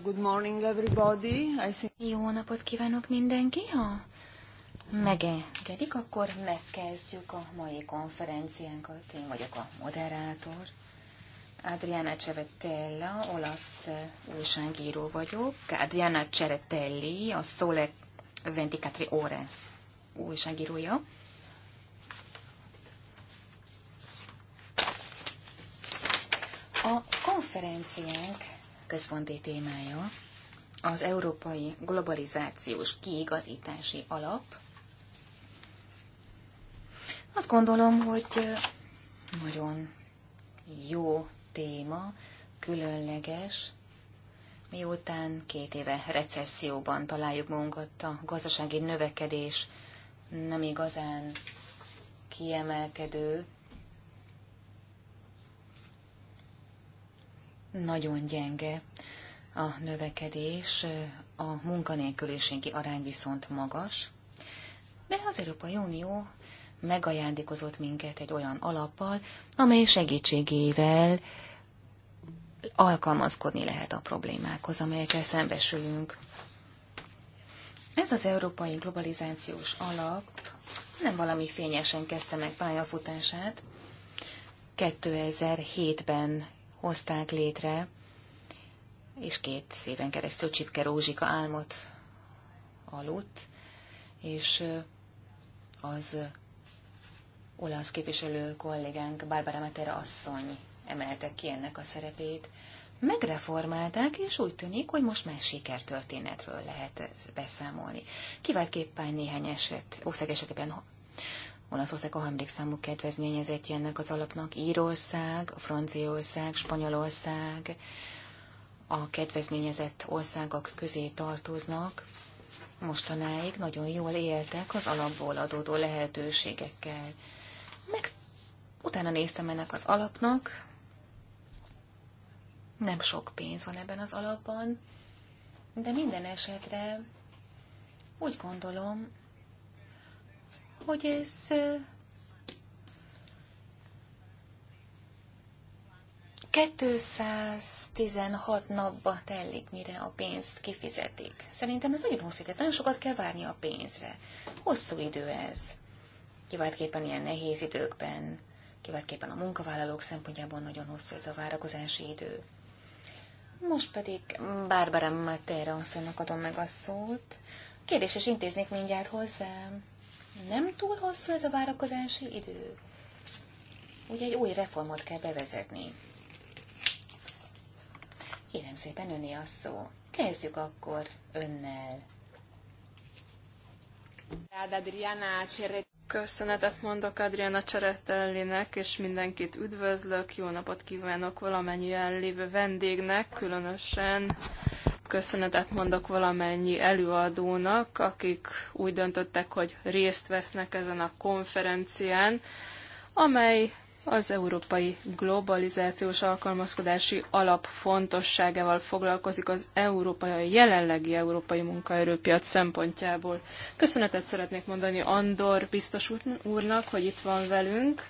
Good morning everybody. I think... Jó napot kívánok mindenki! Ha megengedik, akkor megkezdjük a mai konferenciánkat. Én vagyok a moderátor. Adriana Csevetella, olasz eh, újságíró vagyok. Adriana Cseretelli, a Sole 24 Ore újságírója. A konferenciánk központi témája az Európai Globalizációs Kiigazítási Alap. Azt gondolom, hogy nagyon jó téma, különleges, miután két éve recesszióban találjuk magunkat, a gazdasági növekedés nem igazán kiemelkedő, nagyon gyenge a növekedés, a munkanélküliségi arány viszont magas, de az Európai Unió megajándékozott minket egy olyan alappal, amely segítségével alkalmazkodni lehet a problémákhoz, amelyekkel szembesülünk. Ez az európai globalizációs alap nem valami fényesen kezdte meg pályafutását. 2007-ben hozták létre, és két éven keresztül Csipke Rózsika álmot aludt, és az olasz képviselő kollégánk Barbara Mater asszony emelte ki ennek a szerepét, megreformálták, és úgy tűnik, hogy most már sikertörténetről lehet beszámolni. Kiváltképpen néhány eset, ország esetében Olaszország a harmadik számú kedvezményezett ennek az alapnak. Írország, Franciaország, Spanyolország a kedvezményezett országok közé tartoznak. Mostanáig nagyon jól éltek az alapból adódó lehetőségekkel. Meg utána néztem ennek az alapnak. Nem sok pénz van ebben az alapban, de minden esetre úgy gondolom, hogy ez ...216 napba telik, mire a pénzt kifizetik. Szerintem ez nagyon hosszú idő, nagyon sokat kell várni a pénzre. Hosszú idő ez. Kiváltképpen ilyen nehéz időkben, kiváltképpen a munkavállalók szempontjából nagyon hosszú ez a várakozási idő. Most pedig Bárbara Matera asszonynak adom meg a szót. Kérdés is intéznék mindjárt hozzám. Nem túl hosszú ez a várakozási idő. Ugye egy új reformot kell bevezetni. Kérem szépen, öné a szó. Kezdjük akkor önnel. Köszönetet mondok Adriana Cseretellinek, és mindenkit üdvözlök. Jó napot kívánok valamennyi lévő vendégnek, különösen köszönetet mondok valamennyi előadónak, akik úgy döntöttek, hogy részt vesznek ezen a konferencián, amely az európai globalizációs alkalmazkodási alap fontosságával foglalkozik az európai, jelenlegi európai munkaerőpiac szempontjából. Köszönetet szeretnék mondani Andor biztos úrnak, hogy itt van velünk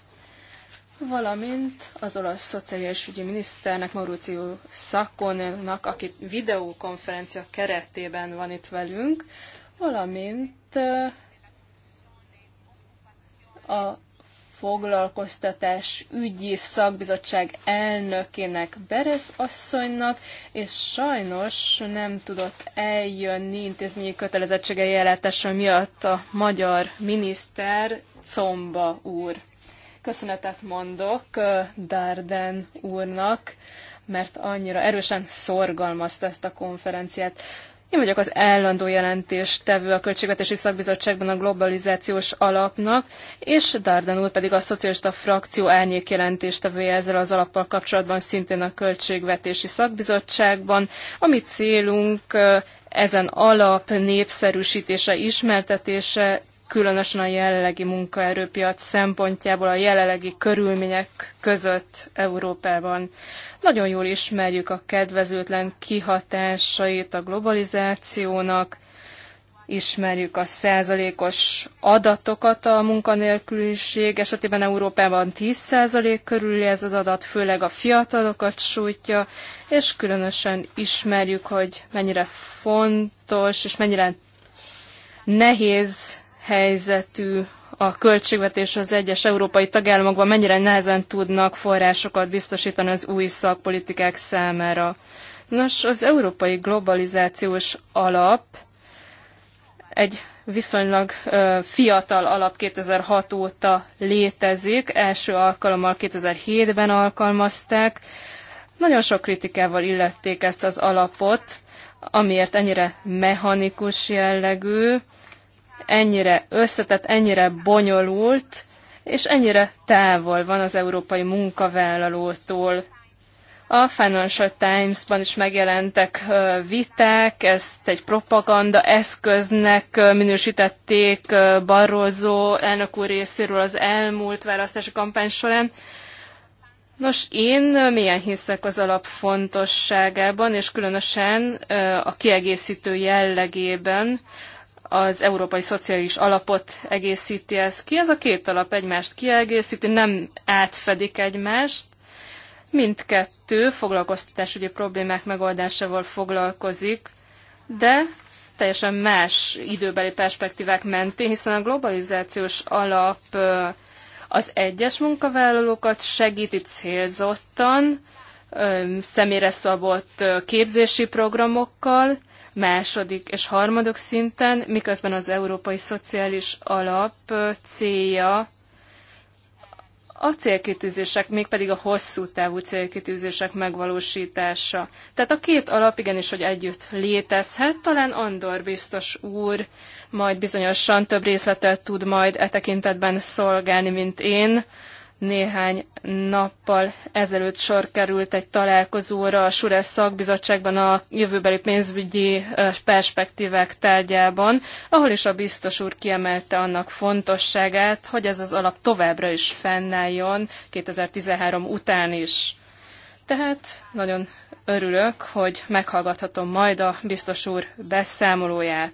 valamint az olasz szociális ügyi miniszternek, Mauricio Szakonnak, aki videókonferencia keretében van itt velünk, valamint a foglalkoztatás ügyi szakbizottság elnökének Berez asszonynak, és sajnos nem tudott eljönni intézményi kötelezettségei ellátása miatt a magyar miniszter Comba úr. Köszönetet mondok Darden úrnak, mert annyira erősen szorgalmazta ezt a konferenciát. Én vagyok az állandó jelentéstevő a Költségvetési Szakbizottságban a globalizációs alapnak, és Darden úr pedig a szocialista frakció árnyék jelentéstevője ezzel az alappal kapcsolatban szintén a Költségvetési Szakbizottságban, amit célunk ezen alap népszerűsítése, ismertetése, különösen a jelenlegi munkaerőpiac szempontjából a jelenlegi körülmények között Európában. Nagyon jól ismerjük a kedvezőtlen kihatásait a globalizációnak, ismerjük a százalékos adatokat a munkanélküliség esetében Európában 10 százalék körül ez az adat, főleg a fiatalokat sújtja, és különösen ismerjük, hogy mennyire fontos és mennyire nehéz helyzetű a költségvetés az egyes európai tagállamokban, mennyire nehezen tudnak forrásokat biztosítani az új szakpolitikák számára. Nos, az európai globalizációs alap egy viszonylag fiatal alap 2006 óta létezik, első alkalommal 2007-ben alkalmazták. Nagyon sok kritikával illették ezt az alapot, amiért ennyire mechanikus jellegű, ennyire összetett, ennyire bonyolult, és ennyire távol van az európai munkavállalótól. A Financial Times-ban is megjelentek viták, ezt egy propaganda eszköznek minősítették Barroso elnök úr részéről az elmúlt választási kampány során. Nos, én milyen hiszek az alap fontosságában, és különösen a kiegészítő jellegében, az Európai Szociális Alapot egészíti ez ki. Ez a két alap egymást kiegészíti, nem átfedik egymást. Mindkettő foglalkoztatásügyi problémák megoldásával foglalkozik, de teljesen más időbeli perspektívák mentén, hiszen a globalizációs alap az egyes munkavállalókat segíti célzottan, személyre szabott képzési programokkal, második és harmadik szinten, miközben az Európai Szociális Alap célja a célkitűzések, mégpedig a hosszú távú célkitűzések megvalósítása. Tehát a két alap igenis, hogy együtt létezhet, talán Andor biztos úr majd bizonyosan több részletet tud majd e tekintetben szolgálni, mint én, néhány nappal ezelőtt sor került egy találkozóra a Suresz szakbizottságban a jövőbeli pénzügyi perspektívek tárgyában, ahol is a biztos úr kiemelte annak fontosságát, hogy ez az alap továbbra is fennálljon 2013 után is. Tehát nagyon örülök, hogy meghallgathatom majd a biztos úr beszámolóját.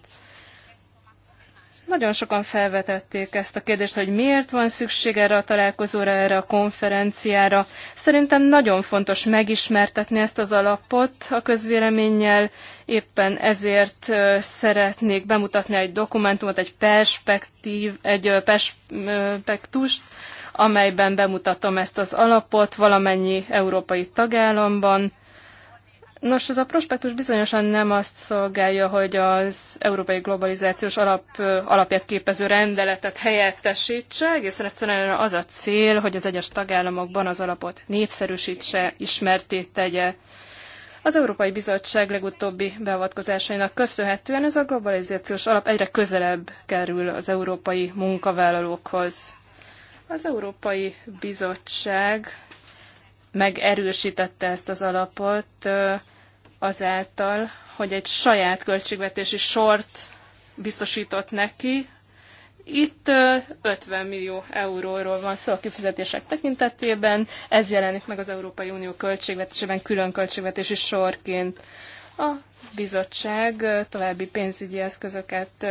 Nagyon sokan felvetették ezt a kérdést, hogy miért van szükség erre a találkozóra, erre a konferenciára. Szerintem nagyon fontos megismertetni ezt az alapot a közvéleménnyel, éppen ezért szeretnék bemutatni egy dokumentumot, egy perspektív, egy perspektust, amelyben bemutatom ezt az alapot valamennyi európai tagállamban, Nos, ez a prospektus bizonyosan nem azt szolgálja, hogy az európai globalizációs alap, alapját képező rendeletet helyettesítse, egészen egyszerűen az a cél, hogy az egyes tagállamokban az alapot népszerűsítse, ismerté tegye. Az Európai Bizottság legutóbbi beavatkozásainak köszönhetően ez a globalizációs alap egyre közelebb kerül az európai munkavállalókhoz. Az Európai Bizottság megerősítette ezt az alapot azáltal, hogy egy saját költségvetési sort biztosított neki. Itt 50 millió euróról van szó a kifizetések tekintetében, ez jelenik meg az Európai Unió költségvetésében külön költségvetési sorként. A bizottság további pénzügyi eszközöket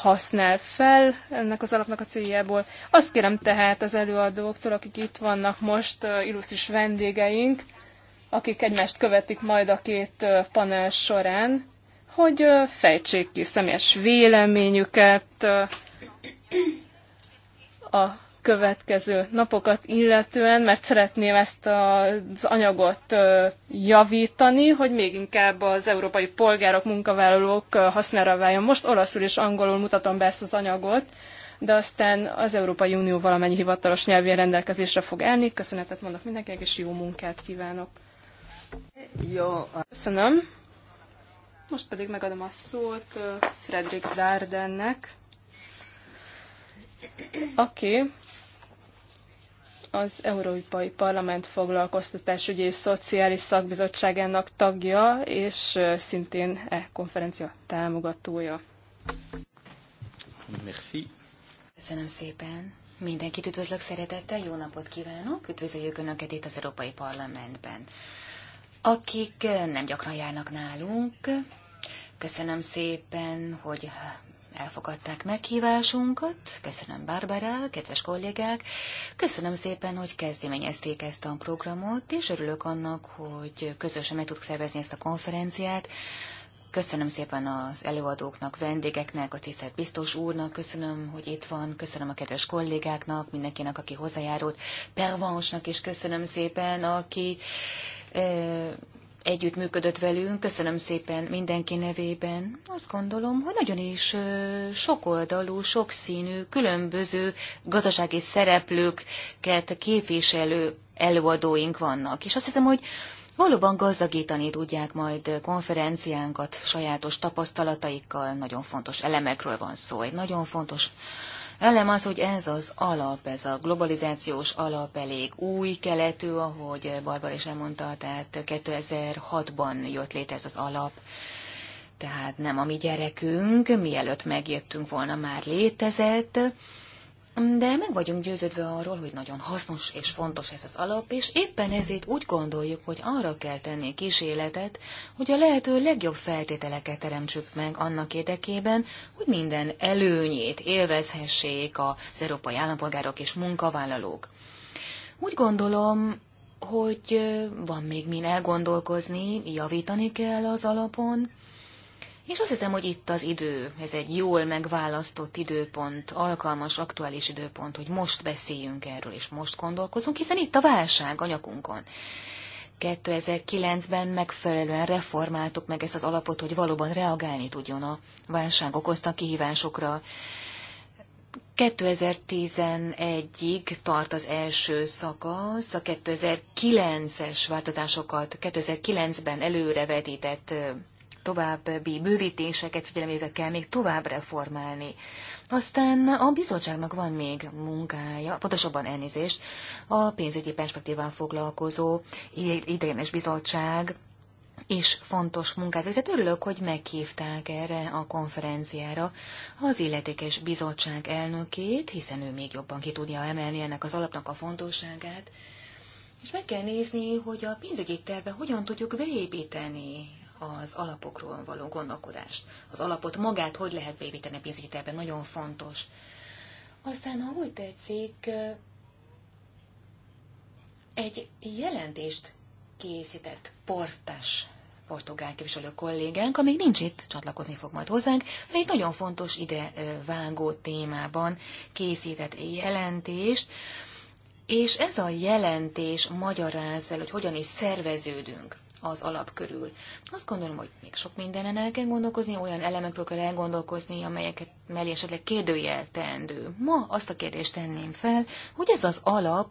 használ fel ennek az alapnak a céljából. Azt kérem tehát az előadóktól, akik itt vannak most, illusztris vendégeink, akik egymást követik majd a két panel során, hogy fejtsék ki személyes véleményüket a következő napokat illetően, mert szeretném ezt az anyagot javítani, hogy még inkább az európai polgárok, munkavállalók hasznára váljon. Most olaszul és angolul mutatom be ezt az anyagot, de aztán az Európai Unió valamennyi hivatalos nyelvén rendelkezésre fog állni. Köszönetet mondok mindenkinek, és jó munkát kívánok. Jó. Köszönöm. Most pedig megadom a szót Frederick Dardennek Okay az Európai Parlament foglalkoztatásügyi és szociális szakbizottságának tagja, és szintén e konferencia támogatója. Merci. Köszönöm szépen. Mindenkit üdvözlök szeretettel, jó napot kívánok, üdvözöljük Önöket itt az Európai Parlamentben. Akik nem gyakran járnak nálunk, köszönöm szépen, hogy elfogadták meghívásunkat. Köszönöm Barbara, kedves kollégák. Köszönöm szépen, hogy kezdeményezték ezt a programot, és örülök annak, hogy közösen meg tudok szervezni ezt a konferenciát. Köszönöm szépen az előadóknak, vendégeknek, a tisztelt biztos úrnak, köszönöm, hogy itt van, köszönöm a kedves kollégáknak, mindenkinek, aki hozzájárult, Pervansnak is köszönöm szépen, aki eh, együttműködött velünk. Köszönöm szépen mindenki nevében. Azt gondolom, hogy nagyon is sokoldalú, sokszínű, különböző gazdasági szereplőket képviselő előadóink vannak. És azt hiszem, hogy valóban gazdagítani tudják majd konferenciánkat sajátos tapasztalataikkal. Nagyon fontos elemekről van szó. Egy nagyon fontos Elem az, hogy ez az alap, ez a globalizációs alap elég új keletű, ahogy Barbara is elmondta, tehát 2006-ban jött létre ez az alap. Tehát nem a mi gyerekünk, mielőtt megjöttünk volna, már létezett de meg vagyunk győződve arról, hogy nagyon hasznos és fontos ez az alap, és éppen ezért úgy gondoljuk, hogy arra kell tenni kísérletet, hogy a lehető legjobb feltételeket teremtsük meg annak érdekében, hogy minden előnyét élvezhessék az európai állampolgárok és munkavállalók. Úgy gondolom, hogy van még min elgondolkozni, javítani kell az alapon, és azt hiszem, hogy itt az idő, ez egy jól megválasztott időpont, alkalmas, aktuális időpont, hogy most beszéljünk erről, és most gondolkozunk, hiszen itt a válság a nyakunkon. 2009-ben megfelelően reformáltuk meg ezt az alapot, hogy valóban reagálni tudjon a válság okozta kihívásokra. 2011-ig tart az első szakasz, a 2009-es változásokat 2009-ben előrevetített további bővítéseket figyelmével kell még tovább reformálni. Aztán a bizottságnak van még munkája, pontosabban elnézést, a pénzügyi perspektíván foglalkozó idegenes bizottság és fontos munkát végzett. Örülök, hogy meghívták erre a konferenciára az illetékes bizottság elnökét, hiszen ő még jobban ki tudja emelni ennek az alapnak a fontosságát. És meg kell nézni, hogy a pénzügyi terve hogyan tudjuk beépíteni az alapokról való gondolkodást. Az alapot magát hogy lehet beépíteni a pénzügyi nagyon fontos. Aztán, ha úgy tetszik, egy jelentést készített portás portugál képviselő kollégánk, amíg nincs itt, csatlakozni fog majd hozzánk, de egy nagyon fontos ide vágó témában készített jelentést, és ez a jelentés magyaráz el, hogy hogyan is szerveződünk az alap körül. Azt gondolom, hogy még sok mindenen el kell gondolkozni, olyan elemekről kell elgondolkozni, amelyeket mellé esetleg kérdőjel teendő. Ma azt a kérdést tenném fel, hogy ez az alap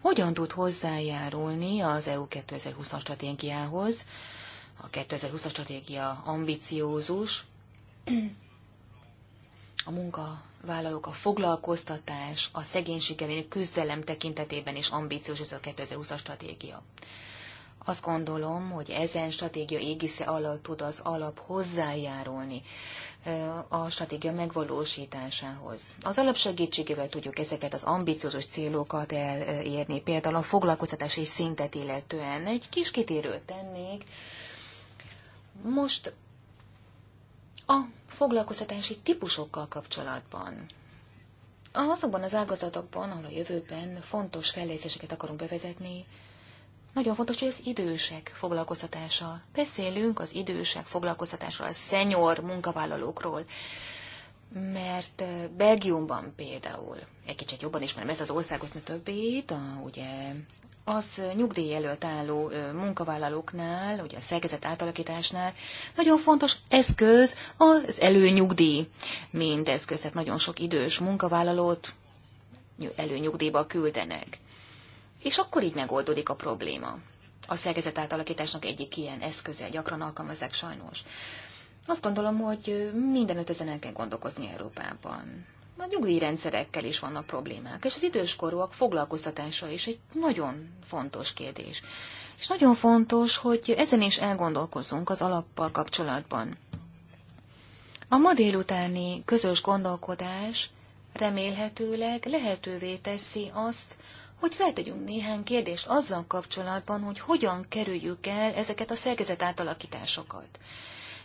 hogyan tud hozzájárulni az EU 2020-as stratégiához, a 2020-as stratégia ambiciózus, a munkavállalók, a foglalkoztatás, a szegénység elleni küzdelem tekintetében is ambíciós ez a 2020-as stratégia. Azt gondolom, hogy ezen stratégia égisze alatt tud az alap hozzájárulni a stratégia megvalósításához. Az alap segítségével tudjuk ezeket az ambiciózus célokat elérni, például a foglalkoztatási szintet illetően. Egy kis kitérőt tennék. Most a foglalkoztatási típusokkal kapcsolatban. Azokban az ágazatokban, ahol a jövőben fontos fejlesztéseket akarunk bevezetni, nagyon fontos, hogy az idősek foglalkoztatása. Beszélünk az idősek foglalkoztatásról, a szenyor munkavállalókról, mert Belgiumban például, egy kicsit jobban ismerem ez az országot, mert többét, a, ugye az nyugdíj előtt álló munkavállalóknál, ugye a szerkezet átalakításnál nagyon fontos eszköz az előnyugdíj, mint eszköz, tehát nagyon sok idős munkavállalót előnyugdíjba küldenek. És akkor így megoldódik a probléma. A szerkezet átalakításnak egyik ilyen eszköze, gyakran alkalmazzák sajnos. Azt gondolom, hogy mindenütt ezen el kell gondolkozni Európában. A nyugdíjrendszerekkel is vannak problémák, és az időskorúak foglalkoztatása is egy nagyon fontos kérdés. És nagyon fontos, hogy ezen is elgondolkozzunk az alappal kapcsolatban. A ma délutáni közös gondolkodás remélhetőleg lehetővé teszi azt, hogy feltegyünk néhány kérdést azzal kapcsolatban, hogy hogyan kerüljük el ezeket a szerkezet átalakításokat,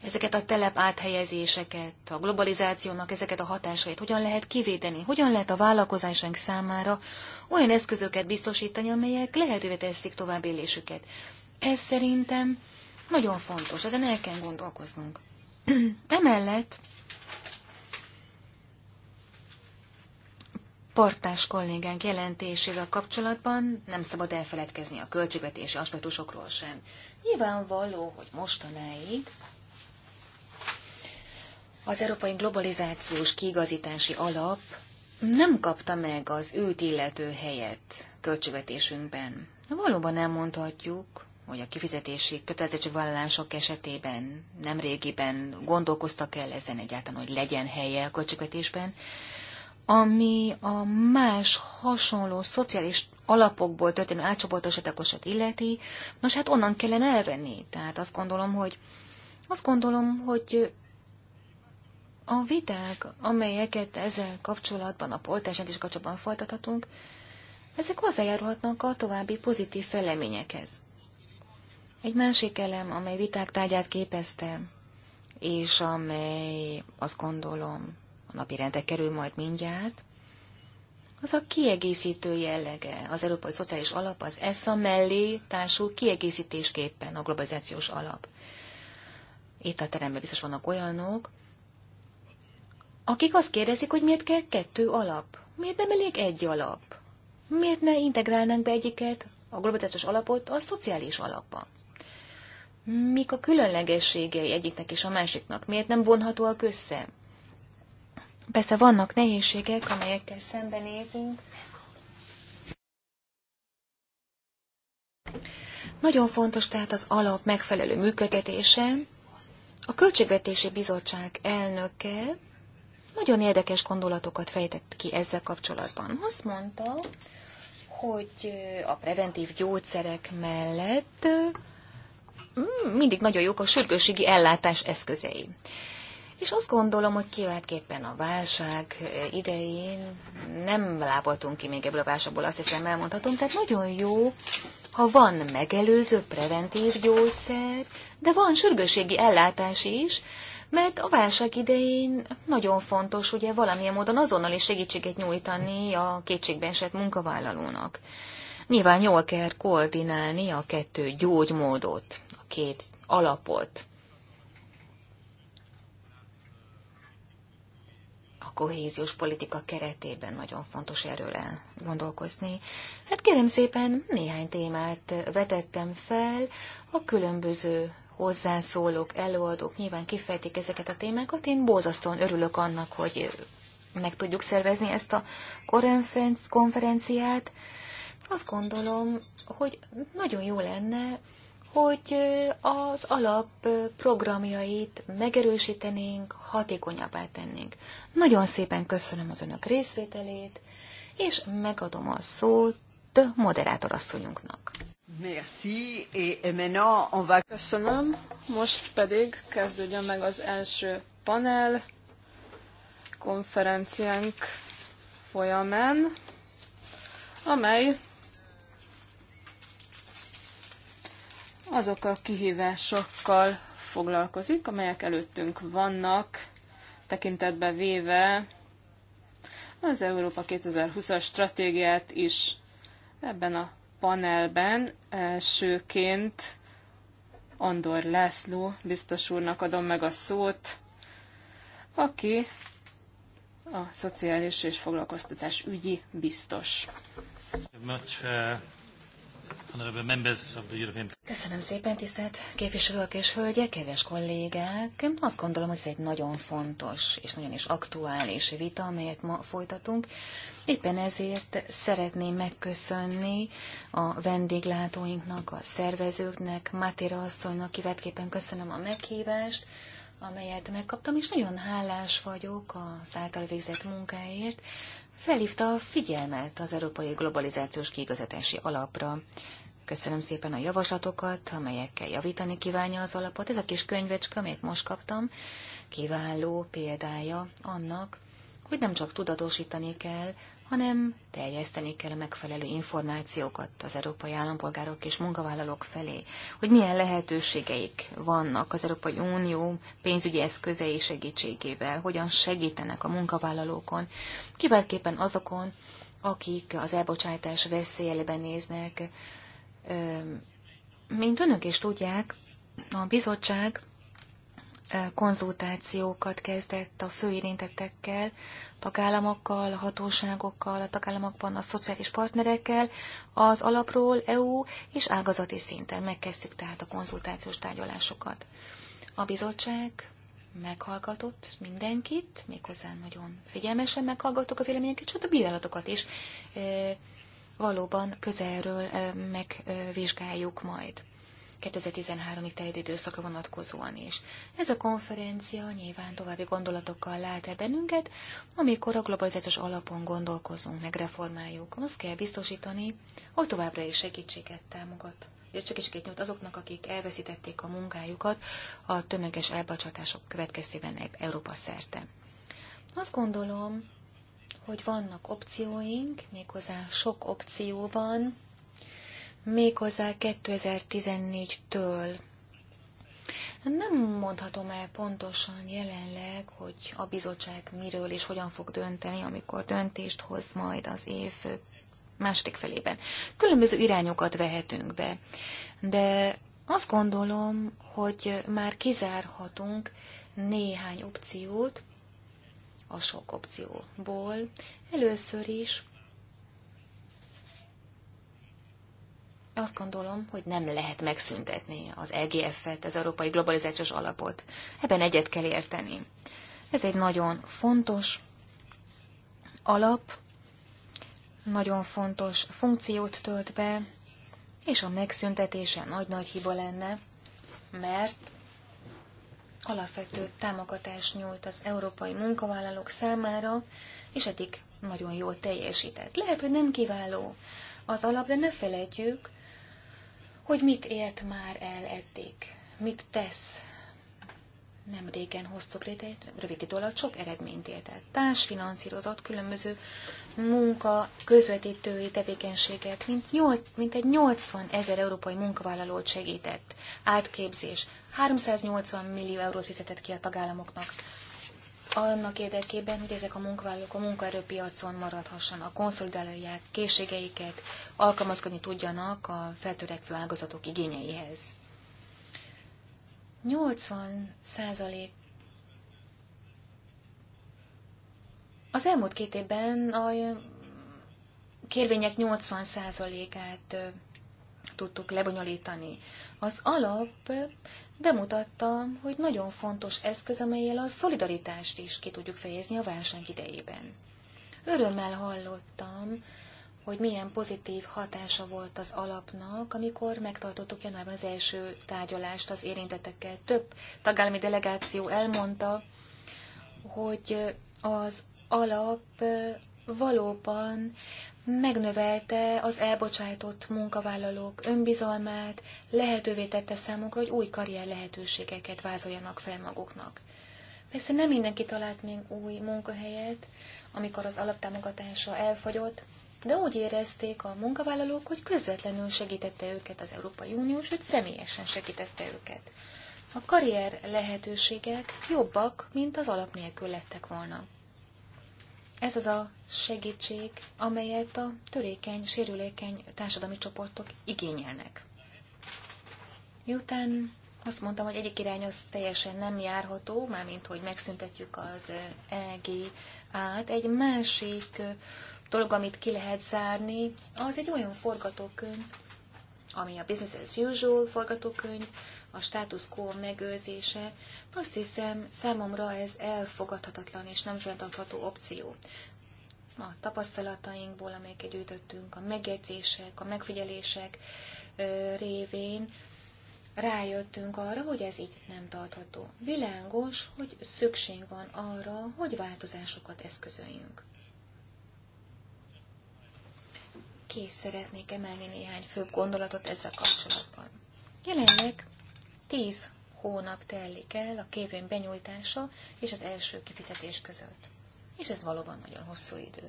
ezeket a telep áthelyezéseket, a globalizációnak ezeket a hatásait, hogyan lehet kivédeni, hogyan lehet a vállalkozásaink számára olyan eszközöket biztosítani, amelyek lehetővé teszik tovább élésüket. Ez szerintem nagyon fontos, ezen el kell gondolkoznunk. Emellett Portás kollégánk jelentésével kapcsolatban nem szabad elfeledkezni a költségvetési aspektusokról sem. Nyilvánvaló, hogy mostanáig az Európai Globalizációs Kiigazítási Alap nem kapta meg az őt illető helyet költségvetésünkben. Valóban elmondhatjuk, hogy a kifizetési kötelezettségvállalások esetében nem régiben gondolkoztak el ezen egyáltalán, hogy legyen helye a költségvetésben, ami a más hasonló szociális alapokból történő átcsoportosításokat illeti, nos hát onnan kellene elvenni. Tehát azt gondolom, hogy azt gondolom, hogy a viták, amelyeket ezzel kapcsolatban, a poltását is kapcsolatban folytathatunk, ezek hozzájárulhatnak a további pozitív feleményekhez. Egy másik elem, amely viták tárgyát képezte, és amely azt gondolom napirendre kerül majd mindjárt, az a kiegészítő jellege az Európai Szociális Alap, az ESSA mellé társul kiegészítésképpen a globalizációs alap. Itt a teremben biztos vannak olyanok, akik azt kérdezik, hogy miért kell kettő alap, miért nem elég egy alap, miért ne integrálnánk be egyiket, a globalizációs alapot a szociális alapba. Mik a különlegességei egyiknek és a másiknak? Miért nem vonhatóak össze? Persze vannak nehézségek, amelyekkel szembenézünk. Nagyon fontos tehát az alap megfelelő működtetése. A Költségvetési Bizottság elnöke nagyon érdekes gondolatokat fejtett ki ezzel kapcsolatban. Azt mondta, hogy a preventív gyógyszerek mellett mm, mindig nagyon jók a sürgősségi ellátás eszközei. És azt gondolom, hogy kiváltképpen a válság eh, idején nem lábaltunk ki még ebből a válságból, azt hiszem elmondhatom. Tehát nagyon jó, ha van megelőző preventív gyógyszer, de van sürgőségi ellátás is, mert a válság idején nagyon fontos ugye valamilyen módon is segítséget nyújtani a kétségben esett munkavállalónak. Nyilván jól kell koordinálni a kettő gyógymódot, a két alapot. kohéziós politika keretében nagyon fontos erről gondolkozni. Hát kérem szépen, néhány témát vetettem fel, a különböző hozzászólók, előadók nyilván kifejtik ezeket a témákat. Én bózasztóan örülök annak, hogy meg tudjuk szervezni ezt a konferenciát. Azt gondolom, hogy nagyon jó lenne, hogy az alap programjait megerősítenénk, hatékonyabbá tennénk. Nagyon szépen köszönöm az önök részvételét, és megadom a szót moderátorasszonyunknak. Merci, et maintenant on va... Köszönöm, most pedig kezdődjön meg az első panel konferenciánk folyamán, amely azok a kihívásokkal foglalkozik, amelyek előttünk vannak, tekintetbe véve az Európa 2020-as stratégiát is ebben a panelben elsőként Andor László biztos úrnak adom meg a szót, aki a Szociális és Foglalkoztatás ügyi biztos. Much, uh... Köszönöm szépen, tisztelt képviselők és hölgyek, kedves kollégák! Azt gondolom, hogy ez egy nagyon fontos és nagyon is aktuális vita, amelyet ma folytatunk. Éppen ezért szeretném megköszönni a vendéglátóinknak, a szervezőknek, Mátéra asszonynak kivetképpen köszönöm a meghívást, amelyet megkaptam, és nagyon hálás vagyok az által végzett munkáért, felhívta a figyelmet az Európai Globalizációs Kiigazatási Alapra. Köszönöm szépen a javaslatokat, amelyekkel javítani kívánja az alapot. Ez a kis könyvecske, amit most kaptam, kiváló példája annak, hogy nem csak tudatosítani kell hanem terjeszteni kell a megfelelő információkat az európai állampolgárok és munkavállalók felé, hogy milyen lehetőségeik vannak az Európai Unió pénzügyi eszközei segítségével, hogyan segítenek a munkavállalókon, kiváltképpen azokon, akik az elbocsátás veszélyelében néznek. Mint önök is tudják, a bizottság konzultációkat kezdett a főérintettekkel, tagállamokkal, a hatóságokkal, a tagállamokban a szociális partnerekkel, az alapról EU és ágazati szinten megkezdtük tehát a konzultációs tárgyalásokat. A bizottság meghallgatott mindenkit, méghozzá nagyon figyelmesen meghallgattuk a véleményeket, sőt a bírálatokat is. E, valóban közelről e, megvizsgáljuk majd. 2013-ig terjedő időszakra vonatkozóan is. Ez a konferencia nyilván további gondolatokkal lát -e bennünket, amikor a globalizációs alapon gondolkozunk, megreformáljuk. Azt kell biztosítani, hogy továbbra is segítséget támogat két nyújt azoknak, akik elveszítették a munkájukat a tömeges elbocsátások következtében Európa szerte. Azt gondolom, hogy vannak opcióink, méghozzá sok opció van, méghozzá 2014-től. Nem mondhatom el pontosan jelenleg, hogy a bizottság miről és hogyan fog dönteni, amikor döntést hoz majd az év második felében. Különböző irányokat vehetünk be, de azt gondolom, hogy már kizárhatunk néhány opciót a sok opcióból. Először is Azt gondolom, hogy nem lehet megszüntetni az EGF-et, az Európai Globalizációs Alapot. Ebben egyet kell érteni. Ez egy nagyon fontos alap, nagyon fontos funkciót tölt be, és a megszüntetése nagy-nagy hiba lenne, mert alapvető támogatást nyújt az európai munkavállalók számára, és eddig nagyon jól teljesített. Lehet, hogy nem kiváló az alap, de ne felejtjük, hogy mit élt már el eddig, mit tesz. Nem régen hoztuk létre, alatt sok eredményt ért el. Társfinanszírozott különböző munka közvetítői tevékenységet, mint, 8, mint egy 80 ezer európai munkavállalót segített. Átképzés. 380 millió eurót fizetett ki a tagállamoknak annak érdekében, hogy ezek a munkavállalók a munkaerőpiacon maradhassanak, konszolidálják készségeiket, alkalmazkodni tudjanak a feltörekvő ágazatok igényeihez. 80 százalék Az elmúlt két évben a kérvények 80%-át tudtuk lebonyolítani. Az alap bemutattam, hogy nagyon fontos eszköz, amelyel a szolidaritást is ki tudjuk fejezni a válság idejében. Örömmel hallottam, hogy milyen pozitív hatása volt az alapnak, amikor megtartottuk januárban az első tárgyalást az érintettekkel. Több tagállami delegáció elmondta, hogy az alap valóban megnövelte az elbocsájtott munkavállalók önbizalmát, lehetővé tette számukra, hogy új karrier lehetőségeket vázoljanak fel maguknak. Persze nem mindenki talált még új munkahelyet, amikor az alaptámogatása elfogyott, de úgy érezték a munkavállalók, hogy közvetlenül segítette őket az Európai Unió, sőt személyesen segítette őket. A karrier lehetőségek jobbak, mint az alap nélkül lettek volna. Ez az a segítség, amelyet a törékeny, sérülékeny társadalmi csoportok igényelnek. Miután azt mondtam, hogy egyik irány az teljesen nem járható, mármint hogy megszüntetjük az EGA-t, egy másik dolog, amit ki lehet zárni, az egy olyan forgatókönyv, ami a business as usual forgatókönyv, a status quo megőrzése, azt hiszem számomra ez elfogadhatatlan és nem fenntartható opció. A tapasztalatainkból, amelyeket gyűjtöttünk, a megjegyzések, a megfigyelések révén rájöttünk arra, hogy ez így nem tartható. Világos, hogy szükség van arra, hogy változásokat eszközöljünk. ki szeretnék emelni néhány főbb gondolatot ezzel kapcsolatban. Jelenleg 10 hónap telik el a kévén benyújtása és az első kifizetés között. És ez valóban nagyon hosszú idő,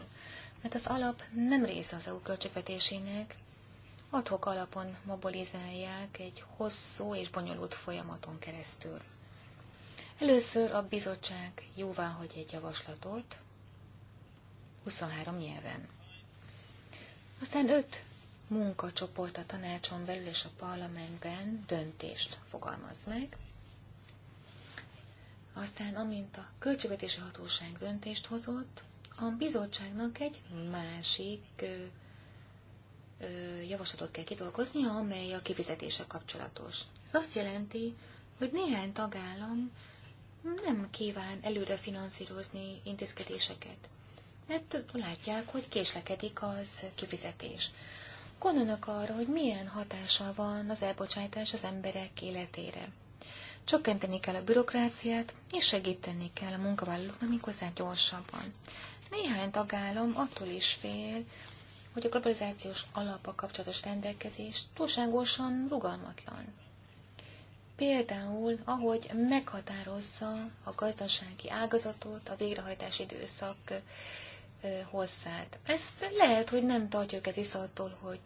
mert az alap nem része az EU költségvetésének, adhok alapon mobilizálják egy hosszú és bonyolult folyamaton keresztül. Először a bizottság jóvá hagy egy javaslatot 23 nyelven. Aztán öt munkacsoport a tanácson belül és a parlamentben döntést fogalmaz meg. Aztán, amint a költségvetési hatóság döntést hozott, a bizottságnak egy másik ö, ö, javaslatot kell kidolgoznia, amely a kifizetése kapcsolatos. Ez azt jelenti, hogy néhány tagállam nem kíván előre finanszírozni intézkedéseket mert látják, hogy késlekedik az kifizetés. Gondolnak arra, hogy milyen hatása van az elbocsátás az emberek életére. Csökkenteni kell a bürokráciát, és segíteni kell a munkavállalóknak méghozzá gyorsabban. Néhány tagállam attól is fél, hogy a globalizációs alapa kapcsolatos rendelkezés túlságosan rugalmatlan. Például, ahogy meghatározza a gazdasági ágazatot a végrehajtási időszak hozzád. Ezt lehet, hogy nem tartja őket vissza attól, hogy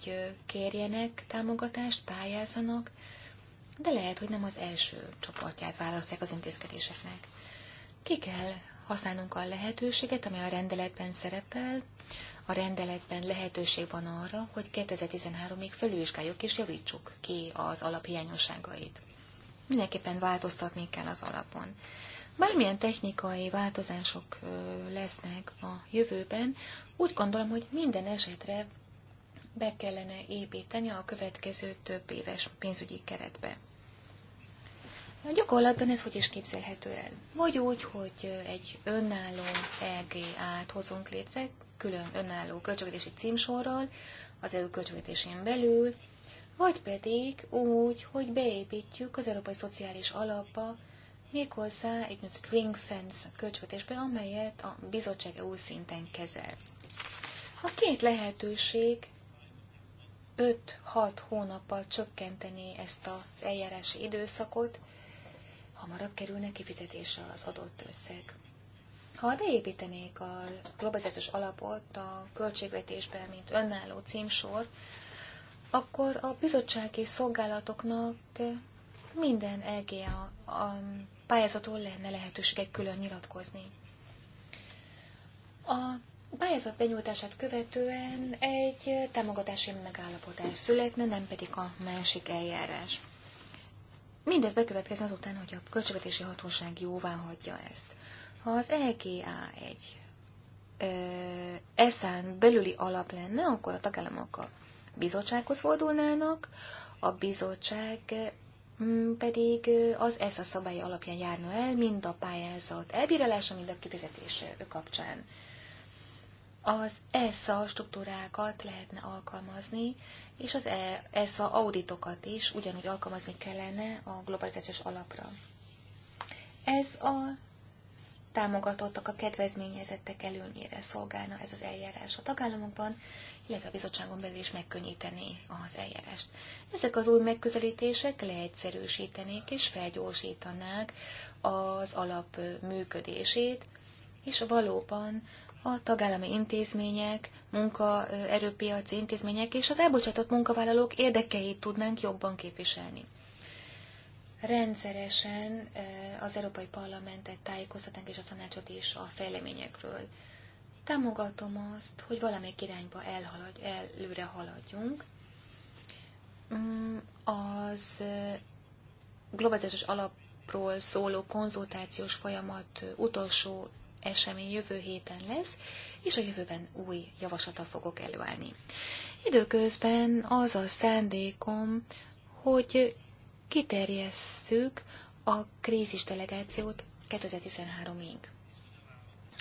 kérjenek támogatást, pályázanak, de lehet, hogy nem az első csoportját választják az intézkedéseknek. Ki kell használnunk a lehetőséget, amely a rendeletben szerepel. A rendeletben lehetőség van arra, hogy 2013-ig felülvizsgáljuk és javítsuk ki az alaphiányosságait. Mindenképpen változtatni kell az alapon. Bármilyen technikai változások lesznek a jövőben, úgy gondolom, hogy minden esetre be kellene építeni a következő több éves pénzügyi keretbe. A gyakorlatban ez hogy is képzelhető el? Vagy úgy, hogy egy önálló EGA-t hozunk létre, külön önálló költségvetési címsorral, az EU költségvetésén belül, vagy pedig úgy, hogy beépítjük az Európai Szociális Alapba méghozzá egy ring fence költségvetésbe, amelyet a bizottság EU szinten kezel. A két lehetőség 5-6 hónappal csökkenteni ezt az eljárási időszakot, hamarabb kerülne kifizetésre az adott összeg. Ha beépítenék a globalizációs alapot a költségvetésbe, mint önálló címsor, akkor a bizottsági szolgálatoknak minden a pályázaton lenne lehetőségek külön nyilatkozni. A pályázat benyújtását követően egy támogatási megállapodás születne, nem pedig a másik eljárás. Mindez bekövetkezne azután, hogy a költségvetési hatóság jóvá hagyja ezt. Ha az LGA egy eszán belüli alap lenne, akkor a tagállamok a bizottsághoz fordulnának, a bizottság Mm, pedig az a szabály alapján járna el, mind a pályázat elbírálása, mind a kifizetés kapcsán. Az ESZA struktúrákat lehetne alkalmazni, és az e, ESZA auditokat is ugyanúgy alkalmazni kellene a globalizációs alapra. Ez a támogatottak a kedvezményezettek előnyére szolgálna ez az eljárás a tagállamokban, illetve a bizottságon belül is megkönnyíteni az eljárást. Ezek az új megközelítések leegyszerűsítenék és felgyorsítanák az alap működését, és valóban a tagállami intézmények, munkaerőpiaci intézmények és az elbocsátott munkavállalók érdekeit tudnánk jobban képviselni. Rendszeresen eh, az Európai Parlamentet tájékoztatnánk és a tanácsot is a fejleményekről. Támogatom azt, hogy valamelyik irányba elhaladj, előre haladjunk. Mm, az globalizációs alapról szóló konzultációs folyamat utolsó esemény jövő héten lesz, és a jövőben új javaslata fogok előállni. Időközben az a szándékom, hogy kiterjesszük a krízis delegációt 2013-ig.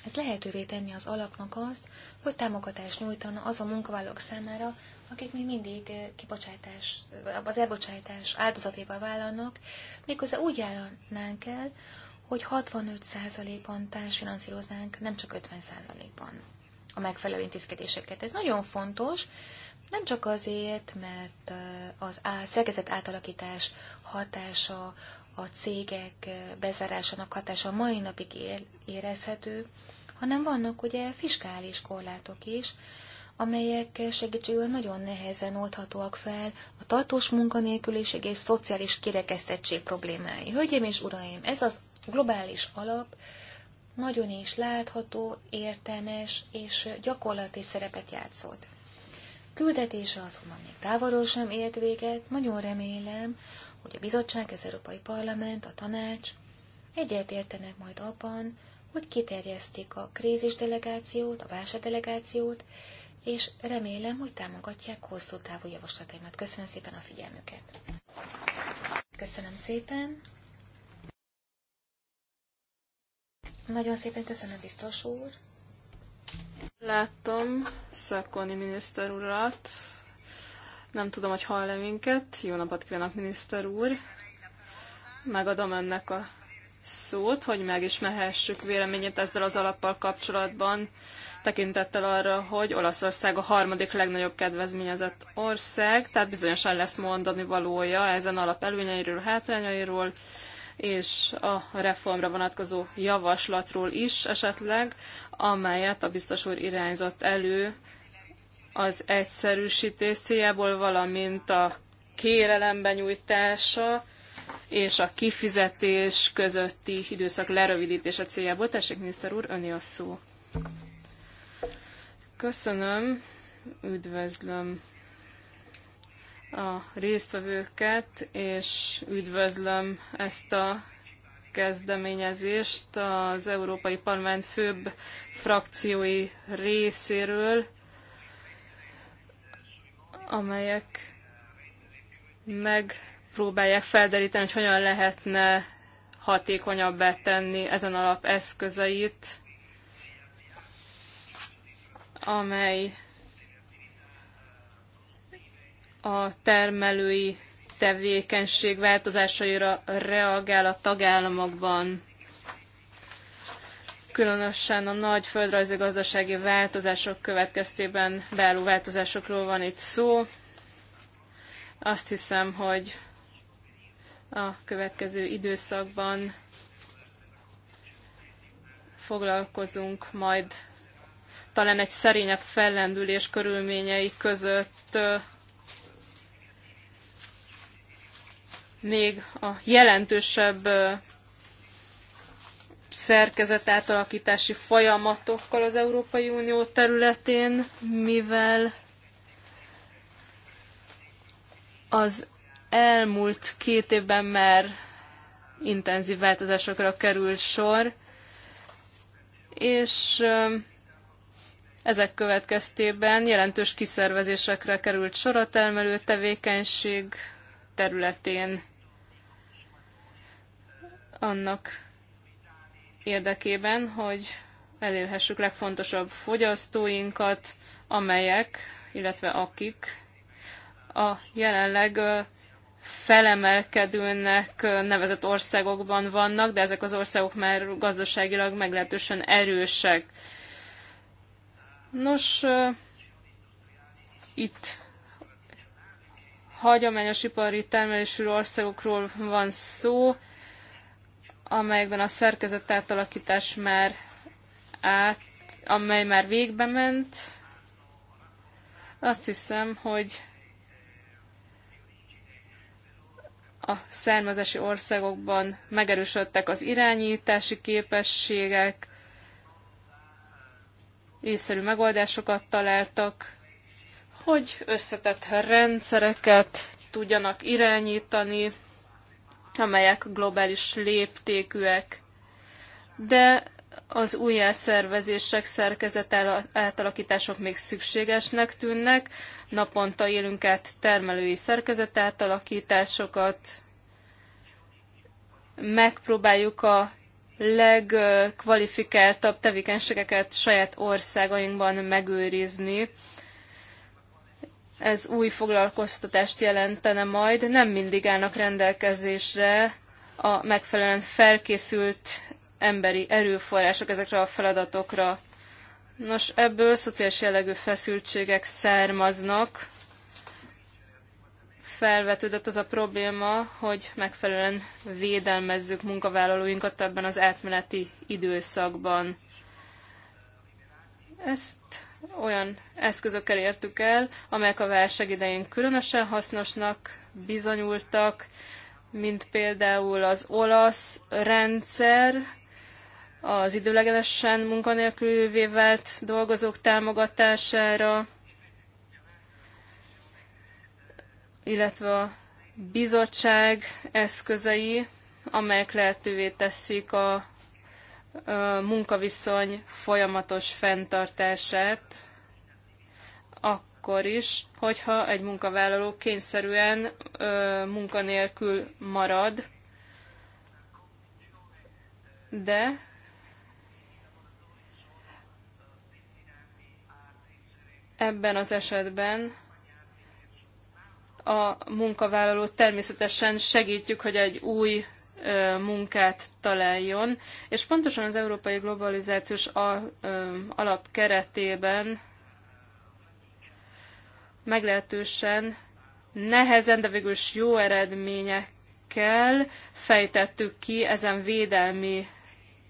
Ez lehetővé tenni az alapnak azt, hogy támogatást nyújtana az a munkavállalók számára, akik még mindig eh, kibocsátás, az elbocsátás áldozatéba vállalnak, méghozzá úgy járnánk el, hogy 65%-ban társfinanszíroznánk, nem csak 50%-ban a megfelelő intézkedéseket. Ez nagyon fontos, nem csak azért, mert eh, az á, szerkezet átalakítás hatása a cégek bezárásának hatása mai napig érezhető, hanem vannak ugye fiskális korlátok is, amelyek segítségével nagyon nehezen oldhatóak fel a tartós munkanélküliség és szociális kirekesztettség problémái. Hölgyeim és uraim, ez az globális alap nagyon is látható, értelmes és gyakorlati szerepet játszott küldetése azonban még távolról sem ért véget. Nagyon remélem, hogy a bizottság, az Európai Parlament, a tanács egyet értenek majd abban, hogy kiterjesztik a krízis delegációt, a válságdelegációt, és remélem, hogy támogatják hosszú távú javaslataimat. Köszönöm szépen a figyelmüket! Köszönöm szépen! Nagyon szépen köszönöm, biztos úr! Látom Szakoni miniszter urat. Nem tudom, hogy hall-e minket. Jó napot kívánok, miniszter úr! Megadom önnek a szót, hogy megismerhessük véleményét ezzel az alappal kapcsolatban, tekintettel arra, hogy Olaszország a harmadik legnagyobb kedvezményezett ország, tehát bizonyosan lesz mondani valója ezen alap előnyeiről, hátrányairól, és a reformra vonatkozó javaslatról is esetleg, amelyet a biztos úr irányzott elő az egyszerűsítés céljából, valamint a kérelemben nyújtása és a kifizetés közötti időszak lerövidítése céljából. Tessék, miniszter úr, öné a szó. Köszönöm, üdvözlöm a résztvevőket, és üdvözlöm ezt a kezdeményezést az Európai Parlament főbb frakciói részéről, amelyek megpróbálják felderíteni, hogy hogyan lehetne hatékonyabbá tenni ezen alap eszközeit, amely a termelői tevékenység változásaira reagál a tagállamokban. Különösen a nagy földrajzi gazdasági változások következtében beálló változásokról van itt szó. Azt hiszem, hogy a következő időszakban foglalkozunk majd talán egy szerényebb fellendülés körülményei között még a jelentősebb szerkezet átalakítási folyamatokkal az Európai Unió területén, mivel az elmúlt két évben már intenzív változásokra került sor, és ezek következtében jelentős kiszervezésekre került sor a termelő tevékenység területén annak érdekében, hogy elérhessük legfontosabb fogyasztóinkat, amelyek, illetve akik a jelenleg felemelkedőnek nevezett országokban vannak, de ezek az országok már gazdaságilag meglehetősen erősek. Nos, itt hagyományos ipari termelésű országokról van szó, amelyekben a szerkezet átalakítás már át, amely már végbe ment, azt hiszem, hogy a származási országokban megerősödtek az irányítási képességek, észszerű megoldásokat találtak, hogy összetett rendszereket tudjanak irányítani, amelyek globális léptékűek. De az új szerkezet átalakítások még szükségesnek tűnnek. Naponta élünk át termelői szerkezet átalakításokat. Megpróbáljuk a legkvalifikáltabb tevékenységeket saját országainkban megőrizni, ez új foglalkoztatást jelentene majd, nem mindig állnak rendelkezésre a megfelelően felkészült emberi erőforrások ezekre a feladatokra. Nos, ebből szociális jellegű feszültségek származnak. Felvetődött az a probléma, hogy megfelelően védelmezzük munkavállalóinkat ebben az átmeneti időszakban. Ezt olyan eszközökkel értük el, amelyek a válság idején különösen hasznosnak bizonyultak, mint például az olasz rendszer, az időlegesen munkanélkülővé vált dolgozók támogatására, illetve a bizottság eszközei, amelyek lehetővé teszik a munkaviszony folyamatos fenntartását, akkor is, hogyha egy munkavállaló kényszerűen munkanélkül marad, de ebben az esetben a munkavállalót természetesen segítjük, hogy egy új munkát találjon, és pontosan az európai globalizációs alap keretében meglehetősen nehezen, de végül is jó eredményekkel fejtettük ki ezen védelmi,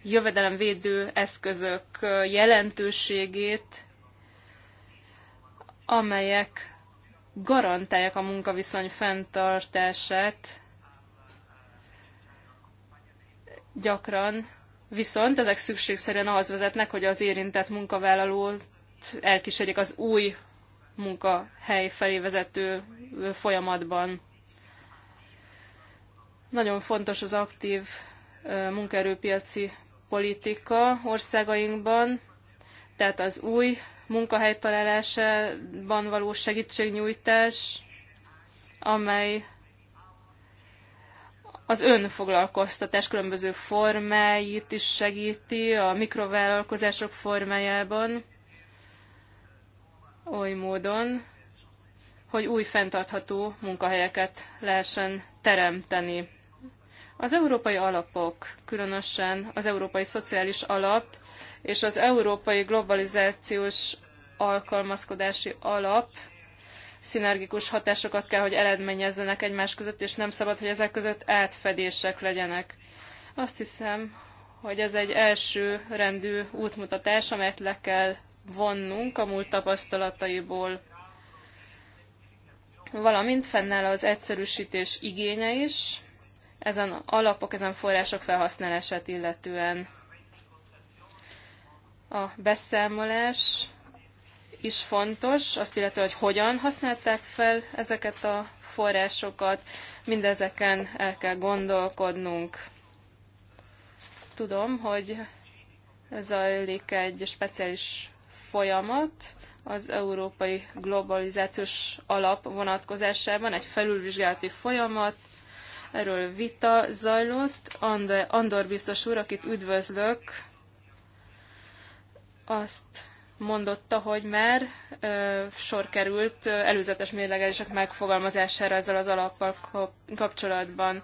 jövedelemvédő eszközök jelentőségét, amelyek garantálják a munkaviszony fenntartását Gyakran viszont ezek szükségszerűen ahhoz vezetnek, hogy az érintett munkavállalót elkísérjék az új munkahely felé vezető folyamatban. Nagyon fontos az aktív munkaerőpiaci politika országainkban, tehát az új munkahely találásában való segítségnyújtás, amely az önfoglalkoztatás különböző formáit is segíti a mikrovállalkozások formájában, oly módon, hogy új fenntartható munkahelyeket lehessen teremteni. Az európai alapok, különösen az európai szociális alap és az európai globalizációs alkalmazkodási alap szinergikus hatásokat kell, hogy eredményezzenek egymás között, és nem szabad, hogy ezek között átfedések legyenek. Azt hiszem, hogy ez egy első rendű útmutatás, amelyet le kell vonnunk a múlt tapasztalataiból. Valamint fennáll az egyszerűsítés igénye is, ezen alapok, ezen források felhasználását illetően. A beszámolás is fontos, azt illetve, hogy hogyan használták fel ezeket a forrásokat, mindezeken el kell gondolkodnunk. Tudom, hogy zajlik egy speciális folyamat az európai globalizációs alap vonatkozásában, egy felülvizsgálati folyamat, erről vita zajlott. Andor, Andor biztos úr, akit üdvözlök, azt mondotta, hogy már ö, sor került előzetes mérlegelések megfogalmazására ezzel az alappal kapcsolatban.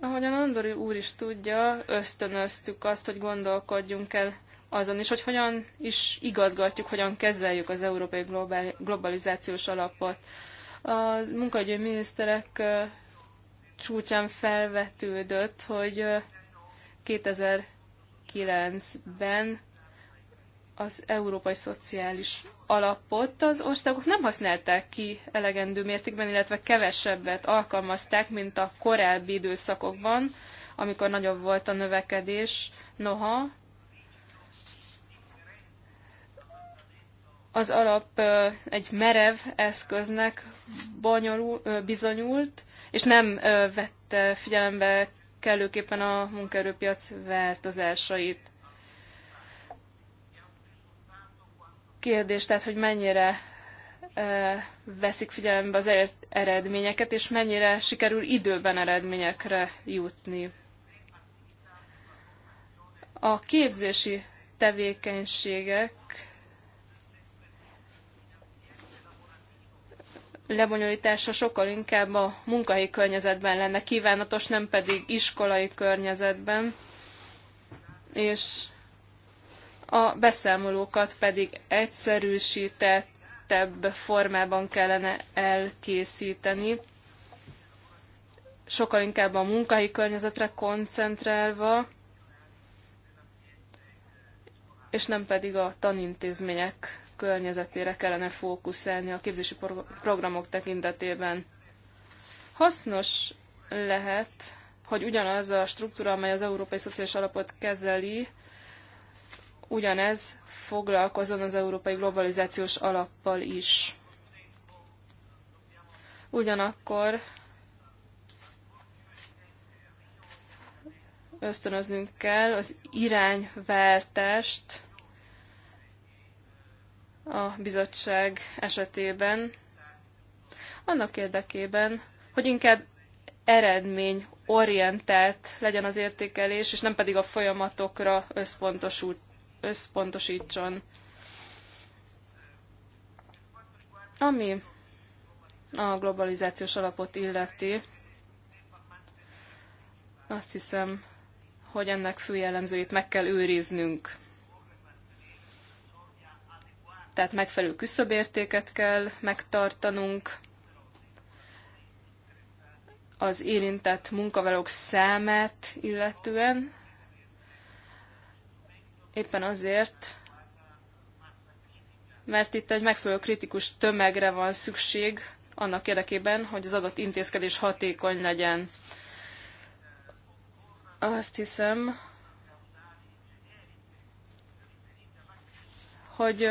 Ahogyan Andori úr is tudja, ösztönöztük azt, hogy gondolkodjunk el azon is, hogy hogyan is igazgatjuk, hogyan kezeljük az európai globalizációs alapot. A munkahogyi miniszterek csúcsán felvetődött, hogy 2009-ben az európai szociális alapot az országok nem használták ki elegendő mértékben, illetve kevesebbet alkalmazták, mint a korábbi időszakokban, amikor nagyobb volt a növekedés. Noha az alap egy merev eszköznek bizonyult, és nem vette figyelembe kellőképpen a munkaerőpiac változásait. kérdés, tehát hogy mennyire veszik figyelembe az eredményeket, és mennyire sikerül időben eredményekre jutni. A képzési tevékenységek lebonyolítása sokkal inkább a munkahelyi környezetben lenne kívánatos, nem pedig iskolai környezetben, és a beszámolókat pedig egyszerűsítettebb formában kellene elkészíteni, sokkal inkább a munkahelyi környezetre koncentrálva, és nem pedig a tanintézmények környezetére kellene fókuszálni a képzési programok tekintetében. Hasznos lehet, hogy ugyanaz a struktúra, amely az Európai Szociális Alapot kezeli, ugyanez foglalkozon az európai globalizációs alappal is. Ugyanakkor ösztönöznünk kell az irányváltást a bizottság esetében, annak érdekében, hogy inkább eredmény orientált legyen az értékelés, és nem pedig a folyamatokra összpontosult összpontosítson. Ami a globalizációs alapot illeti, azt hiszem, hogy ennek fő jellemzőit meg kell őriznünk. Tehát megfelelő küszöbértéket kell megtartanunk, az érintett munkavállalók számát illetően, éppen azért, mert itt egy megfelelő kritikus tömegre van szükség annak érdekében, hogy az adott intézkedés hatékony legyen. Azt hiszem, hogy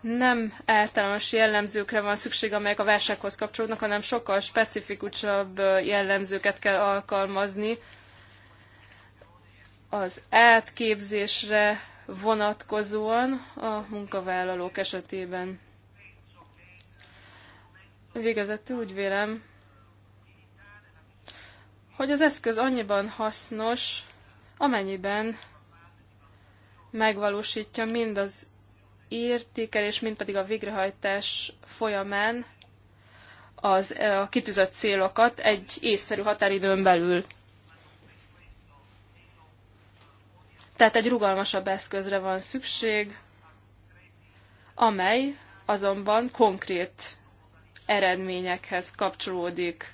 nem általános jellemzőkre van szükség, amelyek a válsághoz kapcsolódnak, hanem sokkal specifikusabb jellemzőket kell alkalmazni, az átképzésre vonatkozóan a munkavállalók esetében. Végezetül úgy vélem, hogy az eszköz annyiban hasznos, amennyiben megvalósítja mind az értékelés, mind pedig a végrehajtás folyamán az, a kitűzött célokat egy észszerű határidőn belül. Tehát egy rugalmasabb eszközre van szükség, amely azonban konkrét eredményekhez kapcsolódik.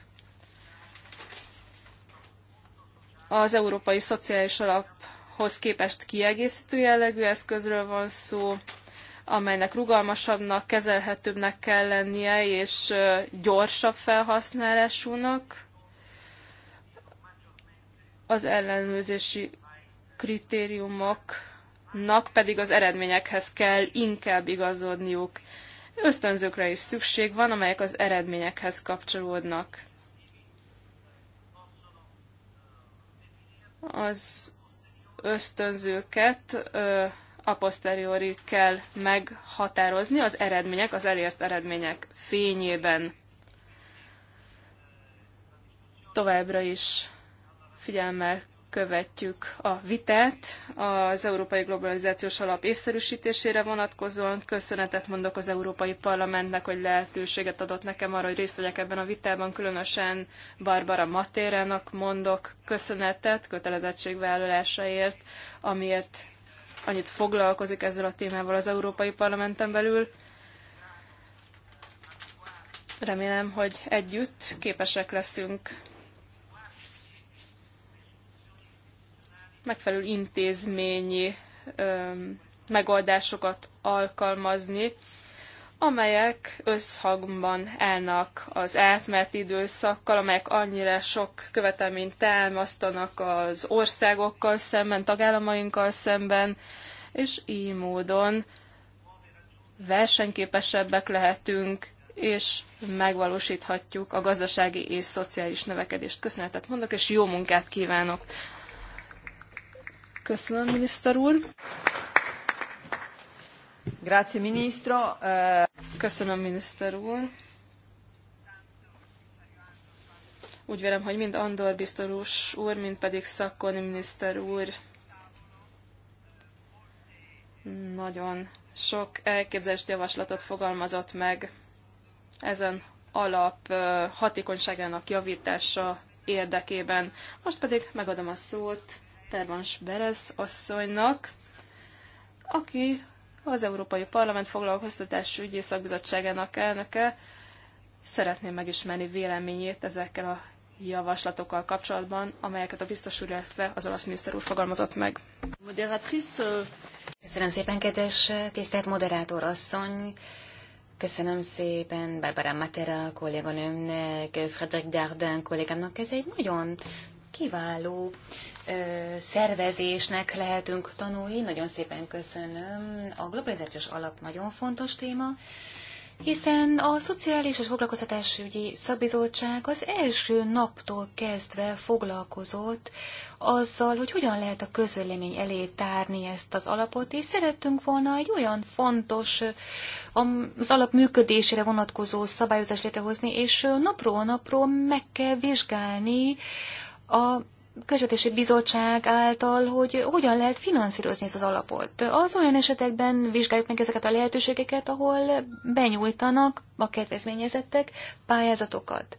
Az Európai Szociális Alaphoz képest kiegészítő jellegű eszközről van szó, amelynek rugalmasabbnak, kezelhetőbbnek kell lennie, és gyorsabb felhasználásúnak. Az ellenőrzési kritériumoknak pedig az eredményekhez kell inkább igazodniuk. Ösztönzőkre is szükség van, amelyek az eredményekhez kapcsolódnak. Az ösztönzőket ö, a posteriori kell meghatározni az eredmények, az elért eredmények fényében. Továbbra is figyelemmel követjük a vitát az Európai Globalizációs Alap észszerűsítésére vonatkozóan. Köszönetet mondok az Európai Parlamentnek, hogy lehetőséget adott nekem arra, hogy részt vegyek ebben a vitában, különösen Barbara Matérának mondok köszönetet kötelezettségvállalásáért, amiért annyit foglalkozik ezzel a témával az Európai Parlamenten belül. Remélem, hogy együtt képesek leszünk megfelelő intézményi megoldásokat alkalmazni, amelyek összhangban állnak az átmeneti időszakkal, amelyek annyira sok követelményt támasztanak az országokkal szemben, tagállamainkkal szemben, és így módon versenyképesebbek lehetünk, és megvalósíthatjuk a gazdasági és szociális növekedést. Köszönetet mondok, és jó munkát kívánok! Köszönöm, miniszter úr. Grazie, ministro. Köszönöm, miniszter úr. Úgy vélem, hogy mind Andor biztos úr, mind pedig Szakkoni miniszter úr nagyon sok elképzelést, javaslatot fogalmazott meg ezen alap hatékonyságának javítása érdekében. Most pedig megadom a szót Pervans Beres asszonynak, aki az Európai Parlament foglalkoztatás ügyi szakbizottságának elnöke. Szeretném megismerni véleményét ezekkel a javaslatokkal kapcsolatban, amelyeket a biztos úr, illetve az olasz miniszter úr fogalmazott meg. Köszönöm szépen, kedves tisztelt moderátor asszony! Köszönöm szépen Barbara Matera kolléganőmnek, Frederic Dardin kollégámnak. Ez egy nagyon kiváló szervezésnek lehetünk tanulni. Nagyon szépen köszönöm. A globalizációs alap nagyon fontos téma, hiszen a Szociális és Foglalkoztatásügyi Szabizottság az első naptól kezdve foglalkozott azzal, hogy hogyan lehet a közölemény elé tárni ezt az alapot, és szerettünk volna egy olyan fontos az alap működésére vonatkozó szabályozást létrehozni, és napról napról meg kell vizsgálni a közvetési bizottság által, hogy hogyan lehet finanszírozni ezt az alapot. Az olyan esetekben vizsgáljuk meg ezeket a lehetőségeket, ahol benyújtanak a kedvezményezettek pályázatokat.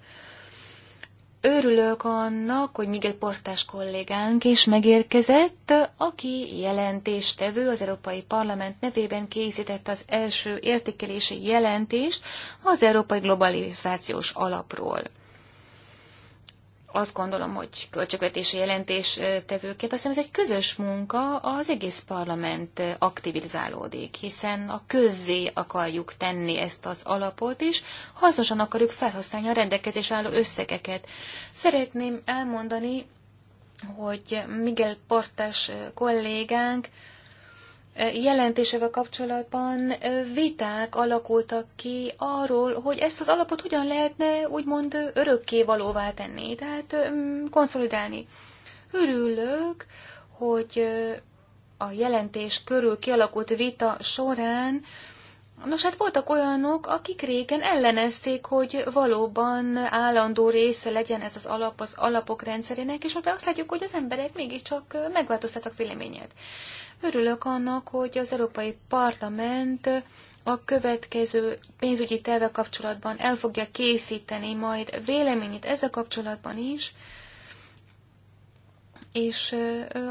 Örülök annak, hogy Miguel Portás kollégánk is megérkezett, aki jelentéstevő az Európai Parlament nevében készített az első értékelési jelentést az Európai Globalizációs Alapról azt gondolom, hogy költségvetési jelentés tevőként, azt hiszem ez egy közös munka, az egész parlament aktivizálódik, hiszen a közzé akarjuk tenni ezt az alapot, és hasznosan akarjuk felhasználni a rendelkezés álló összegeket. Szeretném elmondani, hogy Miguel Portás kollégánk jelentésevel kapcsolatban viták alakultak ki arról, hogy ezt az alapot hogyan lehetne úgymond örökké valóvá tenni, tehát konszolidálni. Örülök, hogy a jelentés körül kialakult vita során Nos, hát voltak olyanok, akik régen ellenezték, hogy valóban állandó része legyen ez az alap az alapok rendszerének, és most azt látjuk, hogy az emberek mégiscsak megváltoztattak véleményét. Örülök annak, hogy az Európai Parlament a következő pénzügyi terve kapcsolatban el fogja készíteni majd véleményét ezzel kapcsolatban is, és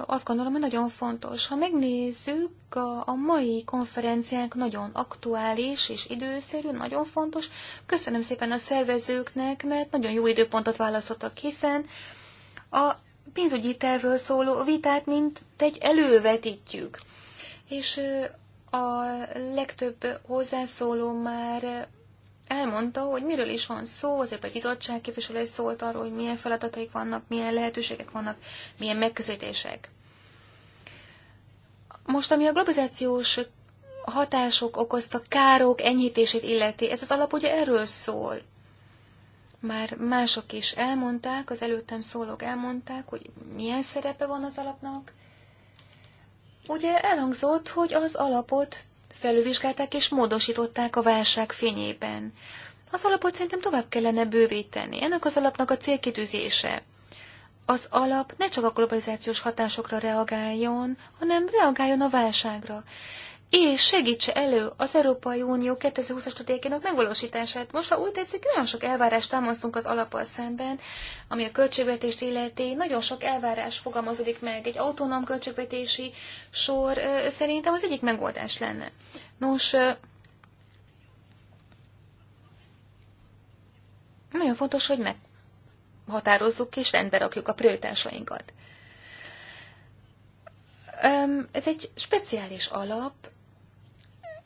azt gondolom, hogy nagyon fontos. Ha megnézzük, a, a mai konferenciánk nagyon aktuális és időszerű, nagyon fontos. Köszönöm szépen a szervezőknek, mert nagyon jó időpontot választottak, hiszen a pénzügyi tervről szóló vitát mint egy elővetítjük. És a legtöbb hozzászóló már elmondta, hogy miről is van szó, azért a Bizottság képviselő szólt arról, hogy milyen feladataik vannak, milyen lehetőségek vannak, milyen megközelítések. Most, ami a globalizációs hatások okozta károk enyhítését illeti, ez az alap ugye erről szól. Már mások is elmondták, az előttem szólók elmondták, hogy milyen szerepe van az alapnak. Ugye elhangzott, hogy az alapot felülvizsgálták és módosították a válság fényében. Az alapot szerintem tovább kellene bővíteni. Ennek az alapnak a célkitűzése. Az alap ne csak a globalizációs hatásokra reagáljon, hanem reagáljon a válságra és segítse elő az Európai Unió 2020-as stratégiának megvalósítását. Most, ha úgy tetszik, nagyon sok elvárást támaszunk az alapal szemben, ami a költségvetést illeti, nagyon sok elvárás fogalmazódik meg egy autonóm költségvetési sor, szerintem az egyik megoldás lenne. Nos, nagyon fontos, hogy meghatározzuk és rendbe rakjuk a prioritásainkat. Ez egy speciális alap,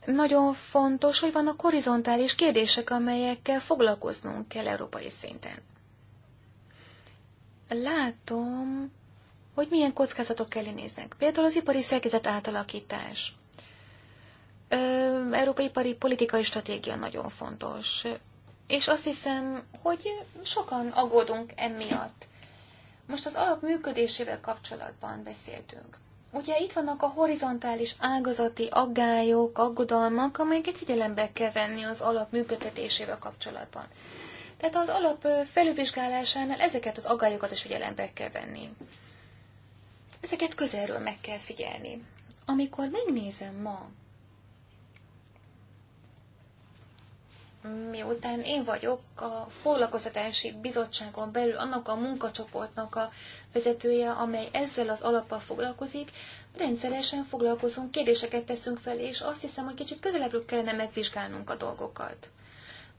nagyon fontos, hogy vannak horizontális kérdések, amelyekkel foglalkoznunk kell európai szinten. Látom, hogy milyen kockázatok kell néznek. Például az ipari szerkezet átalakítás. Európai ipari politikai stratégia nagyon fontos. És azt hiszem, hogy sokan aggódunk emiatt. Most az alap működésével kapcsolatban beszéltünk. Ugye itt vannak a horizontális ágazati aggályok, aggodalmak, amelyeket figyelembe kell venni az alap működtetésével kapcsolatban. Tehát az alap felülvizsgálásánál ezeket az aggályokat is figyelembe kell venni. Ezeket közelről meg kell figyelni. Amikor megnézem ma, miután én vagyok a foglalkoztatási bizottságon belül annak a munkacsoportnak a vezetője, amely ezzel az alappal foglalkozik, rendszeresen foglalkozunk, kérdéseket teszünk fel, és azt hiszem, hogy kicsit közelebbről kellene megvizsgálnunk a dolgokat.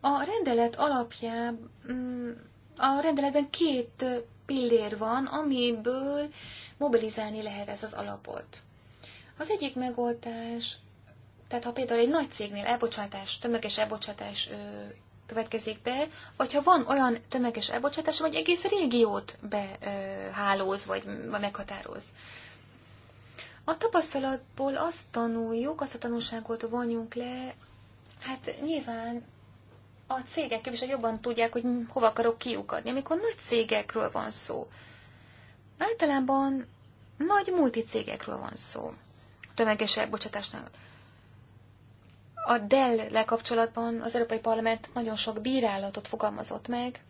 A rendelet alapjában, mm, a rendeletben két pillér van, amiből mobilizálni lehet ez az alapot. Az egyik megoldás, tehát ha például egy nagy cégnél elbocsátás, tömeges elbocsátás következik be, vagy ha van olyan tömeges elbocsátás, vagy egész régiót behálóz, vagy meghatároz. A tapasztalatból azt tanuljuk, azt a tanulságot vonjunk le, hát nyilván a cégek is jobban tudják, hogy hova akarok kiukadni, amikor nagy cégekről van szó. Általában nagy multicégekről van szó, tömeges elbocsátásnál. A Dell-le kapcsolatban az Európai Parlament nagyon sok bírálatot fogalmazott meg.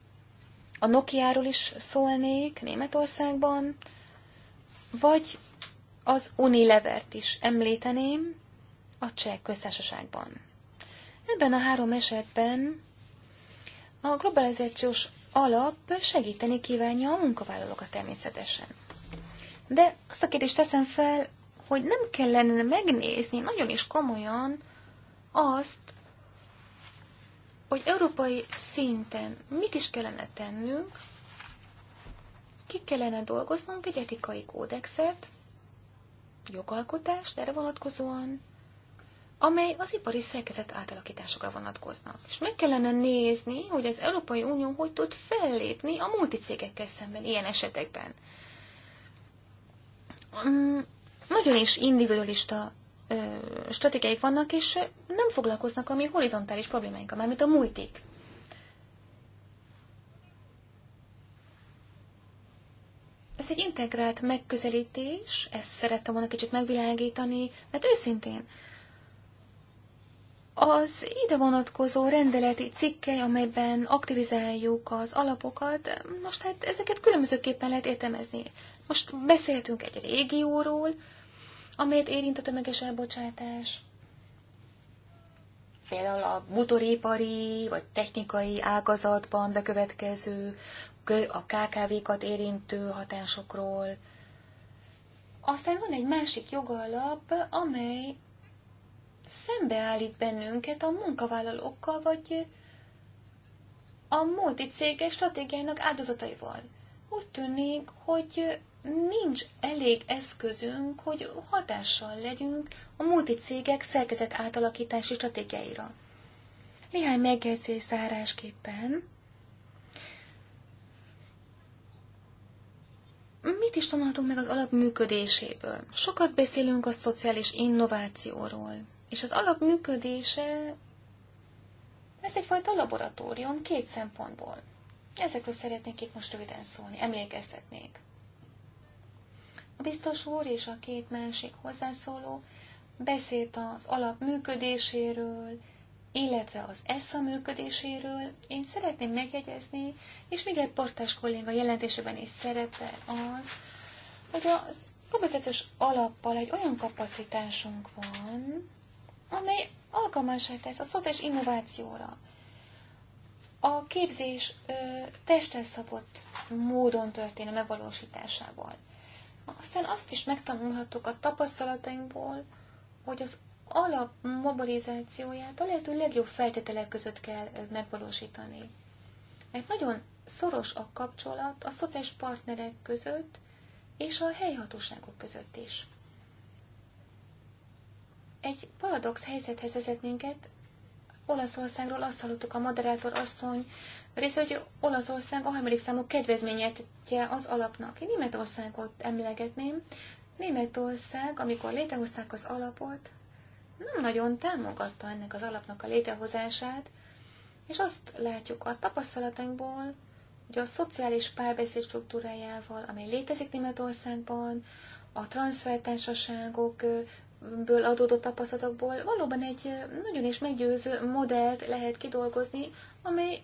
A Nokiáról is szólnék Németországban, vagy az Unilevert is említeném a cseh köztársaságban. Ebben a három esetben a globalizációs alap segíteni kívánja a munkavállalókat természetesen. De azt a kérdést teszem fel, hogy nem kellene megnézni nagyon is komolyan, azt, hogy európai szinten mit is kellene tennünk, ki kellene dolgoznunk egy etikai kódexet, jogalkotást erre vonatkozóan, amely az ipari szerkezet átalakításokra vonatkoznak. És meg kellene nézni, hogy az Európai Unió hogy tud fellépni a multicégekkel szemben ilyen esetekben. Mm, nagyon is individualista stratégiaik vannak, és nem foglalkoznak a mi horizontális problémáinkkal, mármint a múltik. Ez egy integrált megközelítés, ezt szerettem volna kicsit megvilágítani, mert őszintén, az ide vonatkozó rendeleti cikke, amelyben aktivizáljuk az alapokat, most hát ezeket különbözőképpen lehet értelmezni. Most beszéltünk egy régióról, amelyet érint a tömeges elbocsátás. Például a motoripari vagy technikai ágazatban bekövetkező, a KKV-kat érintő hatásokról. Aztán van egy másik jogalap, amely szembeállít bennünket a munkavállalókkal, vagy a multicégek stratégiának áldozataival. Úgy tűnik, hogy nincs elég eszközünk, hogy hatással legyünk a cégek szerkezet átalakítási stratégiáira. Néhány megjegyzés zárásképpen. Mit is tanulhatunk meg az alap működéséből? Sokat beszélünk a szociális innovációról, és az alap működése ez egyfajta laboratórium két szempontból. Ezekről szeretnék itt most röviden szólni, emlékeztetnék biztos úr és a két másik hozzászóló beszélt az alap működéséről, illetve az ESSA működéséről. Én szeretném megjegyezni, és egy Portás kolléga jelentésében is szerepel az, hogy az kompenzációs alappal egy olyan kapacitásunk van, amely alkalmasá tesz a szociális innovációra. A képzés testes szabott módon történő megvalósításával. Aztán azt is megtanulhattuk a tapasztalatainkból, hogy az alap mobilizációját a lehető legjobb feltételek között kell megvalósítani. Mert nagyon szoros a kapcsolat a szociális partnerek között és a helyi hatóságok között is. Egy paradox helyzethez vezet minket. Olaszországról azt hallottuk a moderátor asszony, része, hogy Olaszország a harmadik számú kedvezményetje az alapnak. Én Németországot emlegetném. Németország, amikor létrehozták az alapot, nem nagyon támogatta ennek az alapnak a létrehozását, és azt látjuk a tapasztalatainkból, hogy a szociális párbeszéd struktúrájával, amely létezik Németországban, a transfertársaságokből adódó tapasztalatokból valóban egy nagyon is meggyőző modellt lehet kidolgozni, amely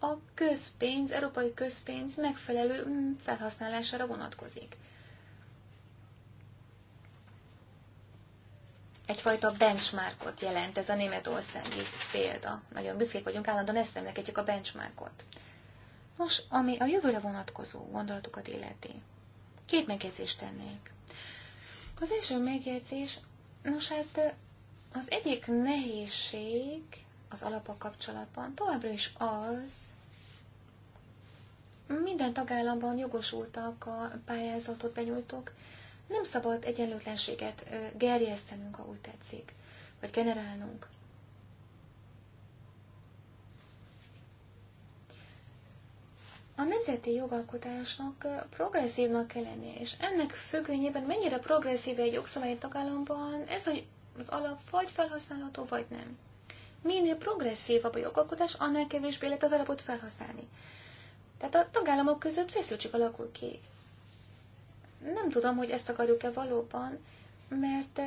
a közpénz, európai közpénz megfelelő mm, felhasználására vonatkozik. Egyfajta benchmarkot jelent ez a németországi példa. Nagyon büszkék vagyunk, állandóan ezt emlekedjük a benchmarkot. Nos, ami a jövőre vonatkozó gondolatokat illeti, két megjegyzést tennék. Az első megjegyzés, nos hát az egyik nehézség, az alapok kapcsolatban továbbra is az, minden tagállamban jogosultak a pályázatot benyújtók, nem szabad egyenlőtlenséget gerjesztenünk, ha úgy tetszik, vagy generálnunk. A nemzeti jogalkotásnak progresszívnak kell lennie, és ennek függvényében mennyire progresszív egy jogszabály tagállamban, ez az alap vagy felhasználható, vagy nem. Minél progresszívabb a jogalkotás, annál kevésbé lehet az alapot felhasználni. Tehát a tagállamok között feszültség alakul ki. Nem tudom, hogy ezt akarjuk-e valóban, mert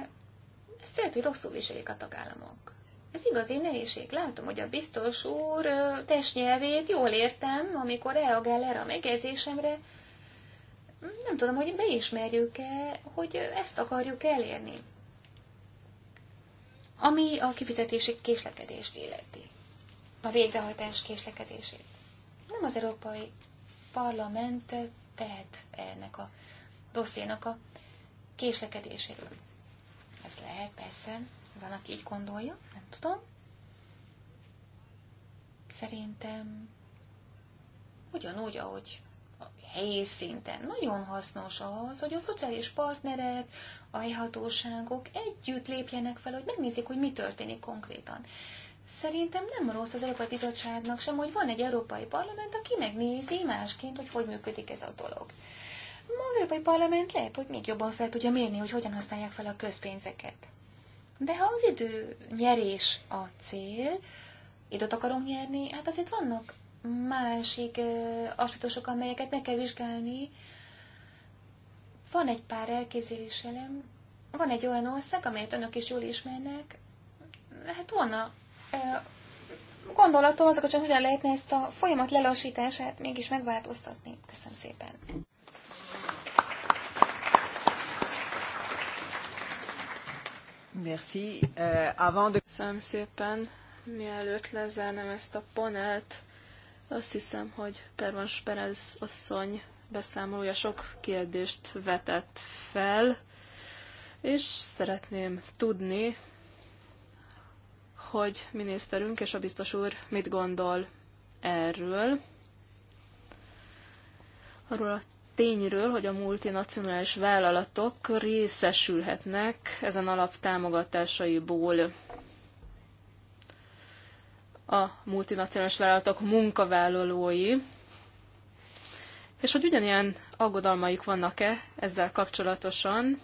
ezt lehet, hogy rosszul viselik a tagállamok. Ez igazi nehézség. Látom, hogy a biztos úr testnyelvét jól értem, amikor reagál erre a megjegyzésemre. Nem tudom, hogy beismerjük-e, hogy ezt akarjuk elérni ami a kifizetési késlekedést illeti, a végrehajtás késlekedését. Nem az Európai Parlament tehet ennek a dossziénak a késlekedéséről. Ez lehet, persze, van, aki így gondolja, nem tudom. Szerintem ugyanúgy, ahogy helyi szinten. Nagyon hasznos az, hogy a szociális partnerek, a helyhatóságok együtt lépjenek fel, hogy megnézik, hogy mi történik konkrétan. Szerintem nem rossz az Európai Bizottságnak sem, hogy van egy Európai Parlament, aki megnézi másként, hogy hogy működik ez a dolog. Az Európai Parlament lehet, hogy még jobban fel tudja mérni, hogy hogyan használják fel a közpénzeket. De ha az idő nyerés a cél, időt akarunk nyerni, hát azért vannak másik aspektusok, amelyeket meg kell vizsgálni. Van egy pár elképzeléselem, van egy olyan ország, amelyet önök is jól ismernek, hát volna gondolatom azok, hogy hogyan lehetne ezt a folyamat lelassítását mégis megváltoztatni. Köszönöm szépen. Merci. Uh, avant de... Köszönöm szépen. Mielőtt lezárnám ezt a panelt, azt hiszem, hogy Pervans Perez asszony beszámolója sok kérdést vetett fel, és szeretném tudni, hogy miniszterünk és a biztos úr mit gondol erről, arról a tényről, hogy a multinacionális vállalatok részesülhetnek ezen alap támogatásaiból a multinacionális vállalatok munkavállalói, és hogy ugyanilyen aggodalmaik vannak-e ezzel kapcsolatosan,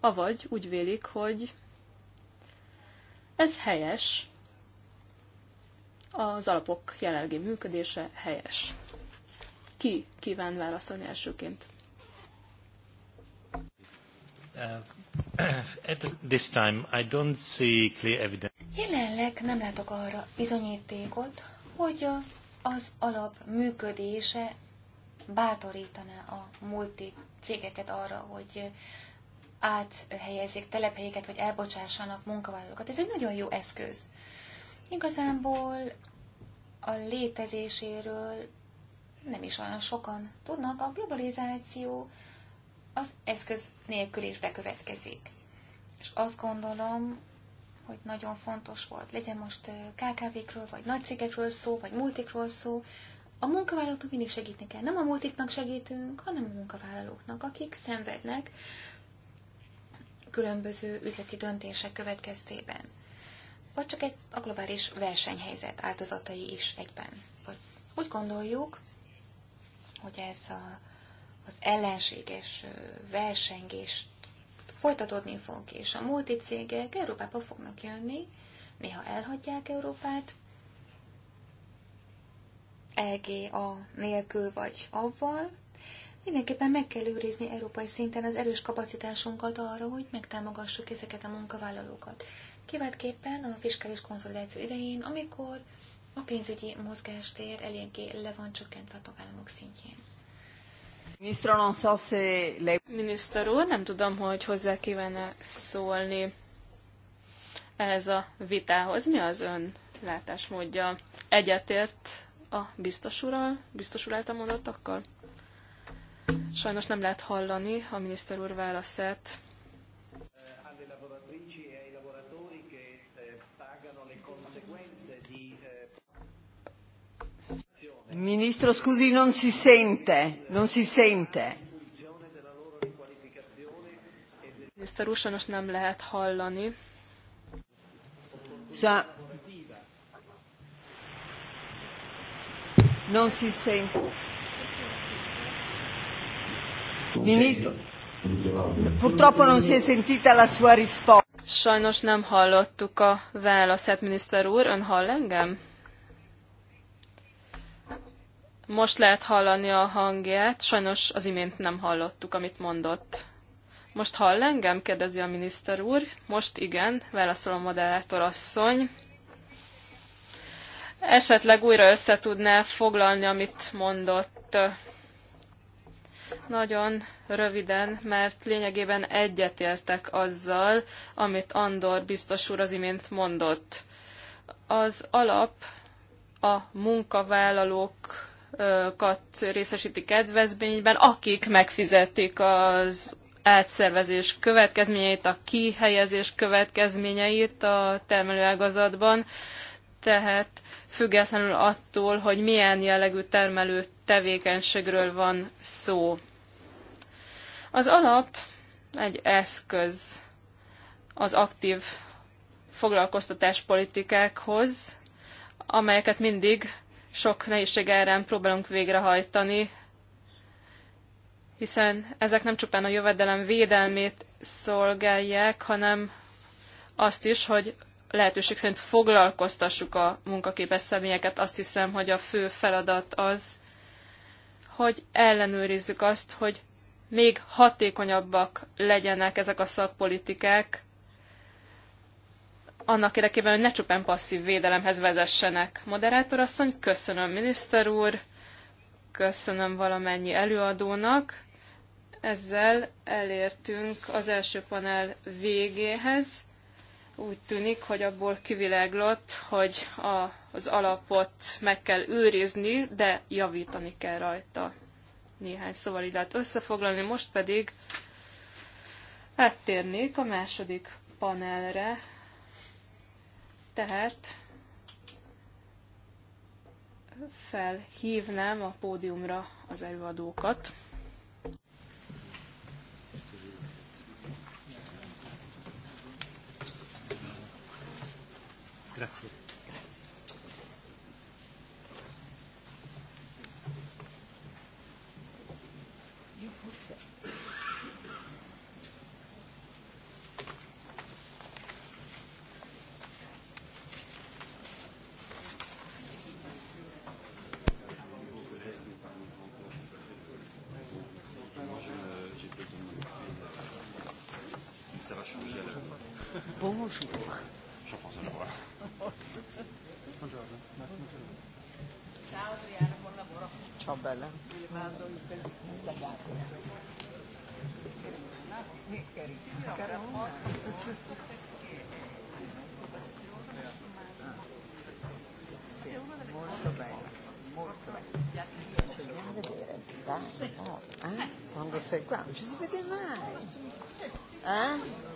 avagy úgy vélik, hogy ez helyes, az alapok jelenlegi működése helyes. Ki kíván válaszolni elsőként? Uh, at this time, I don't see clear evidence Jelenleg nem látok arra bizonyítékot, hogy az alap működése bátorítaná a multi cégeket arra, hogy áthelyezzék telephelyeket, vagy elbocsássanak munkavállalókat. Ez egy nagyon jó eszköz. Igazából a létezéséről nem is olyan sokan tudnak, a globalizáció az eszköz nélkül is bekövetkezik. És azt gondolom, hogy nagyon fontos volt. Legyen most kkv król vagy nagy cégekről szó, vagy multikról szó. A munkavállalóknak mindig segítni kell. Nem a multiknak segítünk, hanem a munkavállalóknak, akik szenvednek különböző üzleti döntések következtében. Vagy csak egy, a globális versenyhelyzet áldozatai is egyben. Vagy úgy gondoljuk, hogy ez a, az ellenséges versengés folytatódni fog, és a multicégek Európába fognak jönni, néha elhagyják Európát, LGA nélkül vagy avval, Mindenképpen meg kell őrizni európai szinten az erős kapacitásunkat arra, hogy megtámogassuk ezeket a munkavállalókat. Kiváltképpen a fiskális konszolidáció idején, amikor a pénzügyi mozgástér eléggé le van csökkentve a tagállamok szintjén. Miniszter úr, nem tudom, hogy hozzá kívánna szólni ehhez a vitához. Mi az ön látásmódja? Egyetért a biztos úrral, biztos úr által mondottakkal? Sajnos nem lehet hallani a miniszter úr válaszát. Ministro, scusi, non si sente, non si sente. Miniszter úr, sajnos nem lehet hallani. Sa... Non si sente. Ministro, purtroppo non si è sentita la sua risposta. Sajnos nem hallottuk a válaszát, miniszter úr. Ön hall engem? Most lehet hallani a hangját, sajnos az imént nem hallottuk, amit mondott. Most hall engem? kérdezi a miniszter úr. Most igen, válaszol a moderátor asszony. Esetleg újra össze tudná foglalni, amit mondott. Nagyon röviden, mert lényegében egyetértek azzal, amit Andor biztos úr az imént mondott. Az alap a munkavállalók azokat részesíti kedvezményben, akik megfizetik az átszervezés következményeit, a kihelyezés következményeit a termelőágazatban, tehát függetlenül attól, hogy milyen jellegű termelő tevékenységről van szó. Az alap egy eszköz az aktív foglalkoztatáspolitikákhoz, amelyeket mindig sok nehézség ellen próbálunk végrehajtani, hiszen ezek nem csupán a jövedelem védelmét szolgálják, hanem azt is, hogy lehetőség szerint foglalkoztassuk a munkaképes személyeket. Azt hiszem, hogy a fő feladat az, hogy ellenőrizzük azt, hogy még hatékonyabbak legyenek ezek a szakpolitikák, annak érdekében, hogy ne csupán passzív védelemhez vezessenek. Moderátor asszony, köszönöm miniszter úr, köszönöm valamennyi előadónak. Ezzel elértünk az első panel végéhez. Úgy tűnik, hogy abból kiviláglott, hogy a, az alapot meg kell őrizni, de javítani kell rajta. Néhány szóval így lehet összefoglalni, most pedig áttérnék a második panelre, tehát felhívnám a pódiumra az előadókat. Grazie. bele. Molto bello, molto bello. quando sei qua non ci si vede mai. Eh?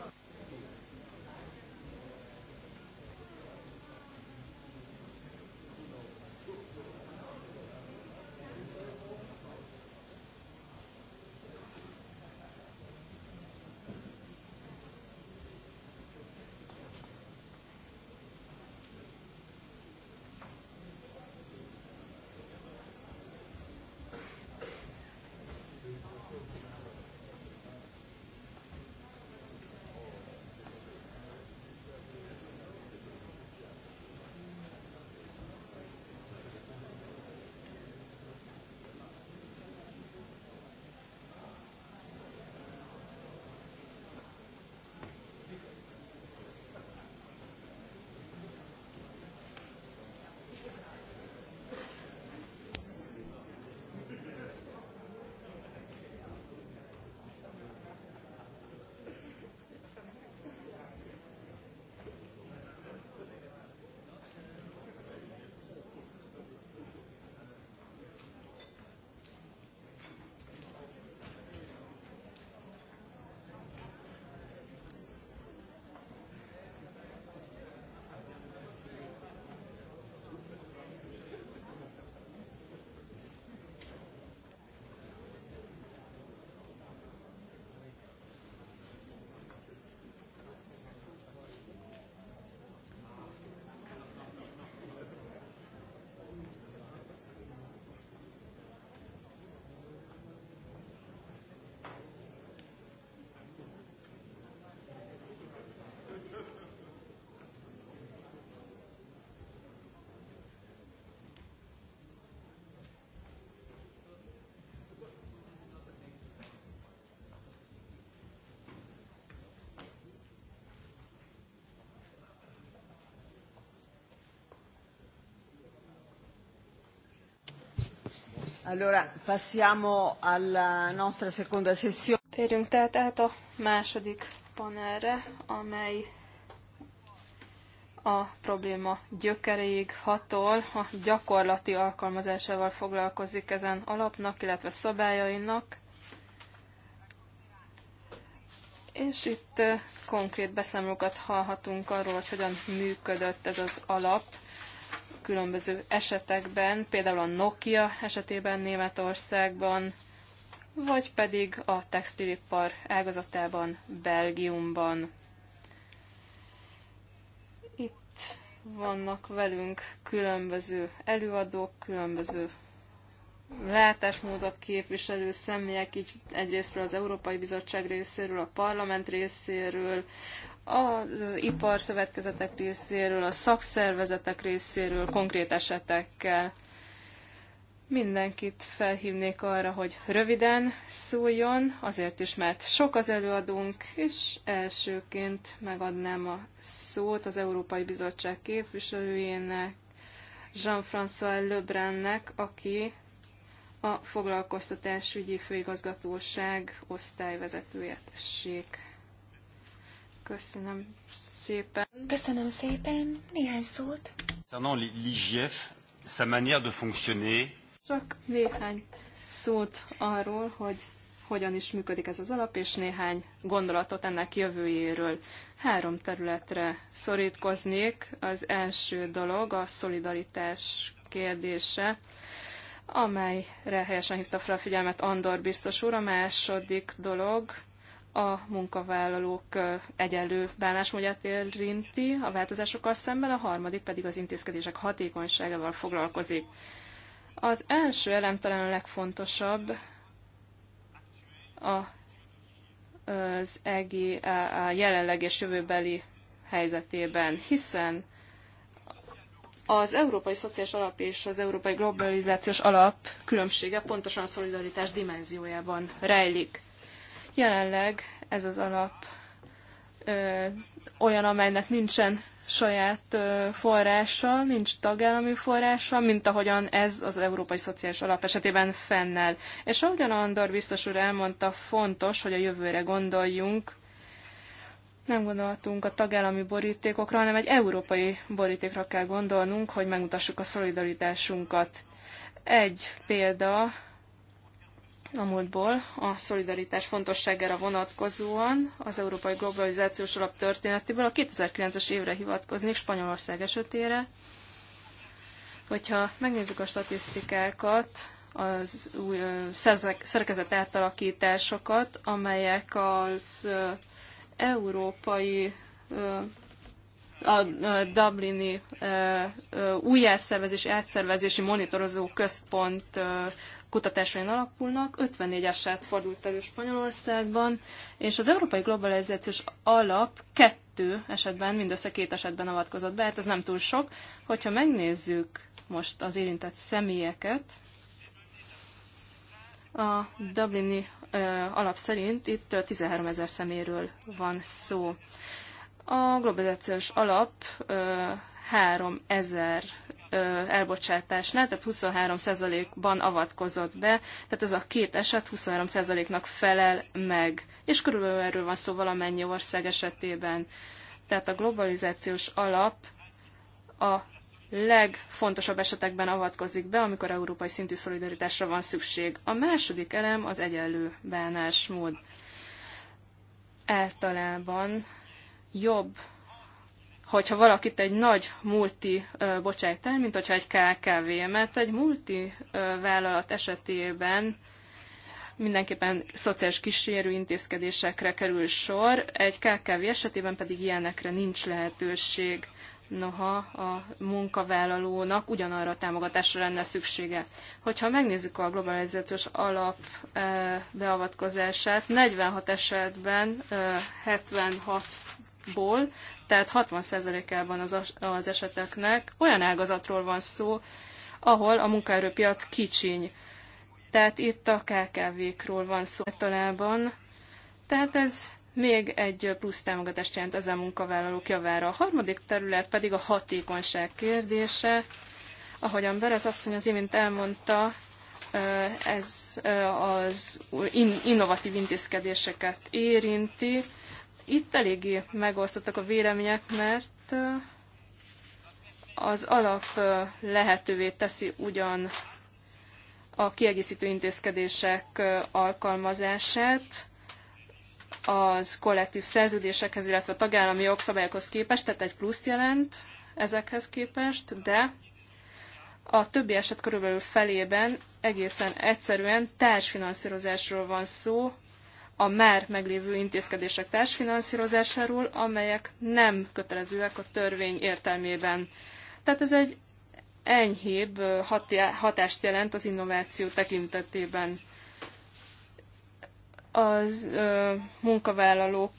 Allora, passiamo alla nostra seconda sessione. Térjünk tehát át a második panelre, amely a probléma gyökeréig hatol, a gyakorlati alkalmazásával foglalkozik ezen alapnak, illetve szabályainak. És itt eh, konkrét beszámolókat hallhatunk arról, hogy hogyan működött ez az alap különböző esetekben, például a Nokia esetében Németországban, vagy pedig a textilipar ágazatában, Belgiumban. Itt vannak velünk különböző előadók, különböző látásmódot képviselő személyek, így egyrésztről az Európai Bizottság részéről, a parlament részéről, az iparszövetkezetek részéről, a szakszervezetek részéről, konkrét esetekkel. Mindenkit felhívnék arra, hogy röviden szóljon, azért is, mert sok az előadunk és elsőként megadnám a szót az Európai Bizottság képviselőjének, Jean-François Lebrunnek, aki a foglalkoztatásügyi főigazgatóság osztályvezetője tessék. Köszönöm szépen. Köszönöm szépen. Néhány szót. Szerintem l'IGF, sa manière de fonctionner. Csak néhány szót arról, hogy hogyan is működik ez az alap, és néhány gondolatot ennek jövőjéről. Három területre szorítkoznék. Az első dolog a szolidaritás kérdése, amelyre helyesen hívta fel a figyelmet Andor biztos úr. A második dolog a munkavállalók egyenlő bánásmódját érinti a változásokkal szemben, a harmadik pedig az intézkedések hatékonyságával foglalkozik. Az első elem talán a legfontosabb, a, az egi jelenleg és jövőbeli helyzetében, hiszen az Európai Szociális Alap és az Európai Globalizációs Alap különbsége pontosan a szolidaritás dimenziójában rejlik. Jelenleg ez az alap ö, olyan, amelynek nincsen saját ö, forrása, nincs tagállami forrása, mint ahogyan ez az Európai Szociális Alap esetében fennel. És ahogyan Andor biztos úr elmondta, fontos, hogy a jövőre gondoljunk, nem gondoltunk a tagállami borítékokra, hanem egy európai borítékra kell gondolnunk, hogy megmutassuk a szolidaritásunkat. Egy példa a múltból a szolidaritás fontosságára vonatkozóan az Európai Globalizációs Alap történetéből a 2009-es évre hivatkozni Spanyolország esetére. Hogyha megnézzük a statisztikákat, az új szerkezet átalakításokat, amelyek az európai a Dublini újjászervezési, átszervezési monitorozó központ kutatásain alapulnak. 54 eset fordult elő Spanyolországban, és az Európai Globalizációs Alap kettő esetben, mindössze két esetben avatkozott be, hát ez nem túl sok. Hogyha megnézzük most az érintett személyeket, a Dublini alap szerint itt 13 ezer szeméről van szó. A globalizációs alap 3 ezer elbocsátásnál, tehát 23%-ban avatkozott be, tehát ez a két eset 23%-nak felel meg. És körülbelül erről van szó valamennyi ország esetében. Tehát a globalizációs alap a legfontosabb esetekben avatkozik be, amikor európai szintű szolidaritásra van szükség. A második elem az egyenlő bánásmód. Általában jobb hogyha valakit egy nagy multi bocsájt el, mint hogyha egy KKV, mert egy multi vállalat esetében mindenképpen szociális kísérő intézkedésekre kerül sor, egy KKV esetében pedig ilyenekre nincs lehetőség. Noha a munkavállalónak ugyanarra a támogatásra lenne szüksége. Hogyha megnézzük a globalizációs alap beavatkozását, 46 esetben 76-ból tehát 60%-ában az, az eseteknek olyan ágazatról van szó, ahol a munkaerőpiac kicsiny. Tehát itt a KKV-król van szó általában. Tehát ez még egy plusz támogatást jelent ezen munkavállalók javára. A harmadik terület pedig a hatékonyság kérdése. Ahogyan Berez asszony az imént elmondta, ez az innovatív intézkedéseket érinti, itt eléggé megosztottak a vélemények, mert az alap lehetővé teszi ugyan a kiegészítő intézkedések alkalmazását az kollektív szerződésekhez, illetve a tagállami jogszabályokhoz képest, tehát egy plusz jelent ezekhez képest, de a többi eset körülbelül felében egészen egyszerűen társfinanszírozásról van szó, a már meglévő intézkedések társfinanszírozásáról, amelyek nem kötelezőek a törvény értelmében. Tehát ez egy enyhébb hatást jelent az innováció tekintetében. A munkavállalók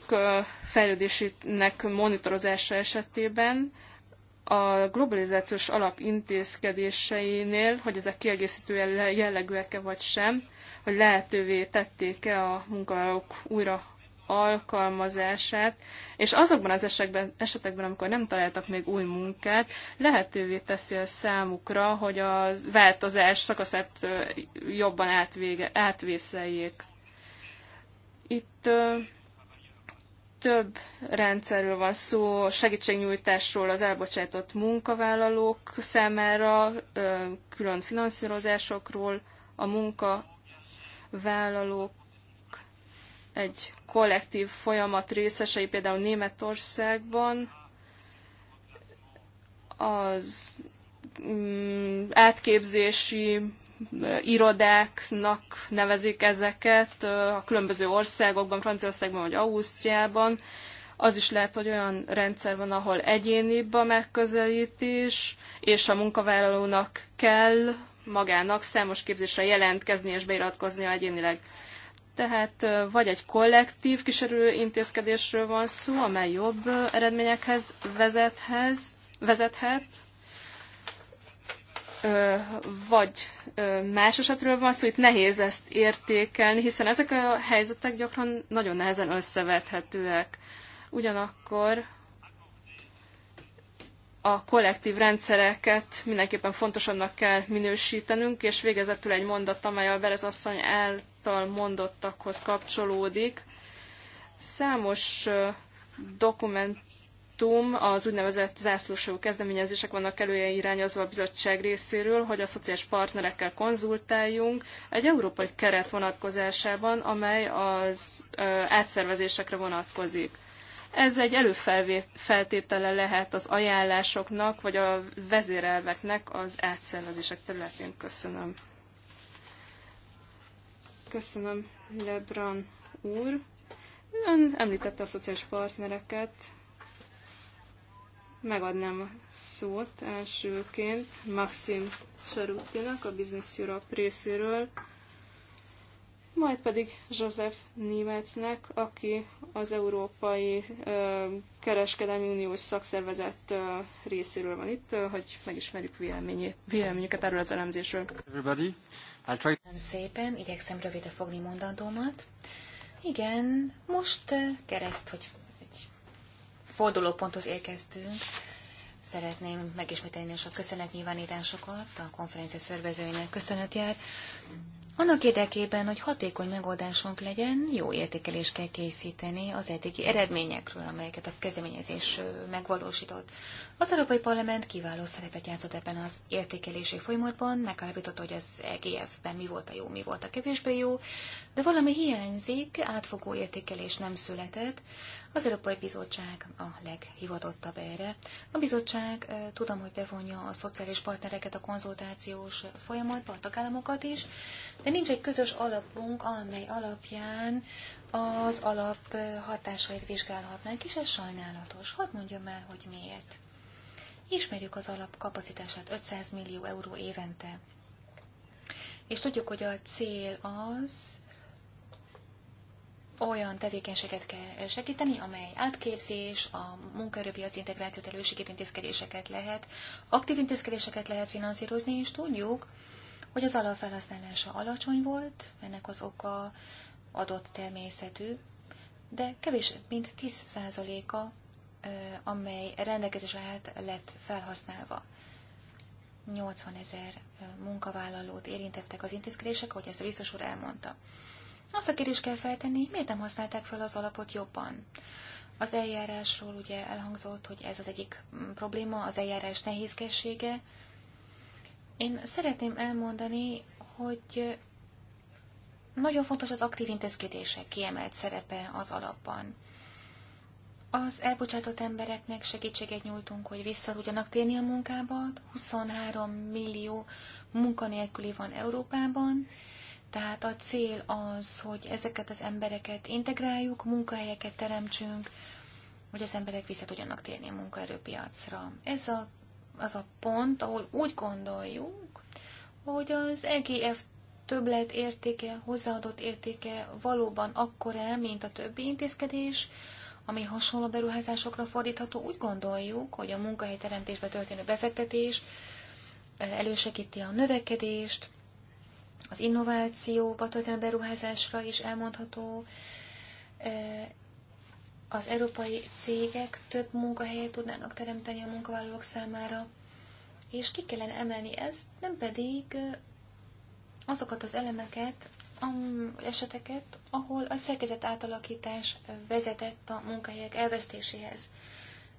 fejlődésének monitorozása esetében a globalizációs alap intézkedéseinél, hogy ezek kiegészítő jellegűek-e vagy sem, hogy lehetővé tették-e a munkavállalók újra alkalmazását, és azokban az esetekben, esetekben, amikor nem találtak még új munkát, lehetővé teszi a számukra, hogy a változás szakaszát jobban átvége, átvészeljék. Itt több rendszerről van szó, segítségnyújtásról az elbocsátott munkavállalók számára, külön finanszírozásokról, a munkavállalók egy kollektív folyamat részesei, például Németországban az mm, átképzési irodáknak nevezik ezeket a különböző országokban, Franciaországban vagy Ausztriában. Az is lehet, hogy olyan rendszer van, ahol egyénibb a megközelítés, és a munkavállalónak kell magának számos képzésre jelentkezni és beiratkozni egyénileg. Tehát vagy egy kollektív kísérő intézkedésről van szó, amely jobb eredményekhez vezethez, vezethet, vagy más esetről van szó, itt nehéz ezt értékelni, hiszen ezek a helyzetek gyakran nagyon nehezen összevethetőek. Ugyanakkor a kollektív rendszereket mindenképpen fontosabbnak kell minősítenünk, és végezetül egy mondat, amely a Berez asszony által mondottakhoz kapcsolódik. Számos dokumentum dokumentum, az úgynevezett zászlósok kezdeményezések vannak elője irányozva a bizottság részéről, hogy a szociális partnerekkel konzultáljunk egy európai keret vonatkozásában, amely az átszervezésekre vonatkozik. Ez egy előfeltétele lehet az ajánlásoknak, vagy a vezérelveknek az átszervezések területén. Köszönöm. Köszönöm, Lebran úr. Ön említette a szociális partnereket, Megadnám a szót elsőként Maxim Cserutinak a Business Europe részéről, majd pedig József Niemetznek, aki az Európai Kereskedelmi Uniós Szakszervezet részéről van itt, hogy megismerjük véleményüket erről az elemzésről. Everybody, I'll try... Szépen, igyekszem rövidre fogni mondandómat. Igen, most kereszt, hogy fordulóponthoz érkeztünk. Szeretném megismételni a nyilvánításokat a konferencia szervezőinek köszönet jár. Annak érdekében, hogy hatékony megoldásunk legyen, jó értékelést kell készíteni az eddigi eredményekről, amelyeket a kezdeményezés megvalósított. Az Európai Parlament kiváló szerepet játszott ebben az értékelési folyamatban, megállapította, hogy az EGF-ben mi volt a jó, mi volt a kevésbé jó, de valami hiányzik, átfogó értékelés nem született, az Európai Bizottság a leghivatottabb erre. A bizottság tudom, hogy bevonja a szociális partnereket a konzultációs folyamatba, a tagállamokat is, de nincs egy közös alapunk, amely alapján az alap hatásait vizsgálhatnánk, és ez sajnálatos. Hadd mondjam el, hogy miért. Ismerjük az alap kapacitását 500 millió euró évente. És tudjuk, hogy a cél az, olyan tevékenységet kell segíteni, amely átképzés, a munkaerőpiaci integrációt elősegítő intézkedéseket lehet, aktív intézkedéseket lehet finanszírozni, és tudjuk, hogy az alapfelhasználása alacsony volt, ennek az oka adott természetű, de kevés, mint 10%-a, amely rendelkezésre állt, lett felhasználva. 80 ezer munkavállalót érintettek az intézkedések, ahogy ezt a biztos úr elmondta. Azt a kérdést kell feltenni, miért nem használták fel az alapot jobban? Az eljárásról ugye elhangzott, hogy ez az egyik mm, probléma, az eljárás nehézkessége. Én szeretném elmondani, hogy nagyon fontos az aktív intézkedések kiemelt szerepe az alapban. Az elbocsátott embereknek segítséget nyújtunk, hogy vissza tudjanak térni a munkába. 23 millió munkanélküli van Európában, tehát a cél az, hogy ezeket az embereket integráljuk, munkahelyeket teremtsünk, hogy az emberek vissza tudjanak térni a munkaerőpiacra. Ez a, az a pont, ahol úgy gondoljuk, hogy az EGF többlet értéke, hozzáadott értéke valóban akkora, mint a többi intézkedés, ami hasonló beruházásokra fordítható. Úgy gondoljuk, hogy a munkahelyteremtésbe történő befektetés eh, elősegíti a növekedést, az innovációba történő beruházásra is elmondható, az európai cégek több munkahelyet tudnának teremteni a munkavállalók számára, és ki kellene emelni ezt, nem pedig azokat az elemeket, eseteket, ahol a szerkezet átalakítás vezetett a munkahelyek elvesztéséhez.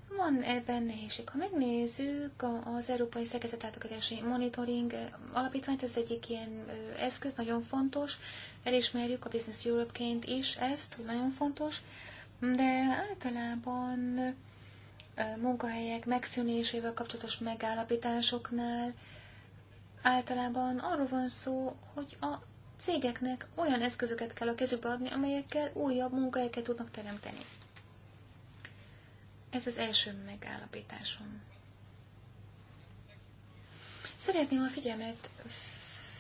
Van ebben nehézség. Ha megnézzük az Európai Szerkezet Monitoring eh, alapítványt, ez egyik ilyen eszköz, nagyon fontos. Elismerjük a Business Europe-ként is ezt, nagyon fontos. De általában eh, munkahelyek megszűnésével kapcsolatos megállapításoknál általában arról van szó, hogy a cégeknek olyan eszközöket kell a kezükbe adni, amelyekkel újabb munkahelyeket tudnak teremteni. Ez az első megállapításom. Szeretném a figyelmet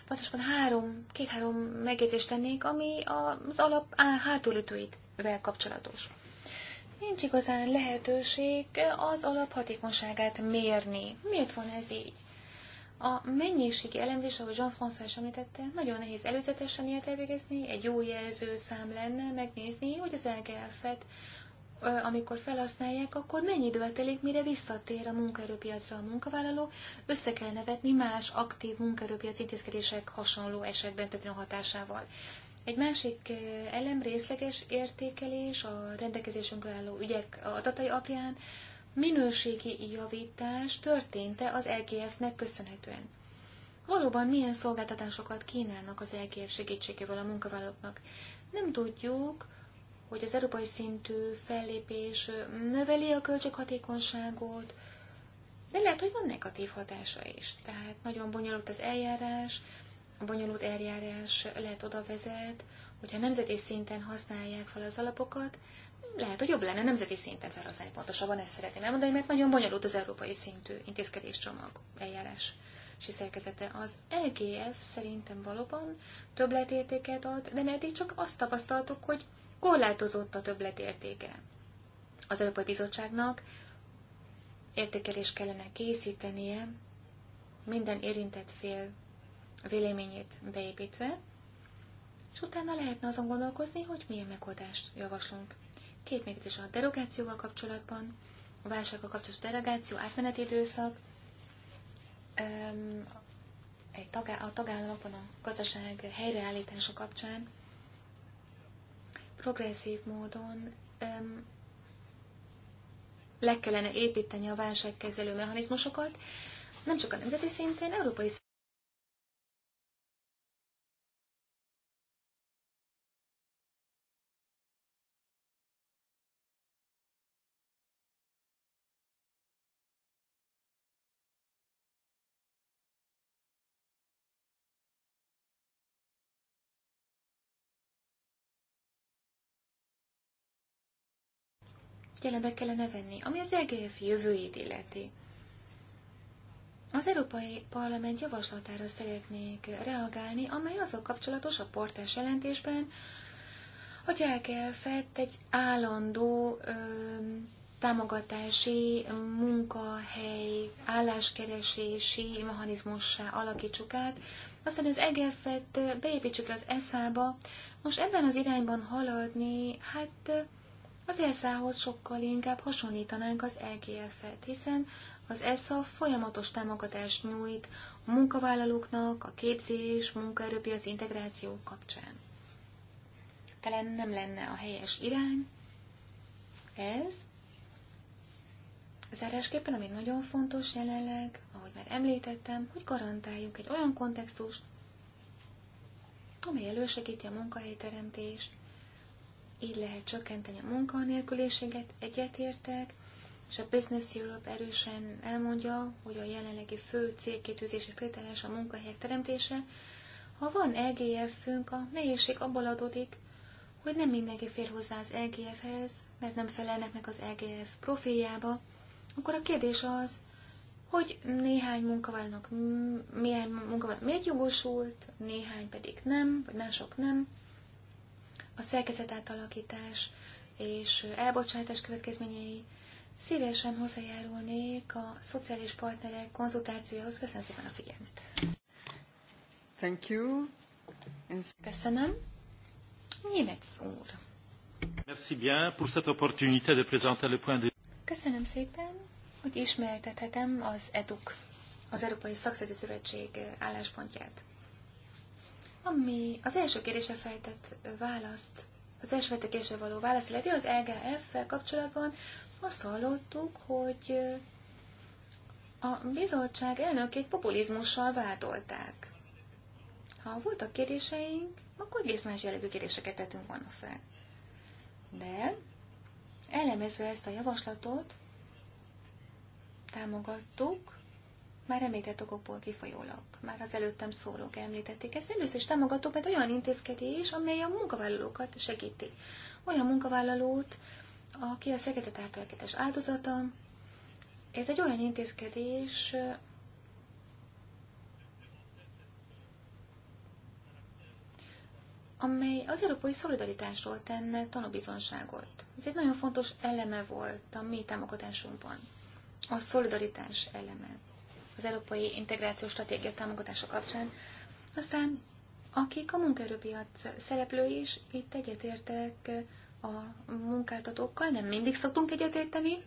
pontosabban három, két-három megjegyzést tennék, ami az alap á, hátulütőivel kapcsolatos. Nincs igazán lehetőség az alap hatékonyságát mérni. Miért van ez így? A mennyiségi elemzés, ahogy Jean-François is említette, nagyon nehéz előzetesen ilyet elvégezni, egy jó jelző szám lenne megnézni, hogy az elgelfet amikor felhasználják, akkor mennyi idő telik, mire visszatér a munkaerőpiacra a munkavállaló, össze kell nevetni más aktív munkaerőpiac intézkedések hasonló esetben történő hatásával. Egy másik elem részleges értékelés a rendelkezésünkre álló ügyek adatai alapján minőségi javítás történt-e az LGF-nek e köszönhetően. Valóban milyen szolgáltatásokat kínálnak az LGF e segítségével a munkavállalóknak? Nem tudjuk, hogy az európai szintű fellépés növeli a költséghatékonyságot, de lehet, hogy van negatív hatása is. Tehát nagyon bonyolult az eljárás, a bonyolult eljárás lehet oda vezet, hogyha nemzeti szinten használják fel az alapokat, lehet, hogy jobb lenne nemzeti szinten felhasználni. Pontosabban ezt szeretném elmondani, mert nagyon bonyolult az európai szintű intézkedéscsomag eljárás és szerkezete. Az EGF szerintem valóban többletértéket ad, de eddig csak azt tapasztaltuk, hogy korlátozott a többlet értéke, Az Európai Bizottságnak értékelés kellene készítenie, minden érintett fél véleményét beépítve, és utána lehetne azon gondolkozni, hogy milyen megoldást javaslunk. Két megjegyzés a derogációval kapcsolatban, a válsággal kapcsolatos derogáció, átmeneti időszak, egy tagá- a tagállamokban a gazdaság helyreállítása kapcsán progresszív módon öm, le kellene építeni a válságkezelő mechanizmusokat, nem csak a nemzeti szinten, európai figyelembe kellene venni, ami az EGF jövőjét illeti. Az Európai Parlament javaslatára szeretnék reagálni, amely azok kapcsolatos a portás jelentésben, hogy el kell fett egy állandó ö, támogatási, munkahely, álláskeresési mechanizmussá alakítsuk át, aztán az EGF-et beépítsük az ESZÁ-ba. Most ebben az irányban haladni, hát az esa hoz sokkal inkább hasonlítanánk az EGF-et, hiszen az ESA folyamatos támogatást nyújt a munkavállalóknak a képzés, munkaerőpiac integráció kapcsán. Talán nem lenne a helyes irány ez. Zárásképpen, ami nagyon fontos jelenleg, ahogy már említettem, hogy garantáljuk egy olyan kontextust, amely elősegíti a munkahelyteremtést, így lehet csökkenteni a munkanélküliséget, egyetértek, és a Business Europe erősen elmondja, hogy a jelenlegi fő célkitűzés és a munkahelyek teremtése. Ha van LGF-ünk, a nehézség abból adódik, hogy nem mindenki fér hozzá az LGF-hez, mert nem felelnek meg az LGF profiljába, akkor a kérdés az, hogy néhány munkavállalónak milyen munkavállaló miért jogosult, néhány pedig nem, vagy mások nem a szerkezet átalakítás és elbocsátás következményei. Szívesen hozzájárulnék a szociális partnerek konzultációhoz. Köszönöm szépen a figyelmet. Thank you. Köszönöm. Németz úr. Merci bien pour cette opportunité de présenter le point de... Köszönöm szépen, hogy ismertethetem az EDUK, az Európai Szakszervezeti Szövetség álláspontját. Ami az első kérdése fejtett választ, az első feltekésre való válasz illeti az EGF-fel kapcsolatban azt hallottuk, hogy a bizottság elnökét populizmussal vádolták. Ha voltak kérdéseink, akkor egész más jellegű kérdéseket tettünk volna fel. De elemezve ezt a javaslatot, támogattuk már említett okokból kifolyólag, már az előttem szólók említették. Ez először is támogató, mert hát olyan intézkedés, amely a munkavállalókat segíti. Olyan munkavállalót, aki a szegezet átölketes áldozata. Ez egy olyan intézkedés, amely az európai szolidaritásról tenne tanúbizonságot. Ez egy nagyon fontos eleme volt a mi támogatásunkban. A szolidaritás eleme az európai integrációs stratégia támogatása kapcsán. Aztán akik a munkaerőpiac szereplői is, itt egyetértek a munkáltatókkal, nem mindig szoktunk egyetérteni.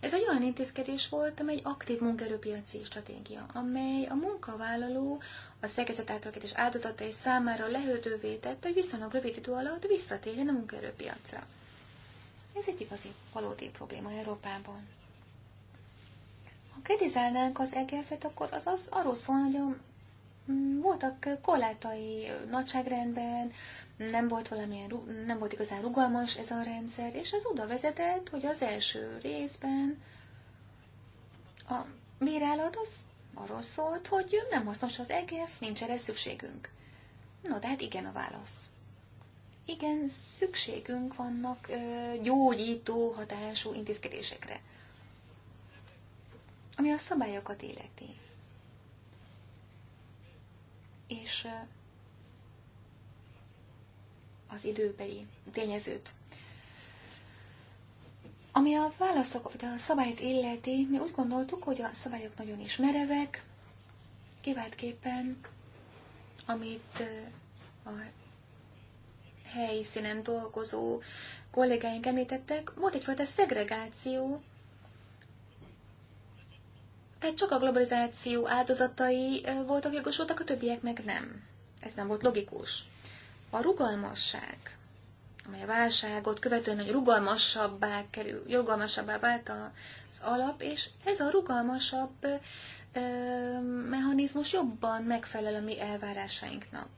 Ez egy olyan intézkedés volt, amely egy aktív munkaerőpiaci stratégia, amely a munkavállaló a szerkezet átalakítás áldozatai számára lehetővé tette, hogy viszonylag rövid idő alatt visszatérjen a munkaerőpiacra. Ez egy igazi, valódi probléma Európában kritizálnánk az EGF-et, akkor az, az arról szól, hogy a, mm, voltak korlátai nagyságrendben, nem volt valamilyen, nem volt igazán rugalmas ez a rendszer, és az oda vezetett, hogy az első részben a bírálat az arról szólt, hogy nem hasznos az EGF, nincs erre szükségünk. No, de hát igen a válasz. Igen, szükségünk vannak ö, gyógyító hatású intézkedésekre ami a szabályokat életi. És az időbeli tényezőt. Ami a válaszok, vagy a szabályt illeti, mi úgy gondoltuk, hogy a szabályok nagyon is merevek, kiváltképpen, amit a helyszínen dolgozó kollégáink említettek, volt egyfajta szegregáció tehát csak a globalizáció áldozatai voltak jogosultak, a többiek meg nem. Ez nem volt logikus. A rugalmasság, amely a válságot követően, hogy rugalmasabbá kerül, rugalmasabbá vált az alap, és ez a rugalmasabb ö, mechanizmus jobban megfelel a mi elvárásainknak.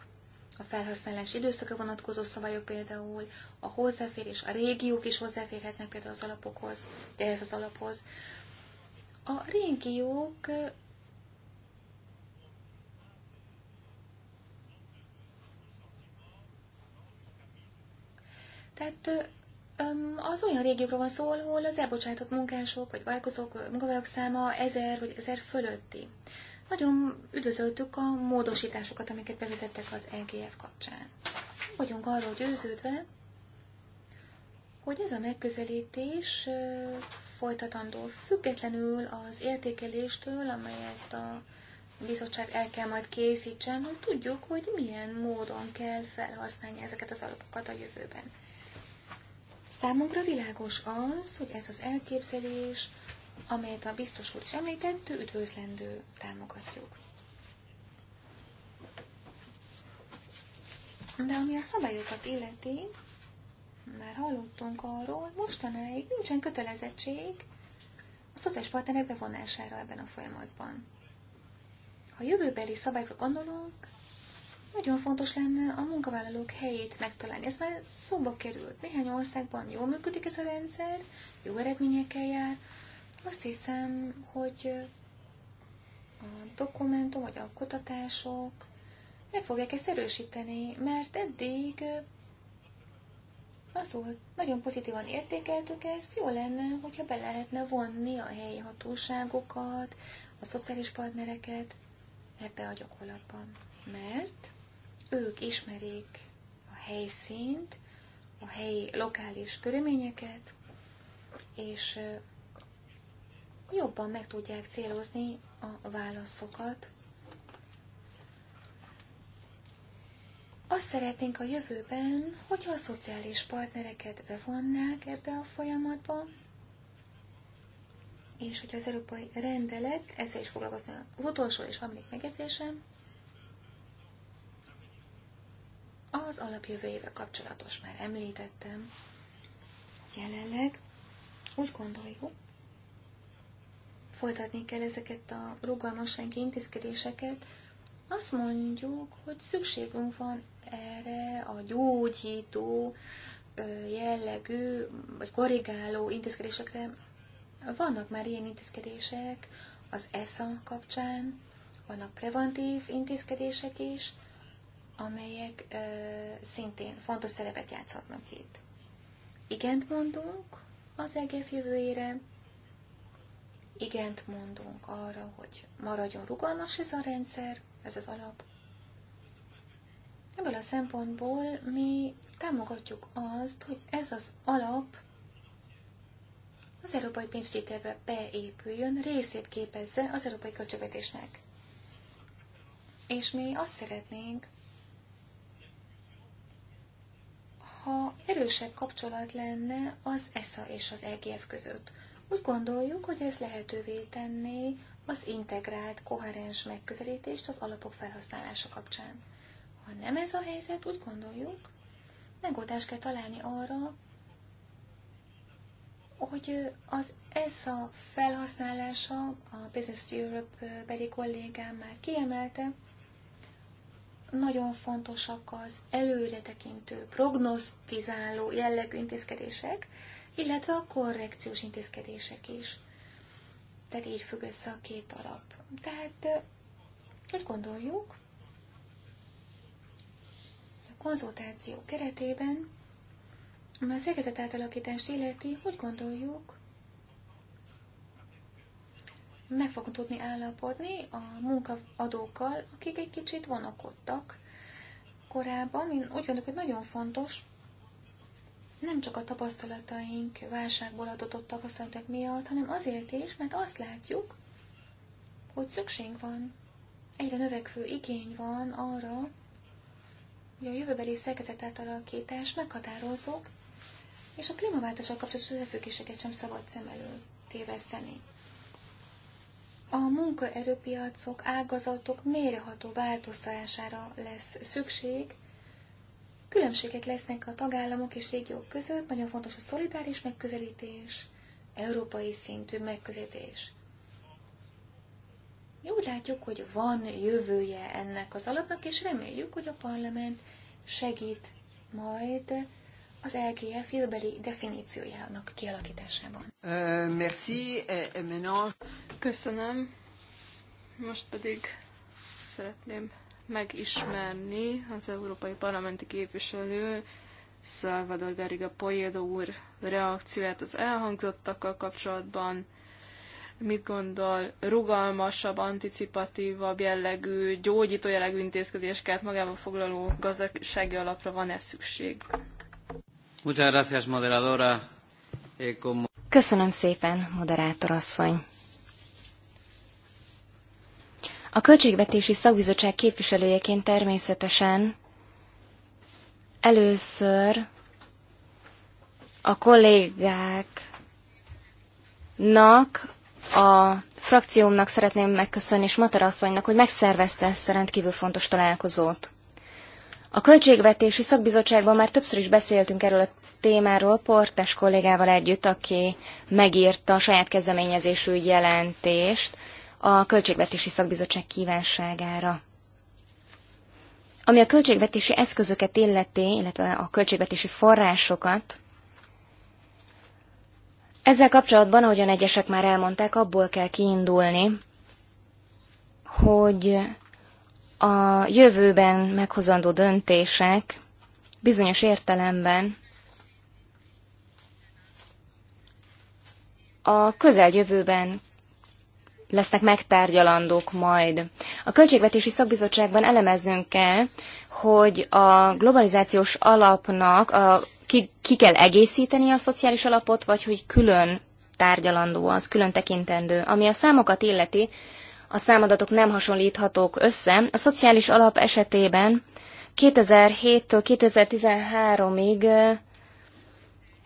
A felhasználás időszakra vonatkozó szabályok például, a hozzáférés, a régiók is hozzáférhetnek például az alapokhoz, de ez az alaphoz. A régiók Tehát az olyan régiókról van szó, ahol az elbocsátott munkások vagy vállalkozók, munkavállalók száma ezer vagy ezer fölötti. Nagyon üdvözöltük a módosításokat, amiket bevezettek az EGF kapcsán. Vagyunk arról győződve, hogy ez a megközelítés folytatandó függetlenül az értékeléstől, amelyet a bizottság el kell majd készítsen, hogy tudjuk, hogy milyen módon kell felhasználni ezeket az alapokat a jövőben. Számunkra világos az, hogy ez az elképzelés, amelyet a biztos úr is említett, üdvözlendő támogatjuk. De ami a szabályokat illeti, már hallottunk arról, mostanáig nincsen kötelezettség a szociális partnerek bevonására ebben a folyamatban. Ha jövőbeli szabályokra gondolunk, nagyon fontos lenne a munkavállalók helyét megtalálni. Ez már szóba került. Néhány országban jól működik ez a rendszer, jó eredményekkel jár. Azt hiszem, hogy a dokumentum vagy a kutatások meg fogják ezt erősíteni, mert eddig Azul nagyon pozitívan értékeltük ezt, jó lenne, hogyha be lehetne vonni a helyi hatóságokat, a szociális partnereket ebbe a gyakorlatban. Mert ők ismerik a helyszínt, a helyi lokális körülményeket, és jobban meg tudják célozni a válaszokat Azt szeretnénk a jövőben, hogyha a szociális partnereket bevonnák ebbe a folyamatba, és hogy az európai rendelet, ezzel is foglalkozni az utolsó és harmadik megjegyzésem, az alapjövőjével kapcsolatos már említettem. Jelenleg úgy gondoljuk, folytatni kell ezeket a rugalmasági intézkedéseket, azt mondjuk, hogy szükségünk van erre a gyógyító jellegű vagy korrigáló intézkedésekre. Vannak már ilyen intézkedések az ESA kapcsán, vannak preventív intézkedések is, amelyek ö, szintén fontos szerepet játszhatnak itt. Igent mondunk az EGF jövőjére, igent mondunk arra, hogy maradjon rugalmas ez a rendszer, ez az alap, Ebből a szempontból mi támogatjuk azt, hogy ez az alap az európai pénzügyi tervbe beépüljön, részét képezze az európai költségvetésnek. És mi azt szeretnénk, ha erősebb kapcsolat lenne az ESA és az EGF között. Úgy gondoljuk, hogy ez lehetővé tenné az integrált, koherens megközelítést az alapok felhasználása kapcsán. Ha nem ez a helyzet, úgy gondoljuk, megoldást kell találni arra, hogy az a felhasználása, a Business Europe beli kollégám már kiemelte, nagyon fontosak az előretekintő, prognosztizáló jellegű intézkedések, illetve a korrekciós intézkedések is. Tehát így függ össze a két alap. Tehát úgy gondoljuk, konzultáció keretében, ami a szerkezet átalakítást illeti, úgy gondoljuk, meg fogunk tudni állapodni a munkaadókkal, akik egy kicsit vonakodtak korábban. Én úgy gondolok, hogy nagyon fontos, nem csak a tapasztalataink válságból adott tapasztalatok miatt, hanem azért is, mert azt látjuk, hogy szükség van, egyre növekvő igény van arra, hogy a jövőbeli szerkezet átalakítás meghatározó, és a klímaváltással kapcsolatos összefüggéseket sem szabad szem elől téveszteni. A munkaerőpiacok, ágazatok méreható változtatására lesz szükség, Különbségek lesznek a tagállamok és régiók között, nagyon fontos a szolidáris megközelítés, európai szintű megközelítés. Mi úgy látjuk, hogy van jövője ennek az alapnak, és reméljük, hogy a parlament segít majd az LGF jövőbeli definíciójának kialakításában. Uh, merci, Emena. E, Köszönöm. Most pedig szeretném megismerni az Európai Parlamenti Képviselő Salvador Garriga Poyedo úr reakcióját az elhangzottakkal kapcsolatban, mit gondol rugalmasabb, anticipatívabb jellegű, gyógyító jellegű intézkedéseket magába foglaló gazdasági alapra van-e szükség? Muchas gracias, moderadora. Eh, Köszönöm szépen, moderátor asszony. A Költségvetési Szakbizottság képviselőjeként természetesen először a kollégáknak a frakciómnak szeretném megköszönni, és Mater asszonynak, hogy megszervezte ezt a rendkívül fontos találkozót. A Költségvetési Szakbizottságban már többször is beszéltünk erről a témáról Portes kollégával együtt, aki megírta a saját kezdeményezésű jelentést a Költségvetési Szakbizottság kívánságára. Ami a költségvetési eszközöket illeti, illetve a költségvetési forrásokat, ezzel kapcsolatban, ahogyan egyesek már elmondták, abból kell kiindulni, hogy a jövőben meghozandó döntések bizonyos értelemben a közeljövőben lesznek megtárgyalandók majd. A Költségvetési Szakbizottságban elemeznünk kell, hogy a globalizációs alapnak a, ki, ki kell egészíteni a szociális alapot, vagy hogy külön tárgyalandó az, külön tekintendő. Ami a számokat illeti, a számadatok nem hasonlíthatók össze. A szociális alap esetében 2007-től 2013-ig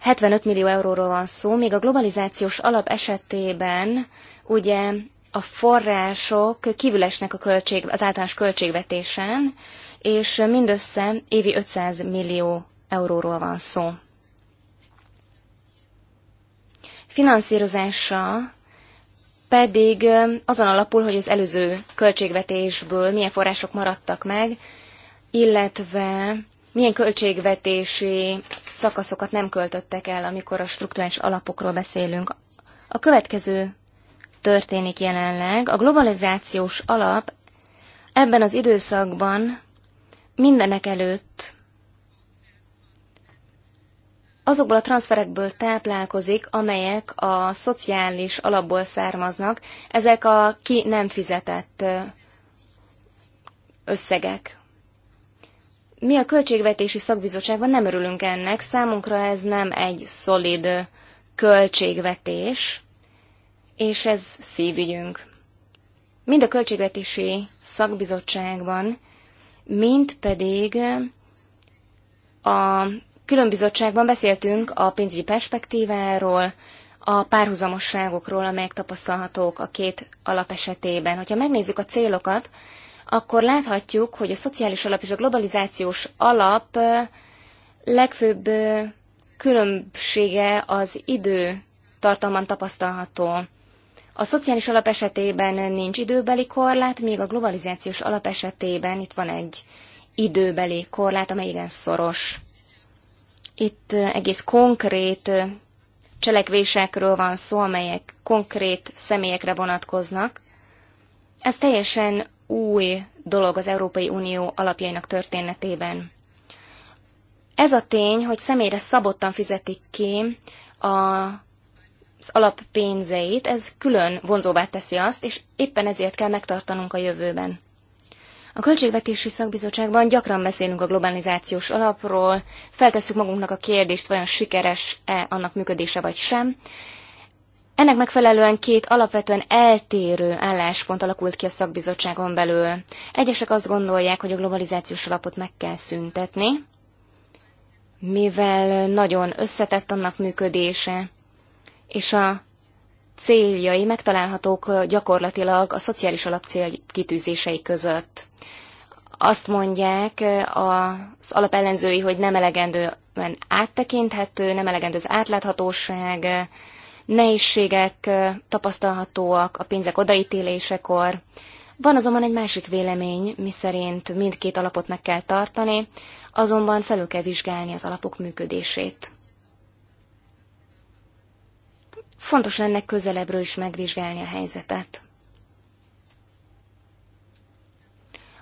75 millió euróról van szó, még a globalizációs alap esetében ugye a források kívülesnek a költség, az általános költségvetésen, és mindössze évi 500 millió euróról van szó. Finanszírozása pedig azon alapul, hogy az előző költségvetésből milyen források maradtak meg, illetve milyen költségvetési szakaszokat nem költöttek el, amikor a struktúrás alapokról beszélünk. A következő történik jelenleg. A globalizációs alap ebben az időszakban mindenek előtt azokból a transferekből táplálkozik, amelyek a szociális alapból származnak, ezek a ki nem fizetett összegek. Mi a Költségvetési Szakbizottságban nem örülünk ennek, számunkra ez nem egy szolid költségvetés, és ez szívügyünk. Mind a Költségvetési Szakbizottságban, mint pedig a különbizottságban beszéltünk a pénzügyi perspektíváról, a párhuzamosságokról, amelyek tapasztalhatók a két alap esetében. Hogyha megnézzük a célokat, akkor láthatjuk, hogy a szociális alap és a globalizációs alap legfőbb különbsége az idő tartalman tapasztalható. A szociális alap esetében nincs időbeli korlát, míg a globalizációs alap esetében itt van egy időbeli korlát, amely igen szoros. Itt egész konkrét cselekvésekről van szó, amelyek konkrét személyekre vonatkoznak. Ez teljesen új dolog az Európai Unió alapjainak történetében. Ez a tény, hogy személyre szabottan fizetik ki a, az alappénzeit, ez külön vonzóvá teszi azt, és éppen ezért kell megtartanunk a jövőben. A Költségvetési Szakbizottságban gyakran beszélünk a globalizációs alapról, feltesszük magunknak a kérdést, vajon sikeres-e annak működése vagy sem, ennek megfelelően két alapvetően eltérő álláspont alakult ki a szakbizottságon belül. Egyesek azt gondolják, hogy a globalizációs alapot meg kell szüntetni, mivel nagyon összetett annak működése, és a céljai megtalálhatók gyakorlatilag a szociális alap célkitűzései között. Azt mondják az alapellenzői, hogy nem elegendően áttekinthető, nem elegendő az átláthatóság, nehézségek tapasztalhatóak a pénzek odaítélésekor. Van azonban egy másik vélemény, miszerint mindkét alapot meg kell tartani, azonban felül kell vizsgálni az alapok működését. Fontos lenne közelebbről is megvizsgálni a helyzetet.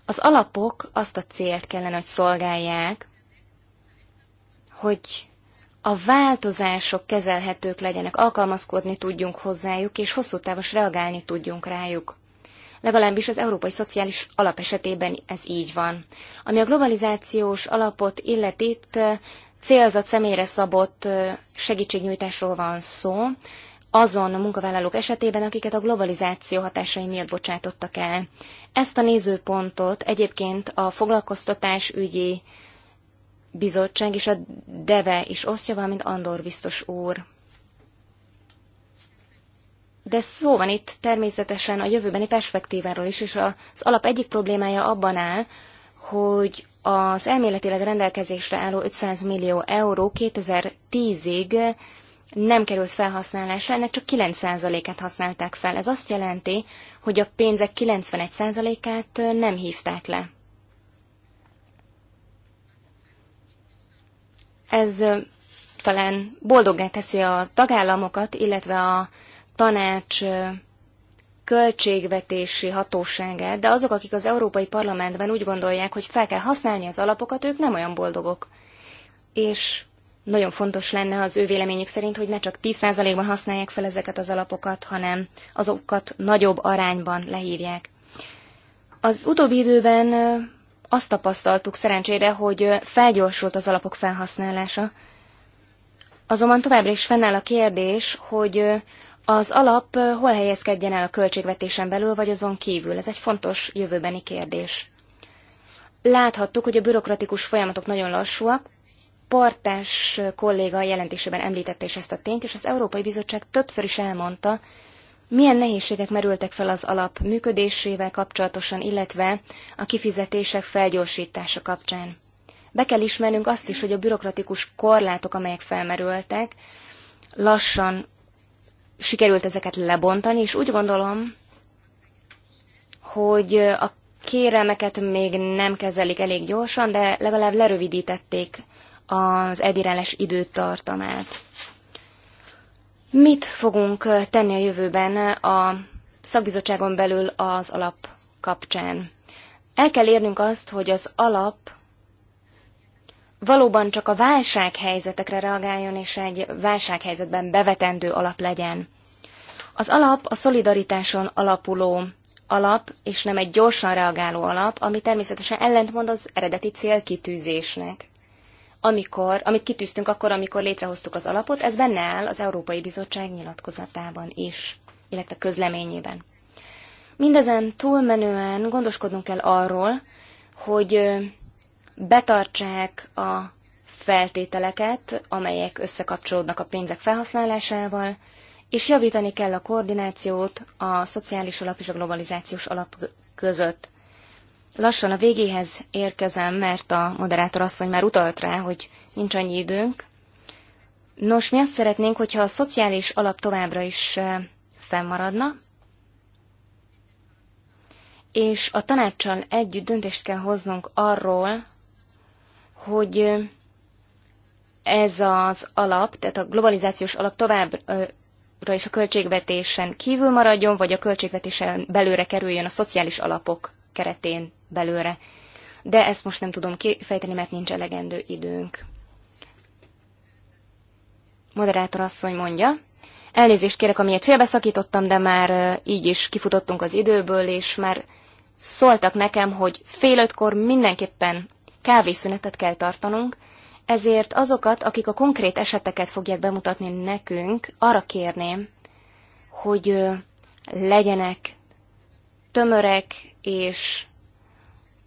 Az alapok azt a célt kellene, hogy szolgálják, hogy a változások kezelhetők legyenek, alkalmazkodni tudjunk hozzájuk, és hosszú távos reagálni tudjunk rájuk. Legalábbis az európai szociális alap esetében ez így van. Ami a globalizációs alapot illeti, célzat személyre szabott segítségnyújtásról van szó, azon a munkavállalók esetében, akiket a globalizáció hatásai miatt bocsátottak el. Ezt a nézőpontot egyébként a foglalkoztatás ügyi bizottság és a DEVE is osztja, valamint Andor biztos úr. De szó van itt természetesen a jövőbeni perspektíváról is, és az alap egyik problémája abban áll, hogy az elméletileg rendelkezésre álló 500 millió euró 2010-ig nem került felhasználásra, ennek csak 9%-át használták fel. Ez azt jelenti, hogy a pénzek 91%-át nem hívták le. Ez talán boldoggá teszi a tagállamokat, illetve a tanács költségvetési hatóságát, de azok, akik az Európai Parlamentben úgy gondolják, hogy fel kell használni az alapokat, ők nem olyan boldogok. És nagyon fontos lenne az ő véleményük szerint, hogy ne csak 10%-ban használják fel ezeket az alapokat, hanem azokat nagyobb arányban lehívják. Az utóbbi időben azt tapasztaltuk szerencsére, hogy felgyorsult az alapok felhasználása. Azonban továbbra is fennáll a kérdés, hogy az alap hol helyezkedjen el a költségvetésen belül, vagy azon kívül. Ez egy fontos jövőbeni kérdés. Láthattuk, hogy a bürokratikus folyamatok nagyon lassúak. Portás kolléga jelentésében említette is ezt a tényt, és az Európai Bizottság többször is elmondta, milyen nehézségek merültek fel az alap működésével kapcsolatosan, illetve a kifizetések felgyorsítása kapcsán? Be kell ismernünk azt is, hogy a bürokratikus korlátok, amelyek felmerültek, lassan sikerült ezeket lebontani, és úgy gondolom, hogy a kérelmeket még nem kezelik elég gyorsan, de legalább lerövidítették az elbírálás időtartamát. Mit fogunk tenni a jövőben a szakbizottságon belül az alap kapcsán? El kell érnünk azt, hogy az alap valóban csak a válsághelyzetekre reagáljon, és egy válsághelyzetben bevetendő alap legyen. Az alap a szolidaritáson alapuló alap, és nem egy gyorsan reagáló alap, ami természetesen ellentmond az eredeti célkitűzésnek amikor, amit kitűztünk akkor, amikor létrehoztuk az alapot, ez benne áll az Európai Bizottság nyilatkozatában is, illetve közleményében. Mindezen túlmenően gondoskodnunk kell arról, hogy betartsák a feltételeket, amelyek összekapcsolódnak a pénzek felhasználásával, és javítani kell a koordinációt a szociális alap és a globalizációs alap között. Lassan a végéhez érkezem, mert a moderátor asszony már utalt rá, hogy nincs annyi időnk. Nos, mi azt szeretnénk, hogyha a szociális alap továbbra is fennmaradna, és a tanácssal együtt döntést kell hoznunk arról, hogy ez az alap, tehát a globalizációs alap továbbra is a költségvetésen kívül maradjon, vagy a költségvetésen belőre kerüljön a szociális alapok keretén belőle. De ezt most nem tudom kifejteni, mert nincs elegendő időnk. Moderátor asszony mondja, elnézést kérek, amiért félbeszakítottam, de már így is kifutottunk az időből, és már szóltak nekem, hogy fél ötkor mindenképpen kávészünetet kell tartanunk, ezért azokat, akik a konkrét eseteket fogják bemutatni nekünk, arra kérném, hogy legyenek tömörek és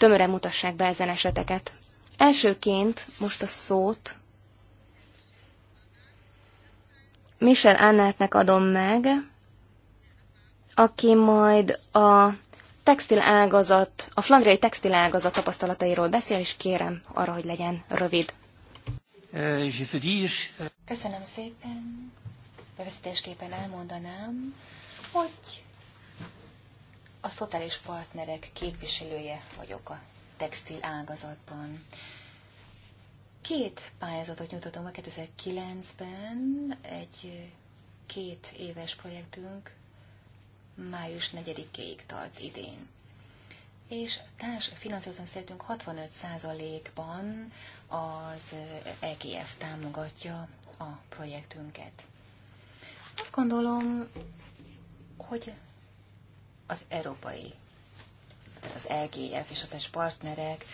tömören mutassák be ezen eseteket. Elsőként most a szót Michel Annátnek adom meg, aki majd a textil ágazat, a flandriai textil ágazat tapasztalatairól beszél, és kérem arra, hogy legyen rövid. Eh, eh, Köszönöm szépen. Bevezetésképpen elmondanám, hogy a szociális partnerek képviselője vagyok a textil ágazatban. Két pályázatot nyújtottam a 2009-ben, egy két éves projektünk május 4-ig tart idén. És társ finanszírozón szeretünk 65%-ban az EGF támogatja a projektünket. Azt gondolom, hogy az európai, tehát az LGF és az partnerek.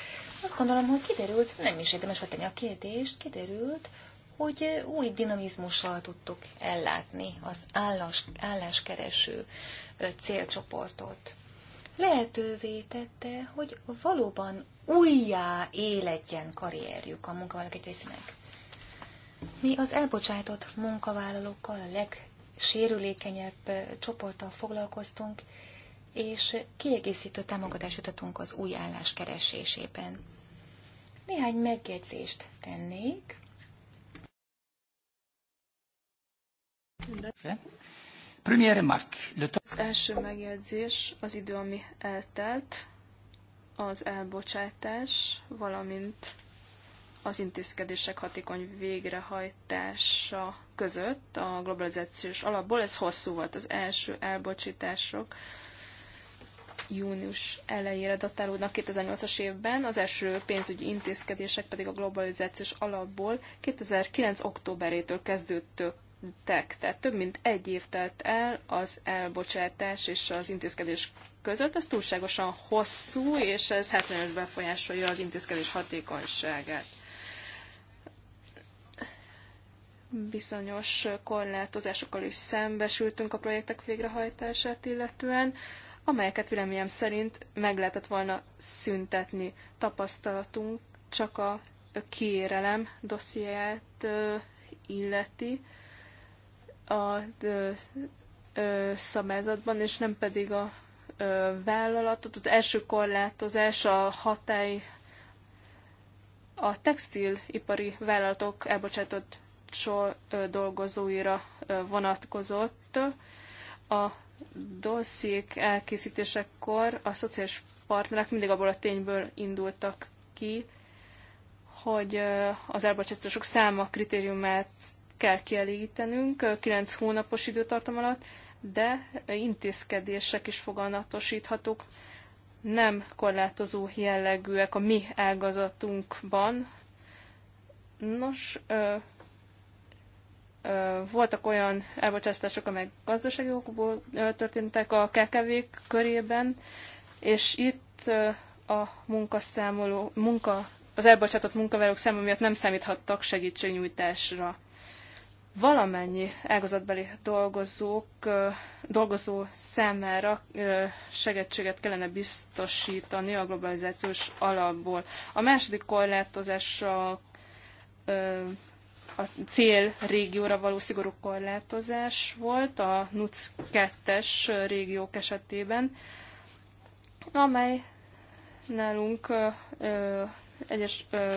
Azt gondolom, hogy kiderült, nem is érdemes feltenni a kérdést, kiderült, hogy új dinamizmussal tudtuk ellátni az állás, álláskereső célcsoportot. Lehetővé tette, hogy valóban újjá éledjen karrierjük a munkavállalók egy résznek. Mi az elbocsátott munkavállalókkal a legsérülékenyebb csoporttal foglalkoztunk, és kiegészítő támogatást jutatunk az új állás keresésében. Néhány megjegyzést tennék. Az első megjegyzés az idő, ami eltelt, az elbocsátás, valamint az intézkedések hatékony végrehajtása között a globalizációs alapból. Ez hosszú volt az első elbocsátások június elejére datálódnak 2008-as évben, az első pénzügyi intézkedések pedig a globalizációs alapból 2009. októberétől kezdődtek. Tehát több mint egy év telt el az elbocsátás és az intézkedés között, ez túlságosan hosszú, és ez hátrányos befolyásolja az intézkedés hatékonyságát bizonyos korlátozásokkal is szembesültünk a projektek végrehajtását illetően amelyeket véleményem szerint meg lehetett volna szüntetni. Tapasztalatunk csak a kérelem dossziáját illeti a szabályzatban, és nem pedig a vállalatot. Az első korlátozás a hatály a textilipari vállalatok elbocsátott dolgozóira vonatkozott. A dossziék elkészítésekor a szociális partnerek mindig abból a tényből indultak ki, hogy az elbocsátások száma kritériumát kell kielégítenünk 9 hónapos időtartam alatt, de intézkedések is foganatosíthatók, nem korlátozó jellegűek a mi ágazatunkban. Nos, voltak olyan elbocsátások, amelyek gazdasági okból történtek a kkv körében, és itt a munkaszámoló, munka, az elbocsátott munkavállalók száma miatt nem számíthattak segítségnyújtásra. Valamennyi ágazatbeli dolgozók, dolgozó számára segítséget kellene biztosítani a globalizációs alapból. A második korlátozás a a cél régióra való szigorú korlátozás volt a NUC 2-es régiók esetében, amely nálunk ö, ö, egyes ö,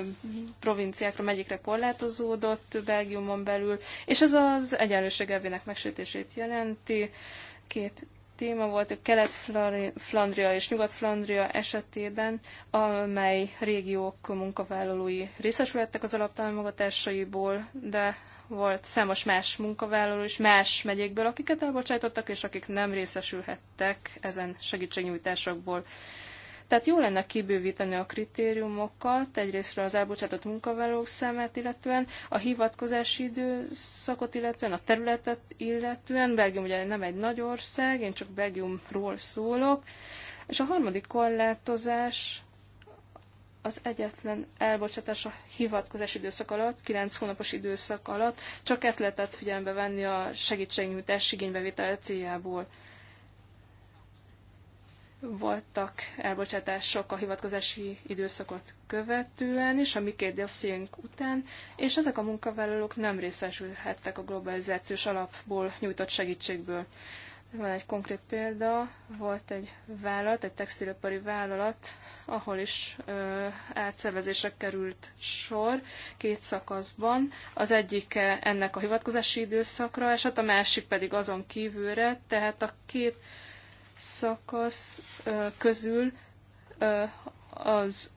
provinciákra, megyékre korlátozódott Belgiumon belül, és ez az egyenlőség elvének megsütését jelenti. Két téma volt a Kelet-Flandria és Nyugat-Flandria esetében, amely régiók munkavállalói részesülhettek az alaptámogatásaiból, de volt számos más munkavállaló és más megyékből, akiket elbocsájtottak, és akik nem részesülhettek ezen segítségnyújtásokból. Tehát jó lenne kibővíteni a kritériumokat, egyrésztről az elbocsátott munkavállalók számát illetően, a hivatkozási időszakot illetően, a területet illetően. Belgium ugye nem egy nagy ország, én csak Belgiumról szólok. És a harmadik korlátozás az egyetlen elbocsátás a hivatkozás időszak alatt, 9 hónapos időszak alatt, csak ezt lehetett figyelembe venni a segítségnyújtás igénybevétele céljából voltak elbocsátások a hivatkozási időszakot követően is, a mi kérdőszénk után, és ezek a munkavállalók nem részesülhettek a globalizációs alapból nyújtott segítségből. Van egy konkrét példa, volt egy vállalat, egy textilipari vállalat, ahol is ö, átszervezésre került sor két szakaszban. Az egyik ennek a hivatkozási időszakra és a másik pedig azon kívülre, tehát a két ö, szakasz közül az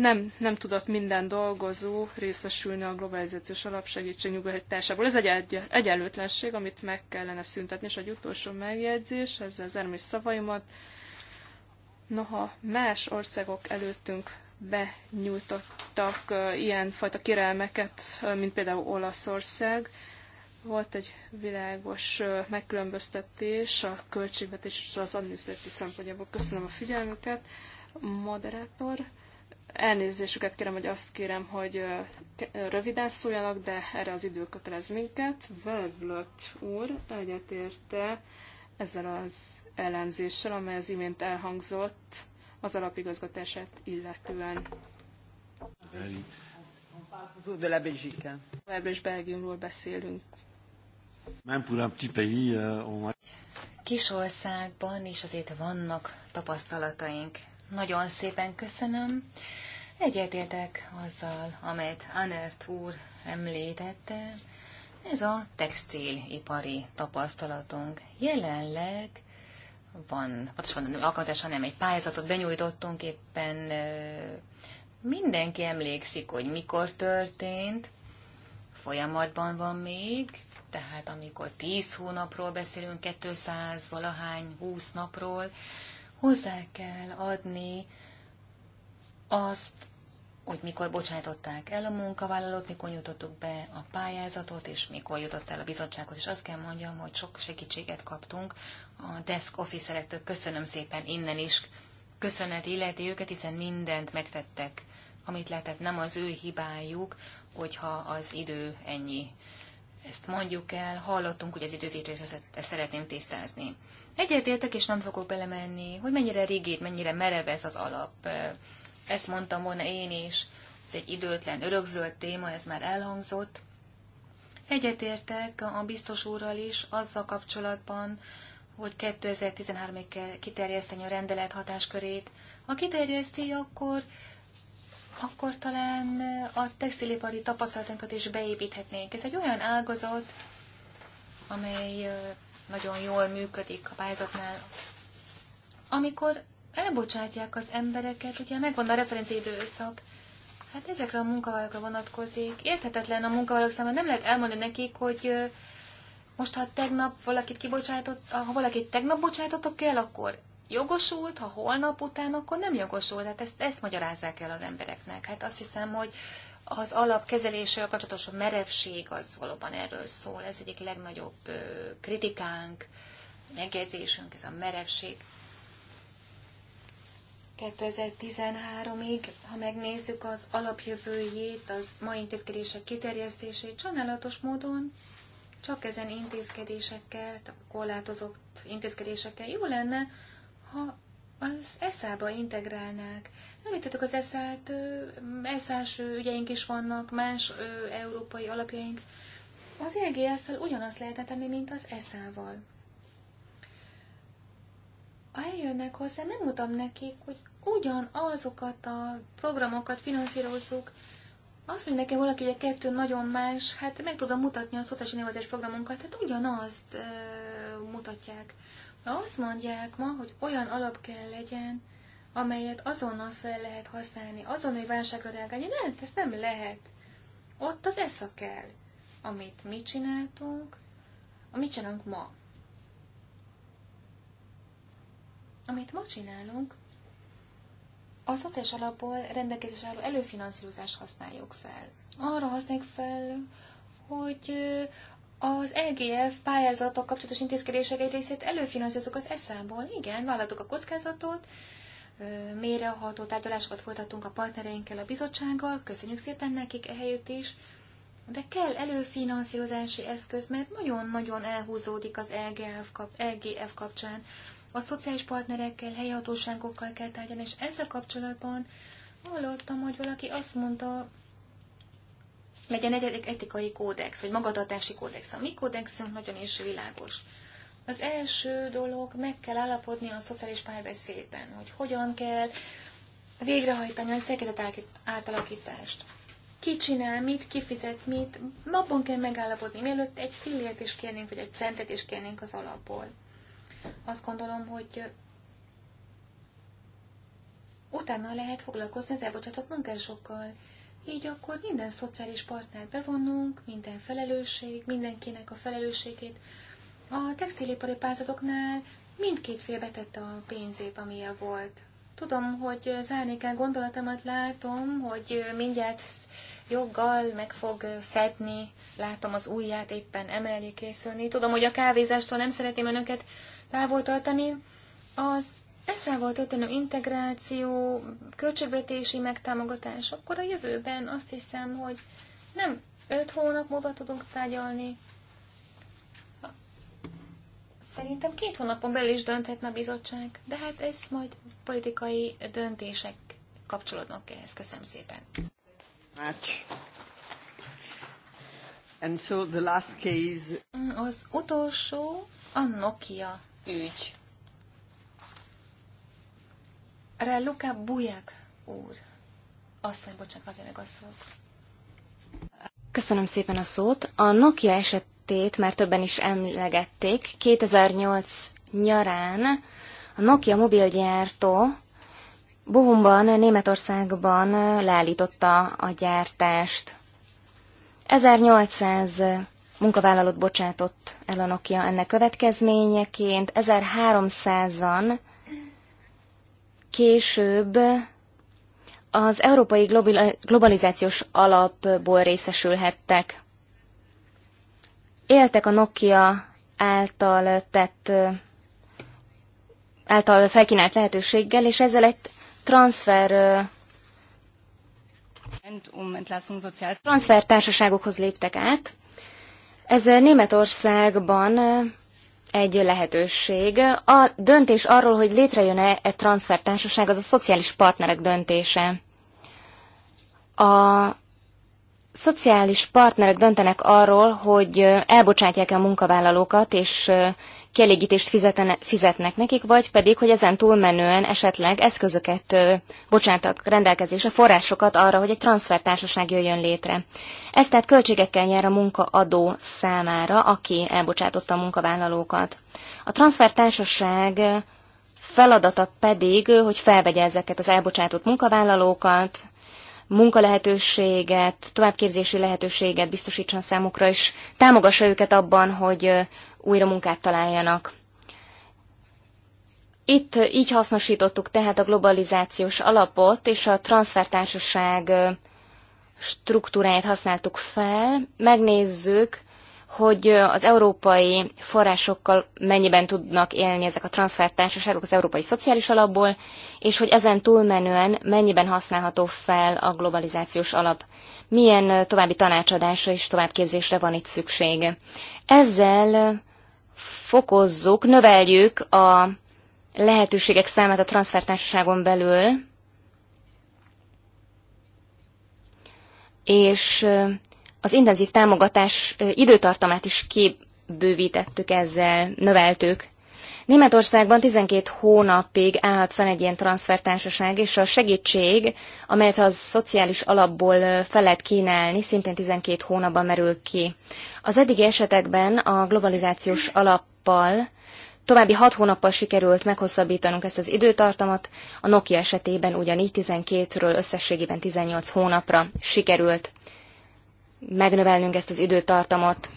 nem, nem tudott minden dolgozó részesülni a globalizációs alapsegítség nyugodtásából. Ez egy, egyenlőtlenség, amit meg kellene szüntetni, és egy utolsó megjegyzés, ezzel az is szavaimat. Noha más országok előttünk benyújtottak ilyen fajta kérelmeket, mint például Olaszország, volt egy világos megkülönböztetés a költségvetés és az adminisztráció szempontjából. Köszönöm a figyelmüket. Moderátor, elnézésüket kérem, hogy azt kérem, hogy röviden szóljanak, de erre az idő kötelez minket. Vöglött úr egyetérte ezzel az elemzéssel, amely az imént elhangzott az alapigazgatását illetően. De la Belgique. Belgiumról beszélünk. Euh, Kis országban is azért vannak tapasztalataink. Nagyon szépen köszönöm. Egyetértek azzal, amit Anert úr említette. Ez a textilipari tapasztalatunk. Jelenleg van, pontosan alkalmazása nem egy pályázatot benyújtottunk éppen. Mindenki emlékszik, hogy mikor történt. Folyamatban van még, tehát amikor 10 hónapról beszélünk, 200 valahány 20 napról, hozzá kell adni azt, hogy mikor bocsájtották el a munkavállalót, mikor nyújtottuk be a pályázatot, és mikor jutott el a bizottsághoz. És azt kell mondjam, hogy sok segítséget kaptunk a desk officerektől. Köszönöm szépen innen is. Köszönet illeti őket, hiszen mindent megtettek, amit lehetett. Nem az ő hibájuk, hogyha az idő ennyi ezt mondjuk el, hallottunk, hogy az időzítést ezt szeretném tisztázni. Egyetértek, és nem fogok belemenni, hogy mennyire rigid, mennyire merev ez az alap. Ezt mondtam volna én is, ez egy időtlen, örökzöld téma, ez már elhangzott. Egyetértek a biztos úrral is azzal kapcsolatban, hogy 2013-ig kell kiterjeszteni a rendelet hatáskörét. Ha kiterjeszti, akkor akkor talán eh, a textilipari tapasztalatunkat is beépíthetnénk. Ez egy olyan ágazat, amely eh, nagyon jól működik a pályázatnál. Amikor elbocsátják az embereket, ugye megvan a referenciaidőszak, hát ezekre a munkavállalókra vonatkozik. Érthetetlen a munkavállalók számára, nem lehet elmondani nekik, hogy eh, most ha tegnap valakit kibocsátott, ha valakit tegnap bocsátottok el, akkor jogosult, ha holnap után, akkor nem jogosult. Hát ezt, ezt magyarázzák el az embereknek. Hát azt hiszem, hogy az alapkezeléssel kapcsolatos merevség az valóban erről szól. Ez egyik legnagyobb kritikánk, megjegyzésünk, ez a merevség. 2013-ig, ha megnézzük az alapjövőjét, az mai intézkedések kiterjesztését, sajnálatos módon csak ezen intézkedésekkel, korlátozott intézkedésekkel jó lenne, ha az eszába integrálnák. Említettük az eszát, eszás ügyeink is vannak, más ö, európai alapjaink. Az EGF-fel ugyanazt lehetne tenni, mint az eszával. Ha eljönnek hozzá, megmutatom nekik, hogy ugyanazokat a programokat finanszírozzuk. Azt mondja nekem valaki, hogy a kettő nagyon más, hát meg tudom mutatni a szótási nevezés programunkat, tehát ugyanazt ö, mutatják. Azt mondják ma, hogy olyan alap kell legyen, amelyet azonnal fel lehet használni, azonnal válságra reagálni. Nem, ez nem lehet. Ott az esza kell, amit mi csináltunk, amit csinálunk ma. Amit ma csinálunk, a szociális alapból rendelkezés álló előfinanszírozást használjuk fel. Arra használjuk fel, hogy az EGF pályázatok kapcsolatos intézkedések egy részét előfinanszírozzuk az ESZÁ-ból. Igen, vállaltuk a kockázatot, mélyreható tárgyalásokat folytattunk a partnereinkkel, a bizottsággal, köszönjük szépen nekik ehelyütt is, de kell előfinanszírozási eszköz, mert nagyon-nagyon elhúzódik az EGF, kap, EGF kapcsán. A szociális partnerekkel, helyi hatóságokkal kell tárgyalni, és ezzel kapcsolatban hallottam, hogy valaki azt mondta, legyen egy etikai kódex, vagy magatartási kódex. A mi kódexünk nagyon is világos. Az első dolog, meg kell állapodni a szociális párbeszédben, hogy hogyan kell végrehajtani a szerkezet átalakítást. Ki csinál mit, ki fizet mit, abban kell megállapodni, mielőtt egy fillért is kérnénk, vagy egy centet is kérnénk az alapból. Azt gondolom, hogy utána lehet foglalkozni az elbocsátott munkásokkal. Így akkor minden szociális partnert bevonunk, minden felelősség, mindenkinek a felelősségét. A textilipari pályázatoknál mindkét fél betette a pénzét, amilyen volt. Tudom, hogy zárni kell gondolatomat, látom, hogy mindjárt joggal meg fog fedni, látom az ujját éppen emelni, készülni. Tudom, hogy a kávézástól nem szeretném önöket távol tartani. Az volt elszámoltatlanul integráció, költségvetési megtámogatás, akkor a jövőben azt hiszem, hogy nem öt hónap múlva tudunk tárgyalni. Szerintem két hónapon belül is dönthetne a bizottság, de hát ez majd politikai döntések kapcsolódnak ehhez. Köszönöm szépen. Match. And so the last case... Az utolsó a Nokia ügy. Luka Bujak úr. Asszony, bocsánat, kapja meg a szót. Köszönöm szépen a szót. A Nokia esetét már többen is emlegették. 2008 nyarán a Nokia mobilgyártó Bohumban, Németországban leállította a gyártást. 1800 munkavállalót bocsátott el a Nokia ennek következményeként, 1300-an később az európai globalizációs alapból részesülhettek. Éltek a Nokia által tett által felkínált lehetőséggel, és ezzel egy transfer transfer társaságokhoz léptek át. Ez Németországban egy lehetőség. A döntés arról, hogy létrejön-e egy transfertársaság, az a szociális partnerek döntése. A szociális partnerek döntenek arról, hogy elbocsátják-e a munkavállalókat, és kielégítést fizetene, fizetnek nekik, vagy pedig, hogy ezen túlmenően esetleg eszközöket bocsátak rendelkezésre, forrásokat arra, hogy egy transfertársaság jöjjön létre. Ez tehát költségekkel jár a munkaadó számára, aki elbocsátotta a munkavállalókat. A transfertársaság feladata pedig, hogy felvegye ezeket az elbocsátott munkavállalókat, munkalehetőséget, továbbképzési lehetőséget biztosítson számukra, és támogassa őket abban, hogy újra munkát találjanak. Itt így hasznosítottuk tehát a globalizációs alapot, és a transfertársaság struktúráját használtuk fel. Megnézzük, hogy az európai forrásokkal mennyiben tudnak élni ezek a transfertársaságok az európai szociális alapból, és hogy ezen túlmenően mennyiben használható fel a globalizációs alap. Milyen további tanácsadásra és továbbképzésre van itt szükség. Ezzel fokozzuk, növeljük a lehetőségek számát a transfertársaságon belül, és az intenzív támogatás időtartamát is kibővítettük ezzel, növeltük. Németországban 12 hónapig állhat fel egy ilyen transfertársaság, és a segítség, amelyet a szociális alapból fel lehet kínálni, szintén 12 hónapban merül ki. Az eddigi esetekben a globalizációs alappal További hat hónappal sikerült meghosszabbítanunk ezt az időtartamot, a Nokia esetében ugyanígy 12-ről összességében 18 hónapra sikerült megnövelnünk ezt az időtartamot.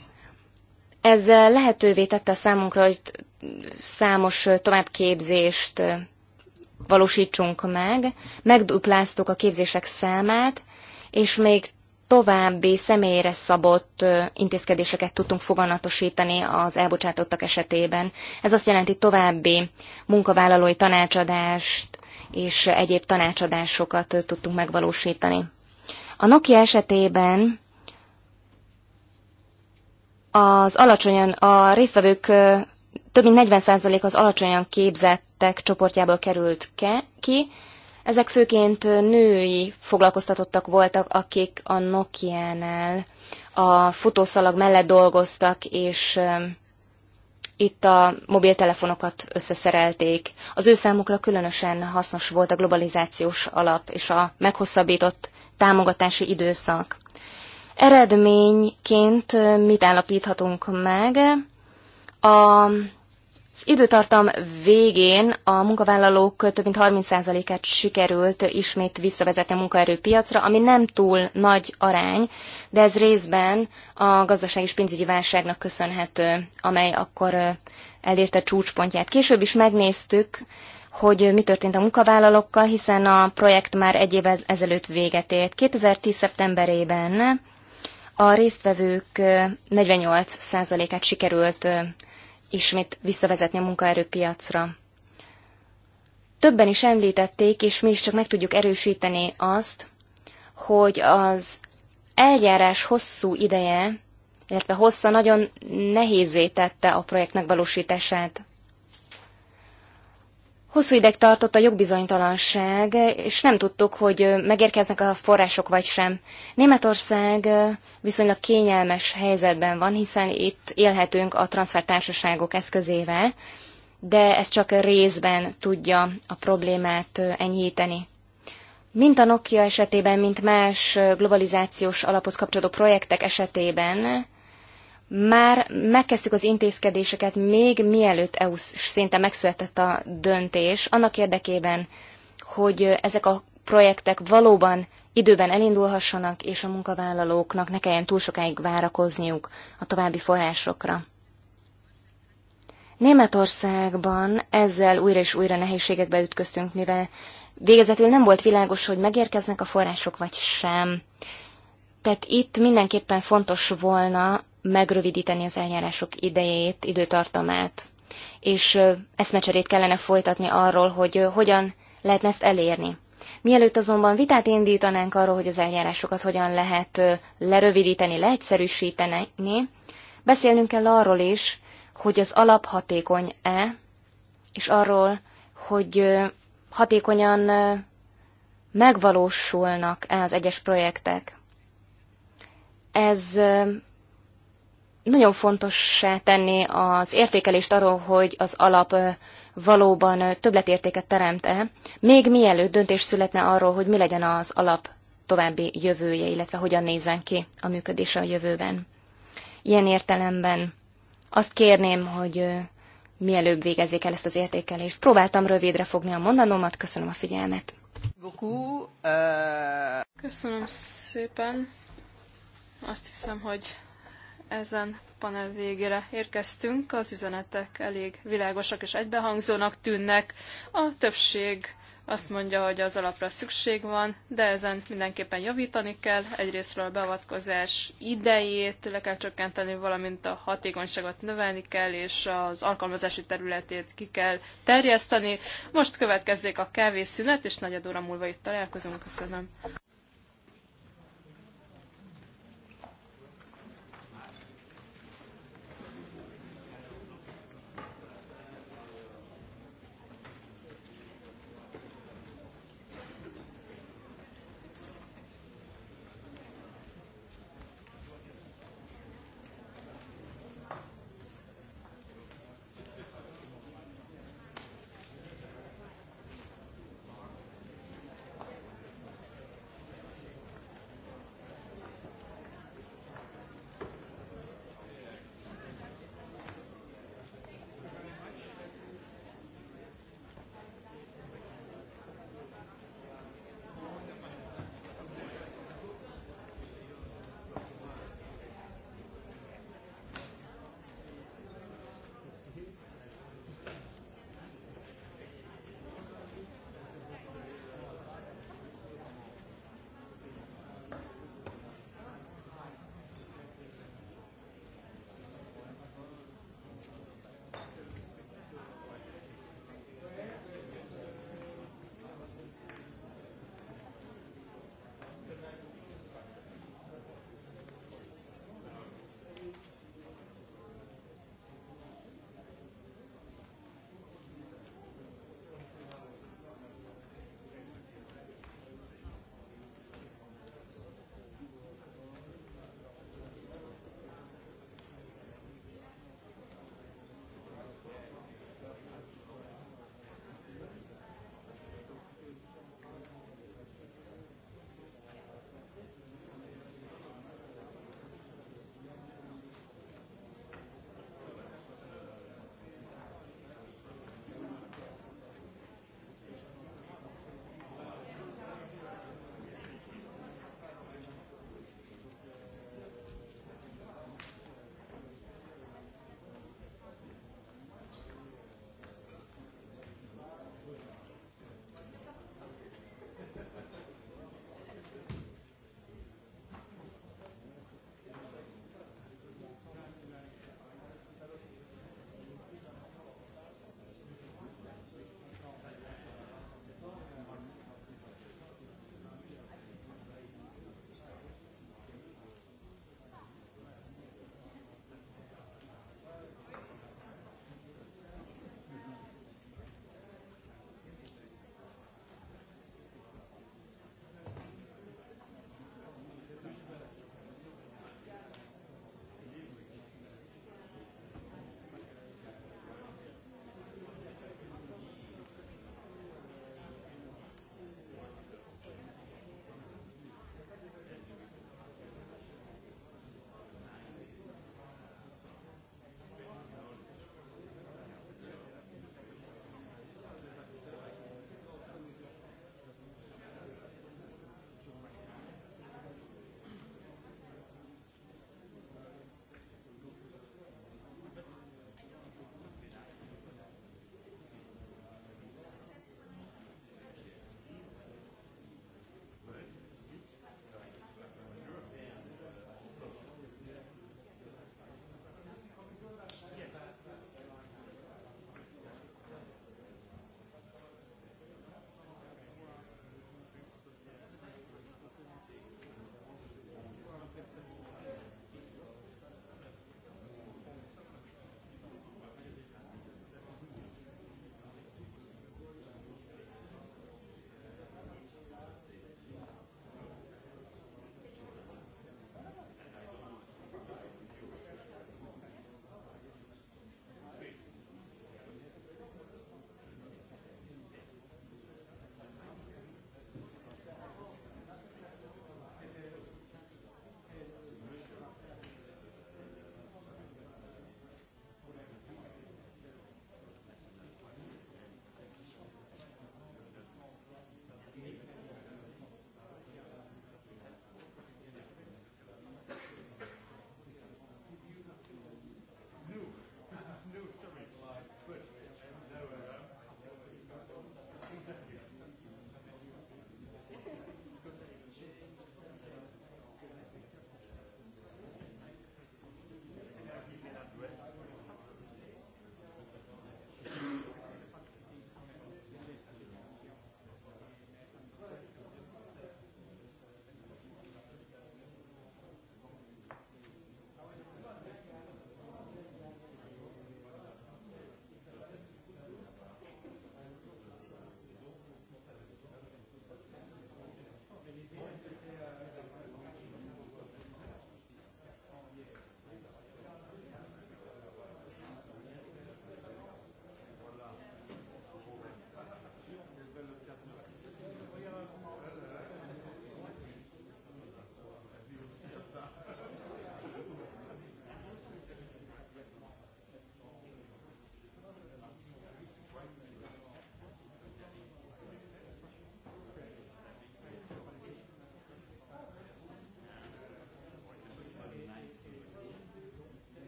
Ez lehetővé tette számunkra, hogy számos továbbképzést valósítsunk meg, megdupláztuk a képzések számát, és még további személyre szabott intézkedéseket tudtunk foganatosítani az elbocsátottak esetében. Ez azt jelenti további munkavállalói tanácsadást és egyéb tanácsadásokat tudtunk megvalósítani. A Nokia esetében az alacsonyan, a résztvevők több mint 40% az alacsonyan képzettek csoportjából került ke, ki. Ezek főként női foglalkoztatottak voltak, akik a Nokia-nál a futószalag mellett dolgoztak, és itt a mobiltelefonokat összeszerelték. Az ő számukra különösen hasznos volt a globalizációs alap és a meghosszabbított támogatási időszak. Eredményként mit állapíthatunk meg? A az időtartam végén a munkavállalók több mint 30%-át sikerült ismét visszavezetni a munkaerőpiacra, ami nem túl nagy arány, de ez részben a gazdaság és pénzügyi válságnak köszönhető, amely akkor elérte csúcspontját. Később is megnéztük, hogy mi történt a munkavállalókkal, hiszen a projekt már egy évvel ezelőtt véget ért. 2010. szeptemberében a résztvevők 48%-át sikerült ismét visszavezetni a munkaerőpiacra. Többen is említették, és mi is csak meg tudjuk erősíteni azt, hogy az eljárás hosszú ideje, illetve hossza nagyon nehézé tette a projekt megvalósítását. Hosszú ideig tartott a jogbizonytalanság, és nem tudtuk, hogy megérkeznek a források vagy sem. Németország viszonylag kényelmes helyzetben van, hiszen itt élhetünk a transfertársaságok eszközével, de ez csak részben tudja a problémát enyhíteni. Mint a Nokia esetében, mint más globalizációs alaphoz kapcsolódó projektek esetében már megkezdtük az intézkedéseket még mielőtt EU szinte megszületett a döntés, annak érdekében, hogy ezek a projektek valóban időben elindulhassanak, és a munkavállalóknak ne kelljen túl sokáig várakozniuk a további forrásokra. Németországban ezzel újra és újra nehézségekbe ütköztünk, mivel végezetül nem volt világos, hogy megérkeznek a források vagy sem. Tehát itt mindenképpen fontos volna megrövidíteni az eljárások idejét, időtartamát, és eszmecserét kellene folytatni arról, hogy hogyan lehetne ezt elérni. Mielőtt azonban vitát indítanánk arról, hogy az eljárásokat hogyan lehet lerövidíteni, leegyszerűsíteni, beszélnünk kell arról is, hogy az alap hatékony-e, és arról, hogy hatékonyan megvalósulnak-e az egyes projektek. Ez nagyon fontos tenni az értékelést arról, hogy az alap valóban többletértéket teremt-e, még mielőtt döntés születne arról, hogy mi legyen az alap további jövője, illetve hogyan nézzen ki a működése a jövőben. Ilyen értelemben azt kérném, hogy mielőbb végezzék el ezt az értékelést. Próbáltam rövidre fogni a mondanomat, köszönöm a figyelmet. Köszönöm szépen. Azt hiszem, hogy ezen panel végére érkeztünk. Az üzenetek elég világosak és egybehangzónak tűnnek. A többség azt mondja, hogy az alapra szükség van, de ezen mindenképpen javítani kell. Egyrésztről a beavatkozás idejét le kell csökkenteni, valamint a hatékonyságot növelni kell, és az alkalmazási területét ki kell terjeszteni. Most következzék a kávészünet, és negyed óra múlva itt találkozunk. Köszönöm.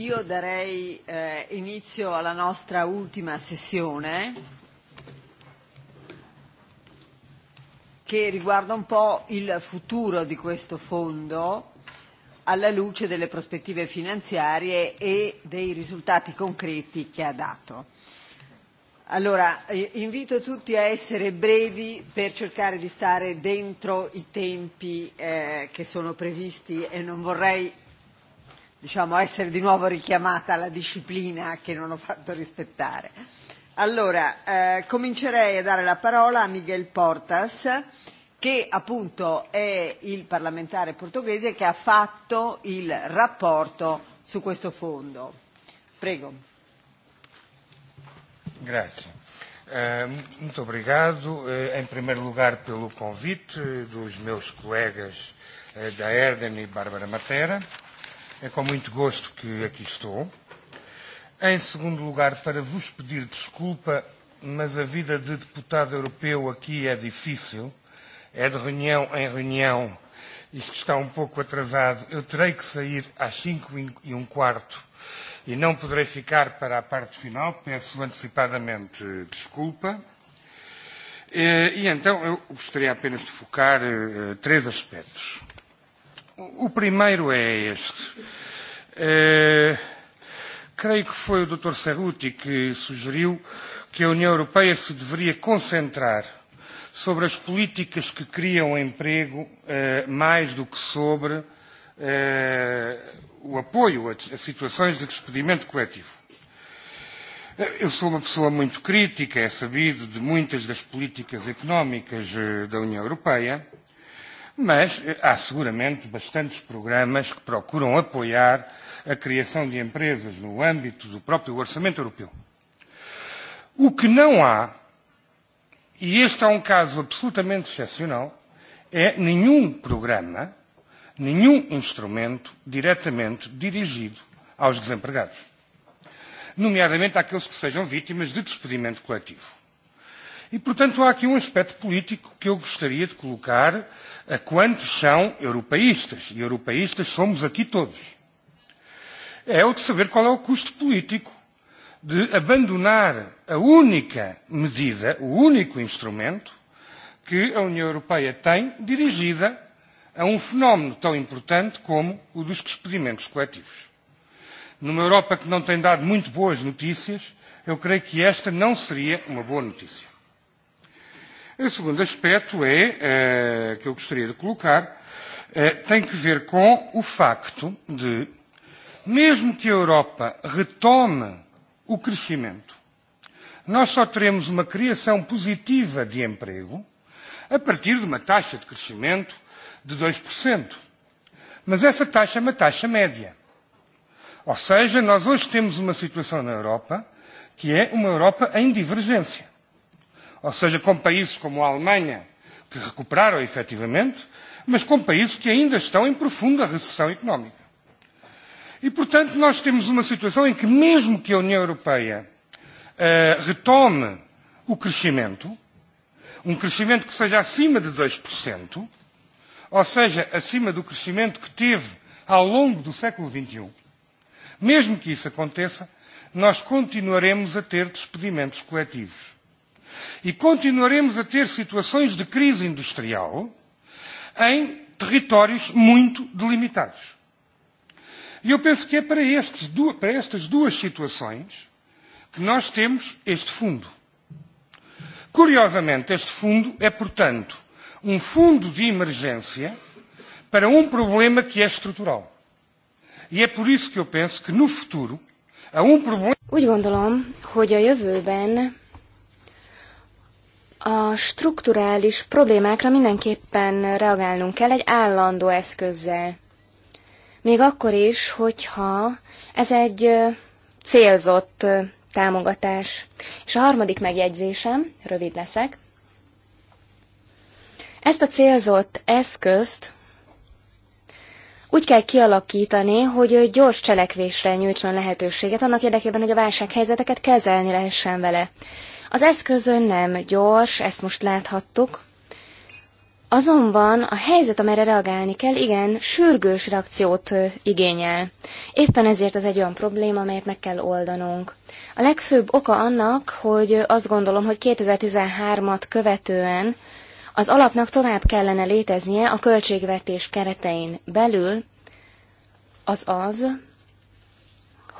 Io darei eh, inizio alla nostra ultima sessione che riguarda un po' il futuro di questo fondo alla luce delle prospettive finanziarie e dei risultati concreti che ha dato. Allora, eh, invito tutti a essere brevi per cercare di stare dentro i tempi eh, che sono previsti e non vorrei diciamo, essere di nuovo richiamata alla disciplina che non ho fatto rispettare. Allora, eh, comincerei a dare la parola a Miguel Portas, che appunto è il parlamentare portoghese che ha fatto il rapporto su questo fondo. Prego. Grazie. Uh, muito obrigado, uh, em primeiro lugar, pelo convite dos meus colegas uh, da Erden e Bárbara Matera. Uh, É com muito gosto que aqui estou. Em segundo lugar, para vos pedir desculpa, mas a vida de deputado europeu aqui é difícil, é de reunião em reunião, isto está um pouco atrasado. Eu terei que sair às cinco e um, e um quarto e não poderei ficar para a parte final, peço antecipadamente desculpa. Eh, e então eu gostaria apenas de focar eh, três aspectos. O primeiro é este. Uh, creio que foi o Dr. Cerruti que sugeriu que a União Europeia se deveria concentrar sobre as políticas que criam emprego uh, mais do que sobre uh, o apoio a, a situações de despedimento coletivo. Eu sou uma pessoa muito crítica, é sabido, de muitas das políticas económicas da União Europeia, mas há seguramente bastantes programas que procuram apoiar a criação de empresas no âmbito do próprio orçamento europeu. O que não há, e este é um caso absolutamente excepcional, é nenhum programa, nenhum instrumento diretamente dirigido aos desempregados, nomeadamente àqueles que sejam vítimas de despedimento coletivo. E, portanto, há aqui um aspecto político que eu gostaria de colocar a eh, quantos são europeístas. E europeístas somos aqui todos. É o de saber qual é o custo político de abandonar a única medida, o único instrumento que a União Europeia tem dirigida a um fenómeno tão importante como o dos despedimentos coletivos. Numa Europa que não tem dado muito boas notícias, eu creio que esta não seria uma boa notícia. O um segundo aspecto é, eh, que eu gostaria de colocar eh, tem que ver com o facto de, mesmo que a Europa retome o crescimento, nós só teremos uma criação positiva de emprego a partir de uma taxa de crescimento de 2%. Mas essa taxa é uma taxa média. Ou seja, nós hoje temos uma situação na Europa que é uma Europa em divergência. Ou seja, com países como a Alemanha, que recuperaram efetivamente, mas com países que ainda estão em profunda recessão económica. E, portanto, nós temos uma situação em que, mesmo que a União Europeia uh, retome o crescimento, um crescimento que seja acima de 2%, ou seja, acima do crescimento que teve ao longo do século XXI, e um, mesmo que isso aconteça, nós continuaremos a ter despedimentos coletivos e continuaremos a ter situações de crise industrial em territórios muito delimitados. E eu penso que é para, estes, para estas duas situações que nós temos este fundo. Curiosamente, este fundo é, portanto, um fundo de emergência para um problema que é estrutural. E é por isso que eu penso que no futuro, a um problema... Úgy gondolom, hogy a jövőben a strukturális problémákra mindenképpen reagálnunk kell egy állandó eszközzel. Még akkor is, hogyha ez egy célzott támogatás. És a harmadik megjegyzésem, rövid leszek, ezt a célzott eszközt úgy kell kialakítani, hogy gyors cselekvésre nyújtson lehetőséget annak érdekében, hogy a válsághelyzeteket kezelni lehessen vele. Az eszközön nem gyors, ezt most láthattuk, Azonban a helyzet, amire reagálni kell, igen, sürgős reakciót igényel. Éppen ezért ez egy olyan probléma, amelyet meg kell oldanunk. A legfőbb oka annak, hogy azt gondolom, hogy 2013-at követően az alapnak tovább kellene léteznie a költségvetés keretein belül, az az,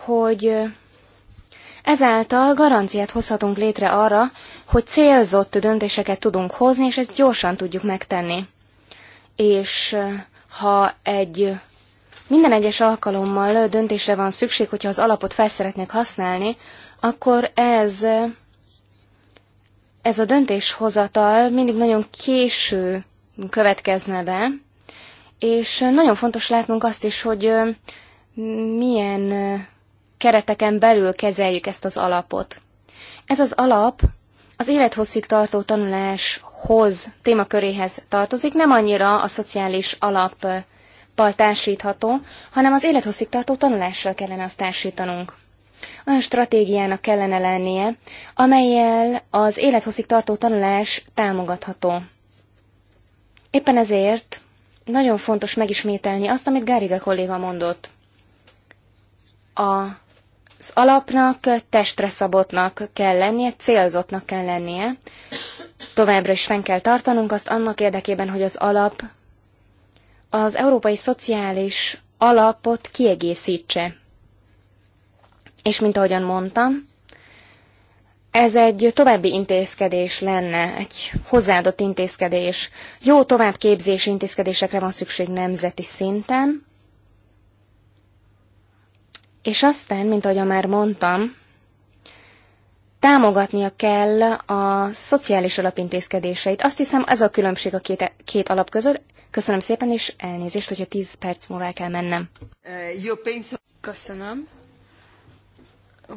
hogy Ezáltal garanciát hozhatunk létre arra, hogy célzott döntéseket tudunk hozni, és ezt gyorsan tudjuk megtenni. És ha egy minden egyes alkalommal döntésre van szükség, hogyha az alapot fel szeretnék használni, akkor ez, ez a döntéshozatal mindig nagyon késő következne be, és nagyon fontos látnunk azt is, hogy milyen kereteken belül kezeljük ezt az alapot. Ez az alap az élethosszig tartó tanuláshoz, témaköréhez tartozik, nem annyira a szociális alappal társítható, hanem az élethosszig tartó tanulással kellene azt társítanunk. Olyan stratégiának kellene lennie, amelyel az élethosszig tartó tanulás támogatható. Éppen ezért nagyon fontos megismételni azt, amit Gáriga kolléga mondott. A az alapnak testre szabottnak kell lennie, célzottnak kell lennie. Továbbra is fenn kell tartanunk azt annak érdekében, hogy az alap az európai szociális alapot kiegészítse. És mint ahogyan mondtam, ez egy további intézkedés lenne, egy hozzáadott intézkedés. Jó továbbképzési intézkedésekre van szükség nemzeti szinten, és aztán, mint ahogy már mondtam, támogatnia kell a szociális alapintézkedéseit. Azt hiszem, ez a különbség a két, két alap között. Köszönöm szépen, és elnézést, hogyha tíz perc múlva el kell mennem. Eh, Köszönöm.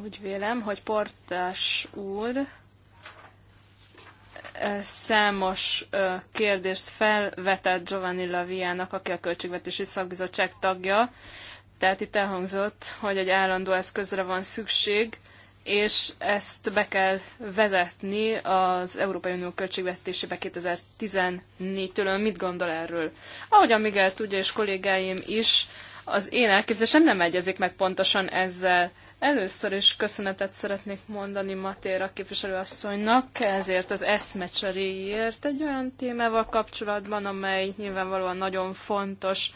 Úgy vélem, hogy Portás úr eh, számos eh, kérdést felvetett Giovanni Laviának, aki a Költségvetési Szakbizottság tagja, tehát itt elhangzott, hogy egy állandó eszközre van szükség, és ezt be kell vezetni az Európai Unió költségvetésébe 2014-től. Mit gondol erről? Ahogy a Miguel tudja, és kollégáim is, az én elképzelésem nem egyezik meg pontosan ezzel. Először is köszönetet szeretnék mondani Matéra képviselőasszonynak ezért az eszmecseréért egy olyan témával kapcsolatban, amely nyilvánvalóan nagyon fontos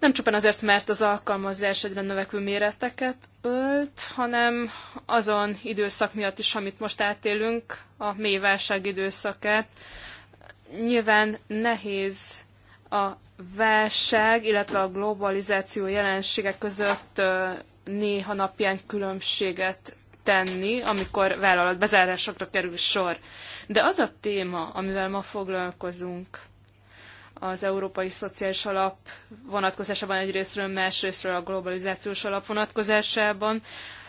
nem csupán azért, mert az alkalmazás egyre növekvő méreteket ölt, hanem azon időszak miatt is, amit most átélünk, a mély válság időszakát. Nyilván nehéz a válság, illetve a globalizáció jelenségek között néha napján különbséget tenni, amikor vállalatbezárásokra kerül sor. De az a téma, amivel ma foglalkozunk, az Európai Szociális Alap vonatkozásában egyrésztről, másrésztről a globalizációs alap vonatkozásában.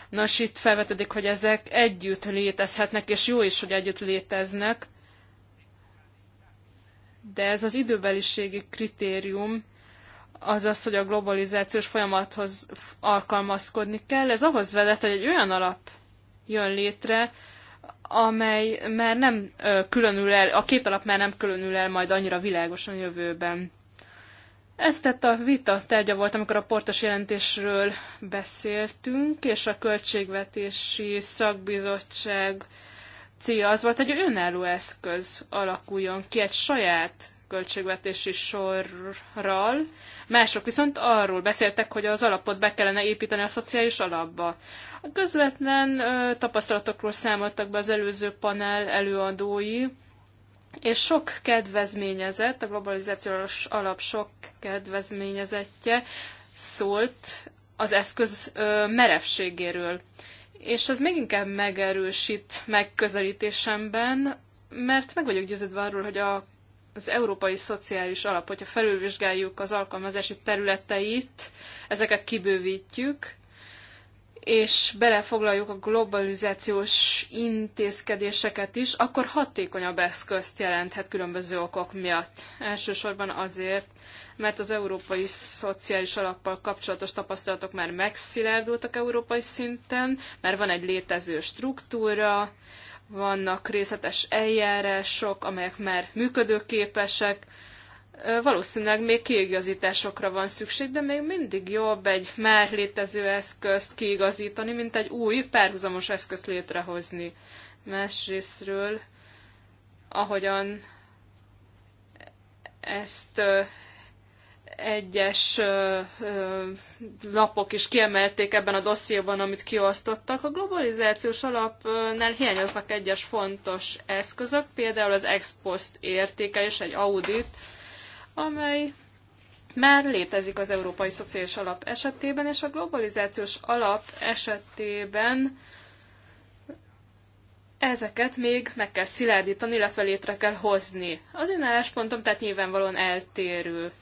Nos, itt felvetődik, hogy ezek együtt létezhetnek, és jó is, hogy együtt léteznek, de ez az időbeliségi kritérium, az az, hogy a globalizációs folyamathoz alkalmazkodni kell, ez ahhoz vezet, hogy egy olyan alap jön létre, amely már nem különül el, a két alap már nem különül el majd annyira világosan jövőben. Ez tett a vita tárgya volt, amikor a portos jelentésről beszéltünk, és a költségvetési szakbizottság célja az volt, hogy egy önálló eszköz alakuljon ki, egy saját költségvetési sorral. Mások viszont arról beszéltek, hogy az alapot be kellene építeni a szociális alapba. A közvetlen ö, tapasztalatokról számoltak be az előző panel előadói, és sok kedvezményezett, a globalizációs alap sok kedvezményezettje szólt az eszköz ö, merevségéről. És ez még inkább megerősít megközelítésemben, mert meg vagyok győződve arról, hogy a az Európai Szociális Alap, hogyha felülvizsgáljuk az alkalmazási területeit, ezeket kibővítjük, és belefoglaljuk a globalizációs intézkedéseket is, akkor hatékonyabb eszközt jelenthet különböző okok miatt. Elsősorban azért, mert az európai szociális alappal kapcsolatos tapasztalatok már megszilárdultak európai szinten, mert van egy létező struktúra, vannak részletes eljárások, amelyek már működőképesek, Valószínűleg még kiigazításokra van szükség, de még mindig jobb egy már létező eszközt kiigazítani, mint egy új párhuzamos eszközt létrehozni. Másrésztről, ahogyan ezt egyes lapok is kiemelték ebben a dossziéban, amit kiosztottak. A globalizációs alapnál hiányoznak egyes fontos eszközök, például az ex post értékelés, egy audit, amely már létezik az Európai Szociális Alap esetében, és a globalizációs alap esetében ezeket még meg kell szilárdítani, illetve létre kell hozni. Az én álláspontom tehát nyilvánvalóan eltérő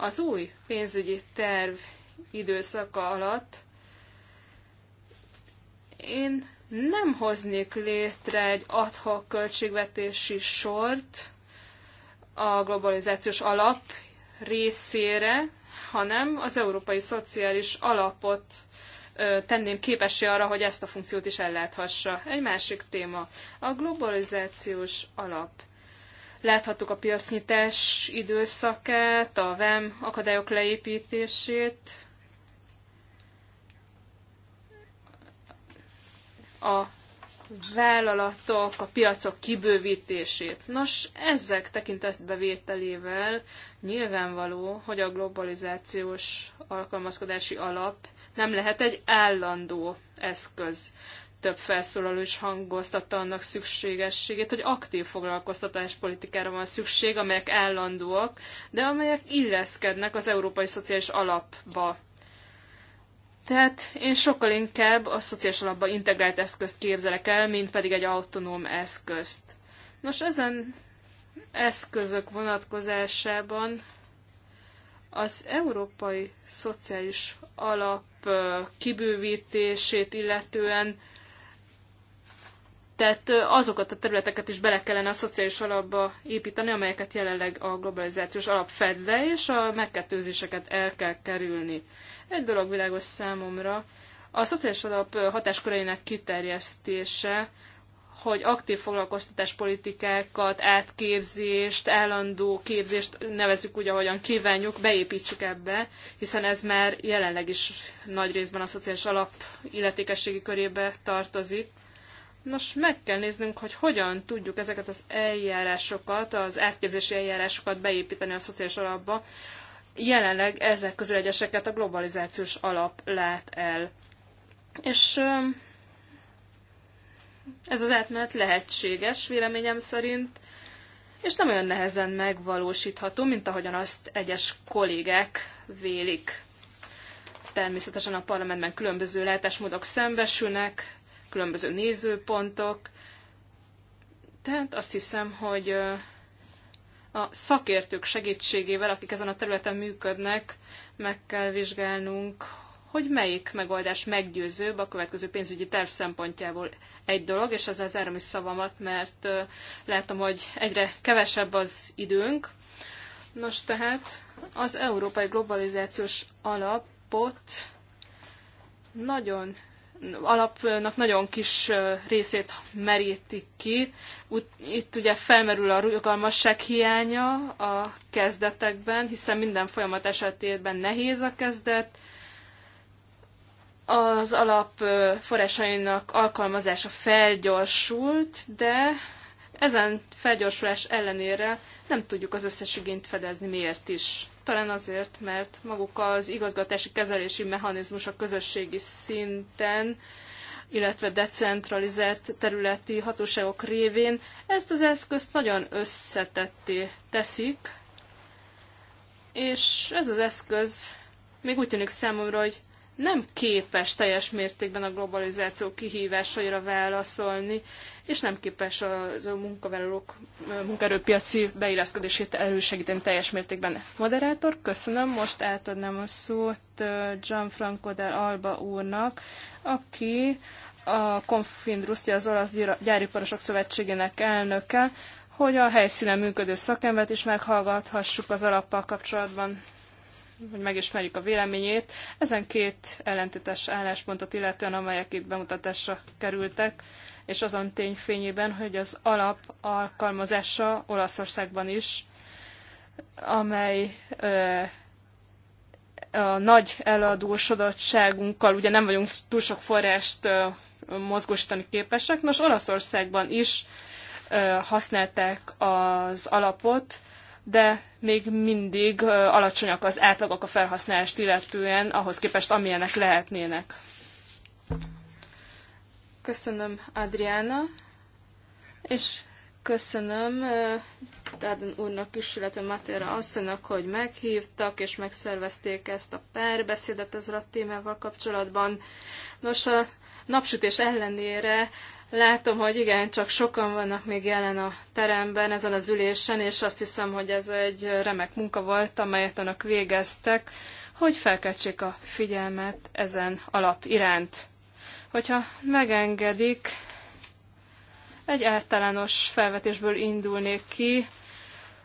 az új pénzügyi terv időszaka alatt én nem hoznék létre egy adhok költségvetési sort a globalizációs alap részére, hanem az európai szociális alapot tenném képessé arra, hogy ezt a funkciót is elláthassa. Egy másik téma. A globalizációs alap Láthattuk a piacnyitás időszakát, a VEM akadályok leépítését, a vállalatok, a piacok kibővítését. Nos, ezek vételével nyilvánvaló, hogy a globalizációs alkalmazkodási alap nem lehet egy állandó eszköz több felszólaló is hangoztatta annak szükségességét, hogy aktív foglalkoztatáspolitikára van szükség, amelyek állandóak, de amelyek illeszkednek az Európai Szociális Alapba. Tehát én sokkal inkább a szociális alapba integrált eszközt képzelek el, mint pedig egy autonóm eszközt. Nos, ezen eszközök vonatkozásában az európai szociális alap kibővítését illetően tehát azokat a területeket is bele kellene a szociális alapba építeni, amelyeket jelenleg a globalizációs alap fed le, és a megkettőzéseket el kell kerülni. Egy dolog világos számomra. A szociális alap hatáskörének kiterjesztése, hogy aktív foglalkoztatáspolitikákat, átképzést, állandó képzést nevezük úgy, ahogyan kívánjuk, beépítsük ebbe, hiszen ez már jelenleg is nagy részben a szociális alap illetékességi körébe tartozik Nos, meg kell néznünk, hogy hogyan tudjuk ezeket az eljárásokat, az átképzési eljárásokat beépíteni a szociális alapba. Jelenleg ezek közül egyeseket a globalizációs alap lát el. És ez az átmenet lehetséges véleményem szerint, és nem olyan nehezen megvalósítható, mint ahogyan azt egyes kollégák vélik. Természetesen a parlamentben különböző látásmódok szembesülnek, különböző nézőpontok. Tehát azt hiszem, hogy a szakértők segítségével, akik ezen a területen működnek, meg kell vizsgálnunk, hogy melyik megoldás meggyőzőbb a következő pénzügyi terv szempontjából egy dolog, és ezzel zárom is szavamat, mert látom, hogy egyre kevesebb az időnk. Nos, tehát az Európai Globalizációs Alapot nagyon alapnak nagyon kis részét merítik ki. Itt ugye felmerül a rugalmasság hiánya a kezdetekben, hiszen minden folyamat esetében nehéz a kezdet. Az alap forrásainak alkalmazása felgyorsult, de ezen felgyorsulás ellenére nem tudjuk az összes igényt fedezni, miért is talán azért, mert maguk az igazgatási kezelési mechanizmusok közösségi szinten illetve decentralizált területi hatóságok révén ezt az eszközt nagyon összetetté teszik, és ez az eszköz még úgy tűnik számomra, hogy nem képes teljes mértékben a globalizáció kihívásaira válaszolni, és nem képes a munkavállalók munkaerőpiaci beilleszkedését elősegíteni teljes mértékben. Moderátor, köszönöm, most átadnám a szót Gianfranco del Alba úrnak, aki a Confindustria, az olasz gyáriparosok szövetségének elnöke, hogy a helyszínen működő szakembert is meghallgathassuk az alappal kapcsolatban hogy megismerjük a véleményét. Ezen két ellentétes álláspontot illetően, amelyek itt bemutatásra kerültek, és azon tényfényében, hogy az alap alkalmazása Olaszországban is, amely a nagy eladósodottságunkkal, ugye nem vagyunk túl sok forrást mozgósítani képesek. Nos, Olaszországban is használták az alapot, de még mindig alacsonyak az átlagok a felhasználást illetően, ahhoz képest amilyenek lehetnének. Köszönöm, Adriána, és köszönöm Tárden úrnak is, illetve Matéra asszonynak, hogy meghívtak és megszervezték ezt a párbeszédet ezzel a témával kapcsolatban. Nos, a napsütés ellenére Látom, hogy igen, csak sokan vannak még jelen a teremben, ezen az ülésen, és azt hiszem, hogy ez egy remek munka volt, amelyet annak végeztek, hogy felkeltsék a figyelmet ezen alap iránt. Hogyha megengedik, egy általános felvetésből indulnék ki,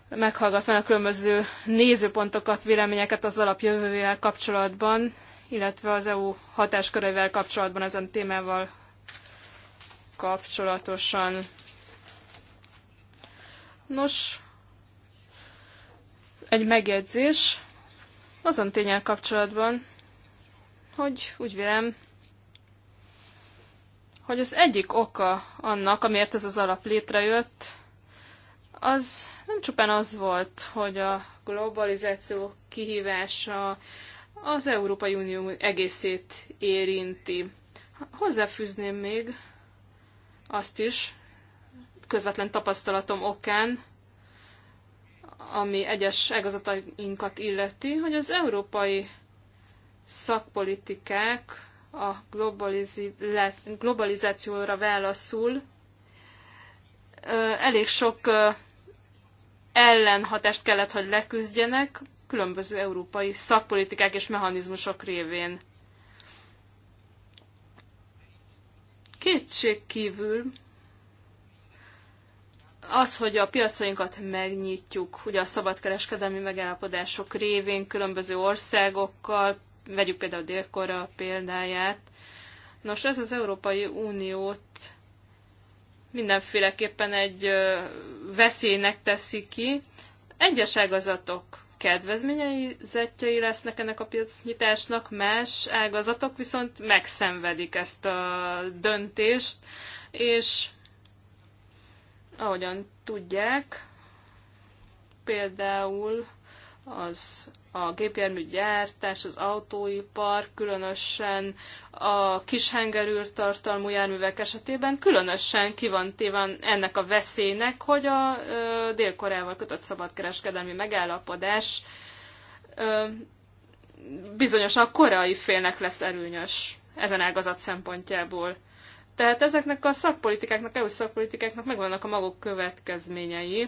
meghallgatva a különböző nézőpontokat, véleményeket az alapjövővel kapcsolatban, illetve az EU hatáskörével kapcsolatban ezen témával kapcsolatosan. Nos, egy megjegyzés azon tényel kapcsolatban, hogy úgy vélem, hogy az egyik oka annak, amiért ez az alap létrejött, az nem csupán az volt, hogy a globalizáció kihívása az Európai Unió egészét érinti. Hozzáfűzném még, azt is, közvetlen tapasztalatom okán, ami egyes ágazatainkat illeti, hogy az európai szakpolitikák a globalizációra válaszul elég sok ellenhatást kellett, hogy leküzdjenek különböző európai szakpolitikák és mechanizmusok révén. Kétség kívül az, hogy a piacainkat megnyitjuk, ugye a szabadkereskedelmi megállapodások révén különböző országokkal, vegyük például dél a példáját. Nos, ez az Európai Uniót mindenféleképpen egy veszélynek teszi ki. Egyes ágazatok kedvezményezettjei lesznek ennek a piacnyitásnak, más ágazatok viszont megszenvedik ezt a döntést, és ahogyan tudják, például az a gépjármű gyártás, az autóipar, különösen a kis tartalmú járművek esetében különösen ki van ennek a veszélynek, hogy a Dél-Koreával kötött szabadkereskedelmi megállapodás ö, bizonyos a koreai félnek lesz erőnyös ezen ágazat szempontjából. Tehát ezeknek a szakpolitikáknak, EU szakpolitikáknak megvannak a maguk következményei,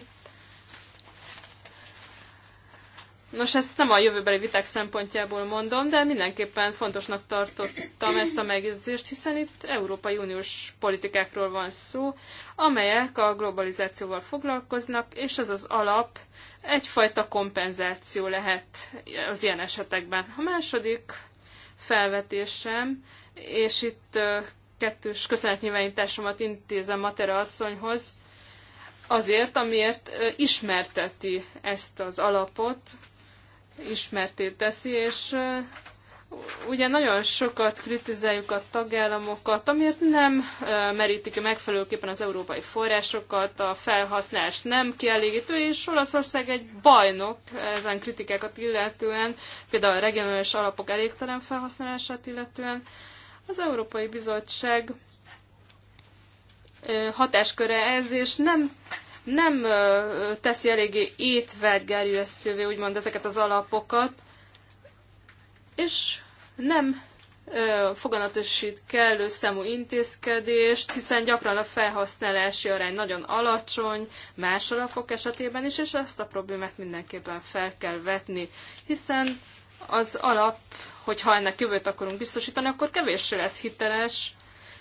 Nos, ezt nem a jövőbeli viták szempontjából mondom, de mindenképpen fontosnak tartottam ezt a megjegyzést, hiszen itt Európai Uniós politikákról van szó, amelyek a globalizációval foglalkoznak, és az az alap egyfajta kompenzáció lehet az ilyen esetekben. A második felvetésem, és itt kettős köszönetnyilvánításomat intézem Matera asszonyhoz, azért, amiért ismerteti ezt az alapot, ismerté teszi, és ugye nagyon sokat kritizáljuk a tagállamokat, amiért nem merítik megfelelőképpen az európai forrásokat, a felhasználás nem kielégítő, és Olaszország egy bajnok ezen kritikákat illetően, például a regionális alapok elégtelen felhasználását illetően. Az Európai Bizottság hatásköre ez, és nem nem teszi eléggé étvergerjesztővé, úgymond ezeket az alapokat, és nem foganatosít kellő szemú intézkedést, hiszen gyakran a felhasználási arány nagyon alacsony más alapok esetében is, és ezt a problémát mindenképpen fel kell vetni, hiszen az alap, hogyha ennek jövőt akarunk biztosítani, akkor kevéssé lesz hiteles,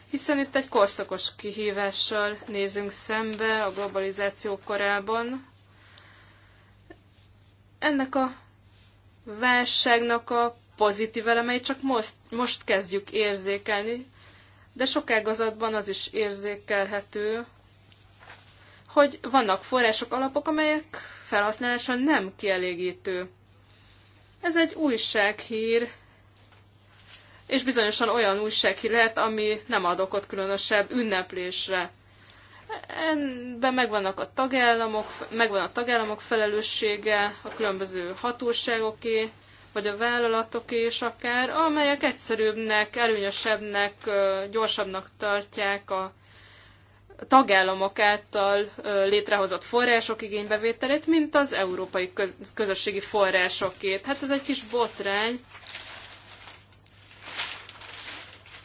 hiszen itt egy korszakos kihívással nézünk szembe a globalizáció korában. Ennek a válságnak a pozitív elemei csak most, most kezdjük érzékelni, de sok ágazatban az is érzékelhető, hogy vannak források, alapok, amelyek felhasználása nem kielégítő. Ez egy újsághír, és bizonyosan olyan lehet, ami nem ad okot különösebb ünneplésre. Ebben megvannak a tagállamok, megvan a tagállamok felelőssége, a különböző hatóságoké, vagy a vállalatoké is akár, amelyek egyszerűbbnek, előnyösebbnek, gyorsabbnak tartják a tagállamok által létrehozott források igénybevételét, mint az európai közösségi forrásokét. Hát ez egy kis botrány,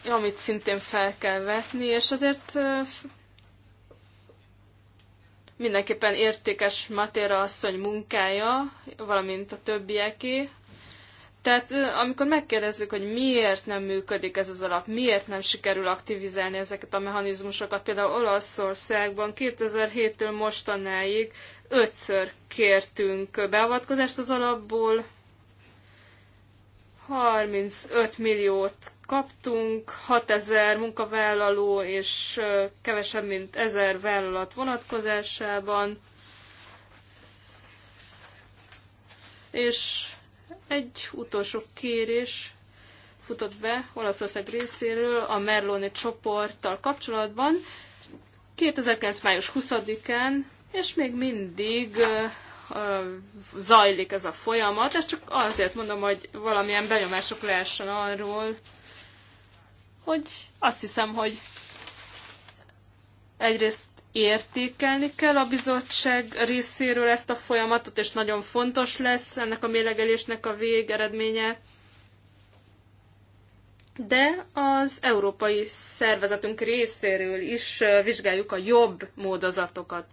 amit szintén fel kell vetni, és azért mindenképpen értékes Matéra asszony munkája, valamint a többieké. Tehát amikor megkérdezzük, hogy miért nem működik ez az alap, miért nem sikerül aktivizálni ezeket a mechanizmusokat, például Olaszországban 2007-től mostanáig ötször kértünk beavatkozást az alapból, 35 milliót kaptunk, 6000 munkavállaló és kevesebb, mint 1000 vállalat vonatkozásában. És egy utolsó kérés futott be Olaszország részéről a Merloni csoporttal kapcsolatban. 2009. május 20-án, és még mindig zajlik ez a folyamat. Ezt csak azért mondom, hogy valamilyen benyomások lehessen arról, hogy azt hiszem, hogy egyrészt értékelni kell a bizottság részéről ezt a folyamatot, és nagyon fontos lesz ennek a mélegelésnek a végeredménye. De az európai szervezetünk részéről is vizsgáljuk a jobb módozatokat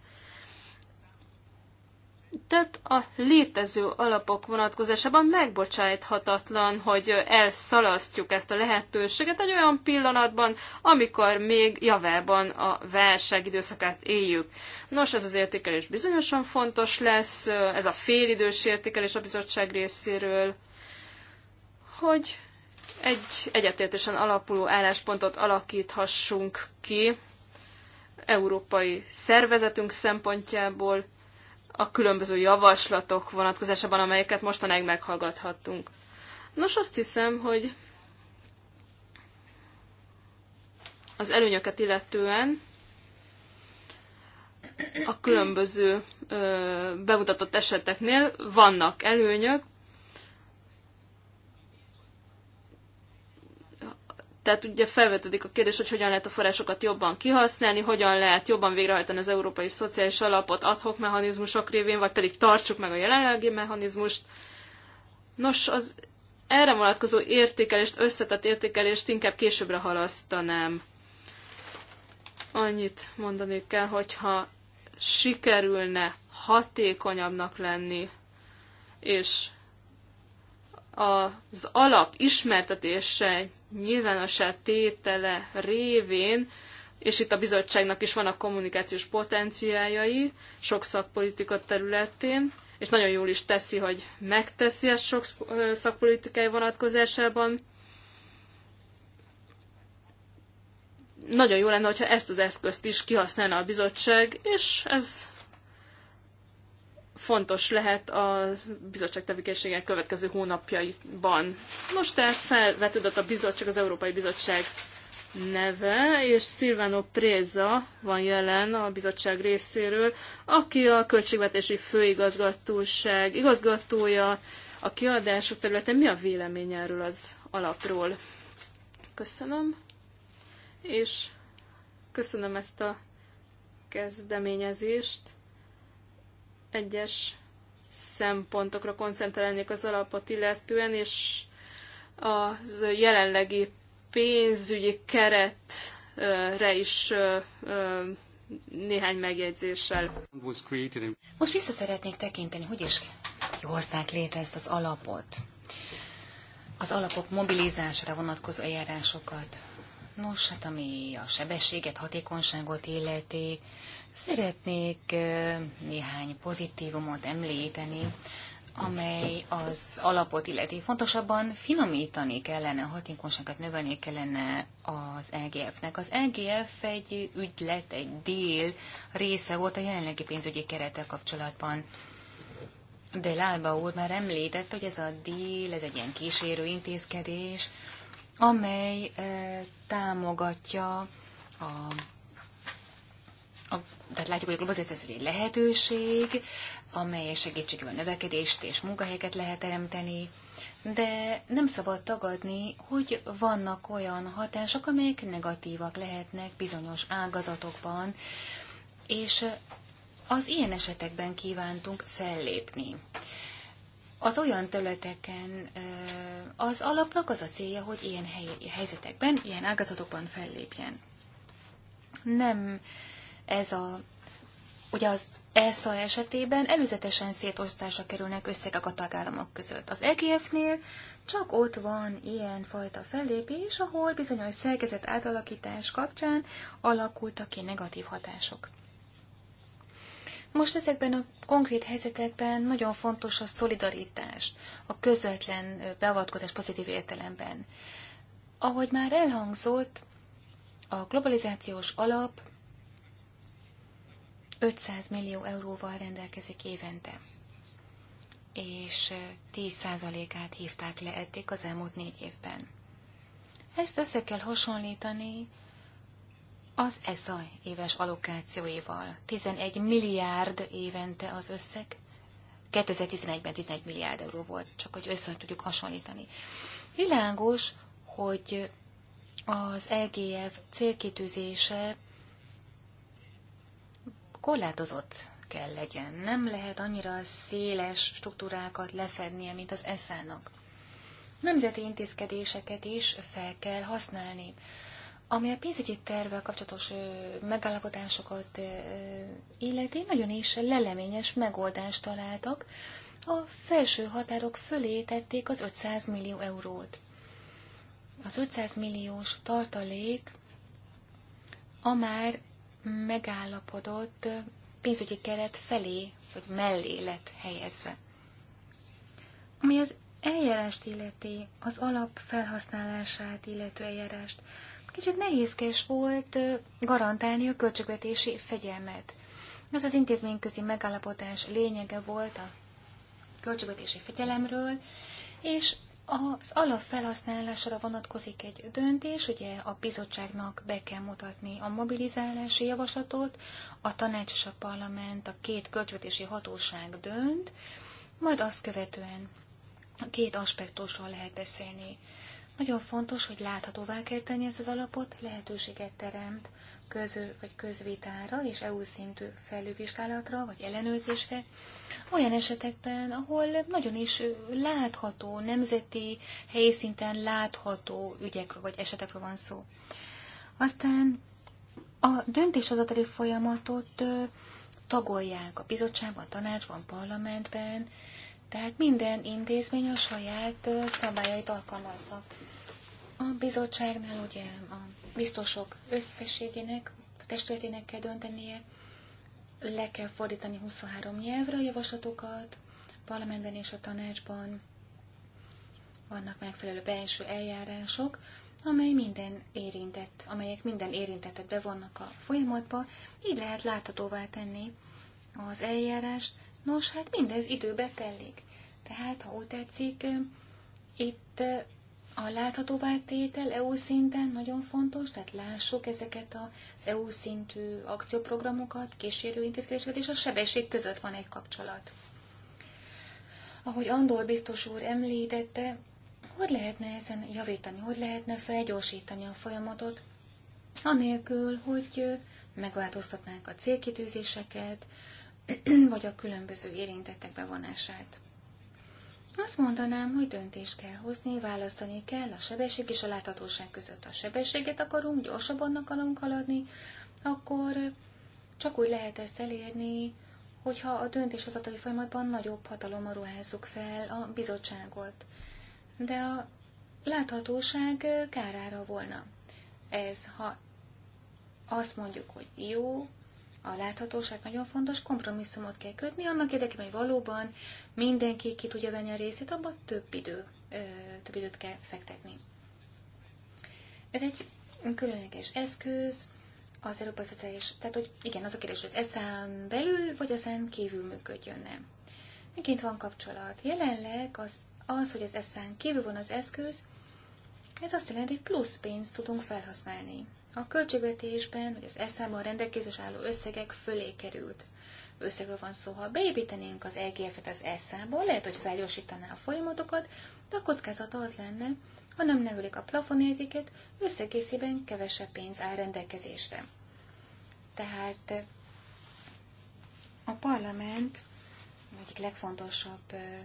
tehát a létező alapok vonatkozásában megbocsájthatatlan, hogy elszalasztjuk ezt a lehetőséget egy olyan pillanatban, amikor még javában a válság időszakát éljük. Nos, ez az értékelés bizonyosan fontos lesz, ez a félidős értékelés a bizottság részéről, hogy egy egyetértésen alapuló álláspontot alakíthassunk ki európai szervezetünk szempontjából, a különböző javaslatok vonatkozásában, amelyeket mostanáig meghallgathattunk. Nos, azt hiszem, hogy az előnyöket illetően a különböző ö, bemutatott eseteknél vannak előnyök, Tehát ugye felvetődik a kérdés, hogy hogyan lehet a forrásokat jobban kihasználni, hogyan lehet jobban végrehajtani az európai szociális alapot adhok mechanizmusok révén, vagy pedig tartsuk meg a jelenlegi mechanizmust. Nos, az erre vonatkozó értékelést, összetett értékelést inkább későbbre halasztanám. Annyit mondani kell, hogyha sikerülne hatékonyabbnak lenni, és az alap ismertetése nyilvánossá tétele révén, és itt a bizottságnak is vannak kommunikációs potenciáljai sok szakpolitika területén, és nagyon jól is teszi, hogy megteszi ezt sok szakpolitikai vonatkozásában. Nagyon jó lenne, hogyha ezt az eszközt is kihasználna a bizottság, és ez fontos lehet a bizottság tevékenységek következő hónapjaiban. Most te felvetődött a bizottság, az Európai Bizottság neve, és Silvano Préza van jelen a bizottság részéről, aki a Költségvetési Főigazgatóság igazgatója a kiadások területen. Mi a vélemény erről az alapról? Köszönöm, és köszönöm ezt a kezdeményezést egyes szempontokra koncentrálnék az alapot illetően, és az jelenlegi pénzügyi keretre is néhány megjegyzéssel. Most vissza szeretnék tekinteni, hogy is hozták létre ezt az alapot. Az alapok mobilizásra vonatkozó eljárásokat. Nos, hát ami a sebességet, hatékonyságot illeti, Szeretnék néhány pozitívumot említeni, amely az alapot illeti. Fontosabban finomítani kellene, hatékonyságot növelni kellene az EGF-nek. Az EGF egy ügylet, egy dél része volt a jelenlegi pénzügyi kerettel kapcsolatban. De Lálba úr már említett, hogy ez a díl, ez egy ilyen kísérő intézkedés, amely támogatja a a, tehát látjuk, hogy a globalizáció ez egy lehetőség, amely segítségével növekedést és munkahelyeket lehet teremteni, de nem szabad tagadni, hogy vannak olyan hatások, amelyek negatívak lehetnek bizonyos ágazatokban, és az ilyen esetekben kívántunk fellépni. Az olyan területeken az alapnak az a célja, hogy ilyen helyzetekben, ilyen ágazatokban fellépjen. Nem ez a, ugye az ESZA esetében előzetesen szétosztásra kerülnek összegek a tagállamok között. Az EGF-nél csak ott van ilyen fajta fellépés, ahol bizonyos szerkezet átalakítás kapcsán alakultak ki negatív hatások. Most ezekben a konkrét helyzetekben nagyon fontos a szolidaritás, a közvetlen beavatkozás pozitív értelemben. Ahogy már elhangzott, a globalizációs alap 500 millió euróval rendelkezik évente, és 10%-át hívták le eddig az elmúlt négy évben. Ezt össze kell hasonlítani az ESA éves allokációival. 11 milliárd évente az összeg. 2011-ben 11 milliárd euró volt, csak hogy össze tudjuk hasonlítani. Világos, hogy az EGF célkitűzése korlátozott kell legyen. Nem lehet annyira széles struktúrákat lefednie, mint az eszának. Nemzeti intézkedéseket is fel kell használni. Ami a pénzügyi tervvel kapcsolatos megállapodásokat illeti, nagyon is leleményes megoldást találtak. A felső határok fölé tették az 500 millió eurót. Az 500 milliós tartalék a már megállapodott pénzügyi keret felé, vagy mellé lett helyezve. Ami az eljárást illeti, az alap felhasználását illető eljárást, kicsit nehézkes volt garantálni a költségvetési fegyelmet. Ez az intézményközi megállapodás lényege volt a költségvetési fegyelemről, és az alapfelhasználásra vonatkozik egy döntés, ugye a bizottságnak be kell mutatni a mobilizálási javaslatot, a tanács és a parlament, a két költségvetési hatóság dönt, majd azt követően a két aspektusról lehet beszélni. Nagyon fontos, hogy láthatóvá kell tenni ezt az alapot, lehetőséget teremt közö, vagy közvitára és EU szintű felülvizsgálatra vagy ellenőrzésre, olyan esetekben, ahol nagyon is látható, nemzeti, helyi szinten látható ügyekről vagy esetekről van szó. Aztán a döntéshozatali folyamatot tagolják a bizottságban, a tanácsban, a parlamentben, tehát minden intézmény a saját szabályait alkalmazza. A bizottságnál ugye a biztosok összességének, testületének kell döntenie, le kell fordítani 23 nyelvre a javaslatokat, parlamentben és a tanácsban vannak megfelelő belső eljárások, amely minden érintett, amelyek minden érintettet bevonnak a folyamatba, így lehet láthatóvá tenni az eljárást. Nos, hát mindez időbe telik. Tehát, ha úgy tetszik, itt a láthatóvá tétel EU szinten nagyon fontos, tehát lássuk ezeket az EU szintű akcióprogramokat, kísérő intézkedéseket, és a sebesség között van egy kapcsolat. Ahogy Andor biztos úr említette, hogy lehetne ezen javítani, hogy lehetne felgyorsítani a folyamatot, anélkül, hogy megváltoztatnánk a célkitűzéseket, vagy a különböző érintettek bevonását. Azt mondanám, hogy döntést kell hozni, választani kell a sebesség és a láthatóság között. A sebességet akarunk, gyorsabban akarunk haladni, akkor csak úgy lehet ezt elérni, hogyha a döntéshozatali folyamatban nagyobb hatalommal ruházzuk fel a bizottságot. De a láthatóság kárára volna. Ez, ha azt mondjuk, hogy jó, a láthatóság nagyon fontos, kompromisszumot kell kötni, annak érdekében, hogy valóban mindenki ki tudja venni a részét, abban több, idő, több időt kell fektetni. Ez egy különleges eszköz, az Európai Szociális, tehát hogy igen, az a kérdés, hogy eszem belül vagy ezen kívül működjön-e. Miként van kapcsolat. Jelenleg az, az hogy az eszán kívül van az eszköz, ez azt jelenti, hogy plusz pénzt tudunk felhasználni a költségvetésben, vagy az eszámban rendelkezés álló összegek fölé került összegről van szó. Ha beépítenénk az EGF-et az eszámból, lehet, hogy felgyorsítaná a folyamatokat, de a kockázata az lenne, ha nem növelik a plafonértéket, összegészében kevesebb pénz áll rendelkezésre. Tehát eh, a parlament egyik legfontosabb eh,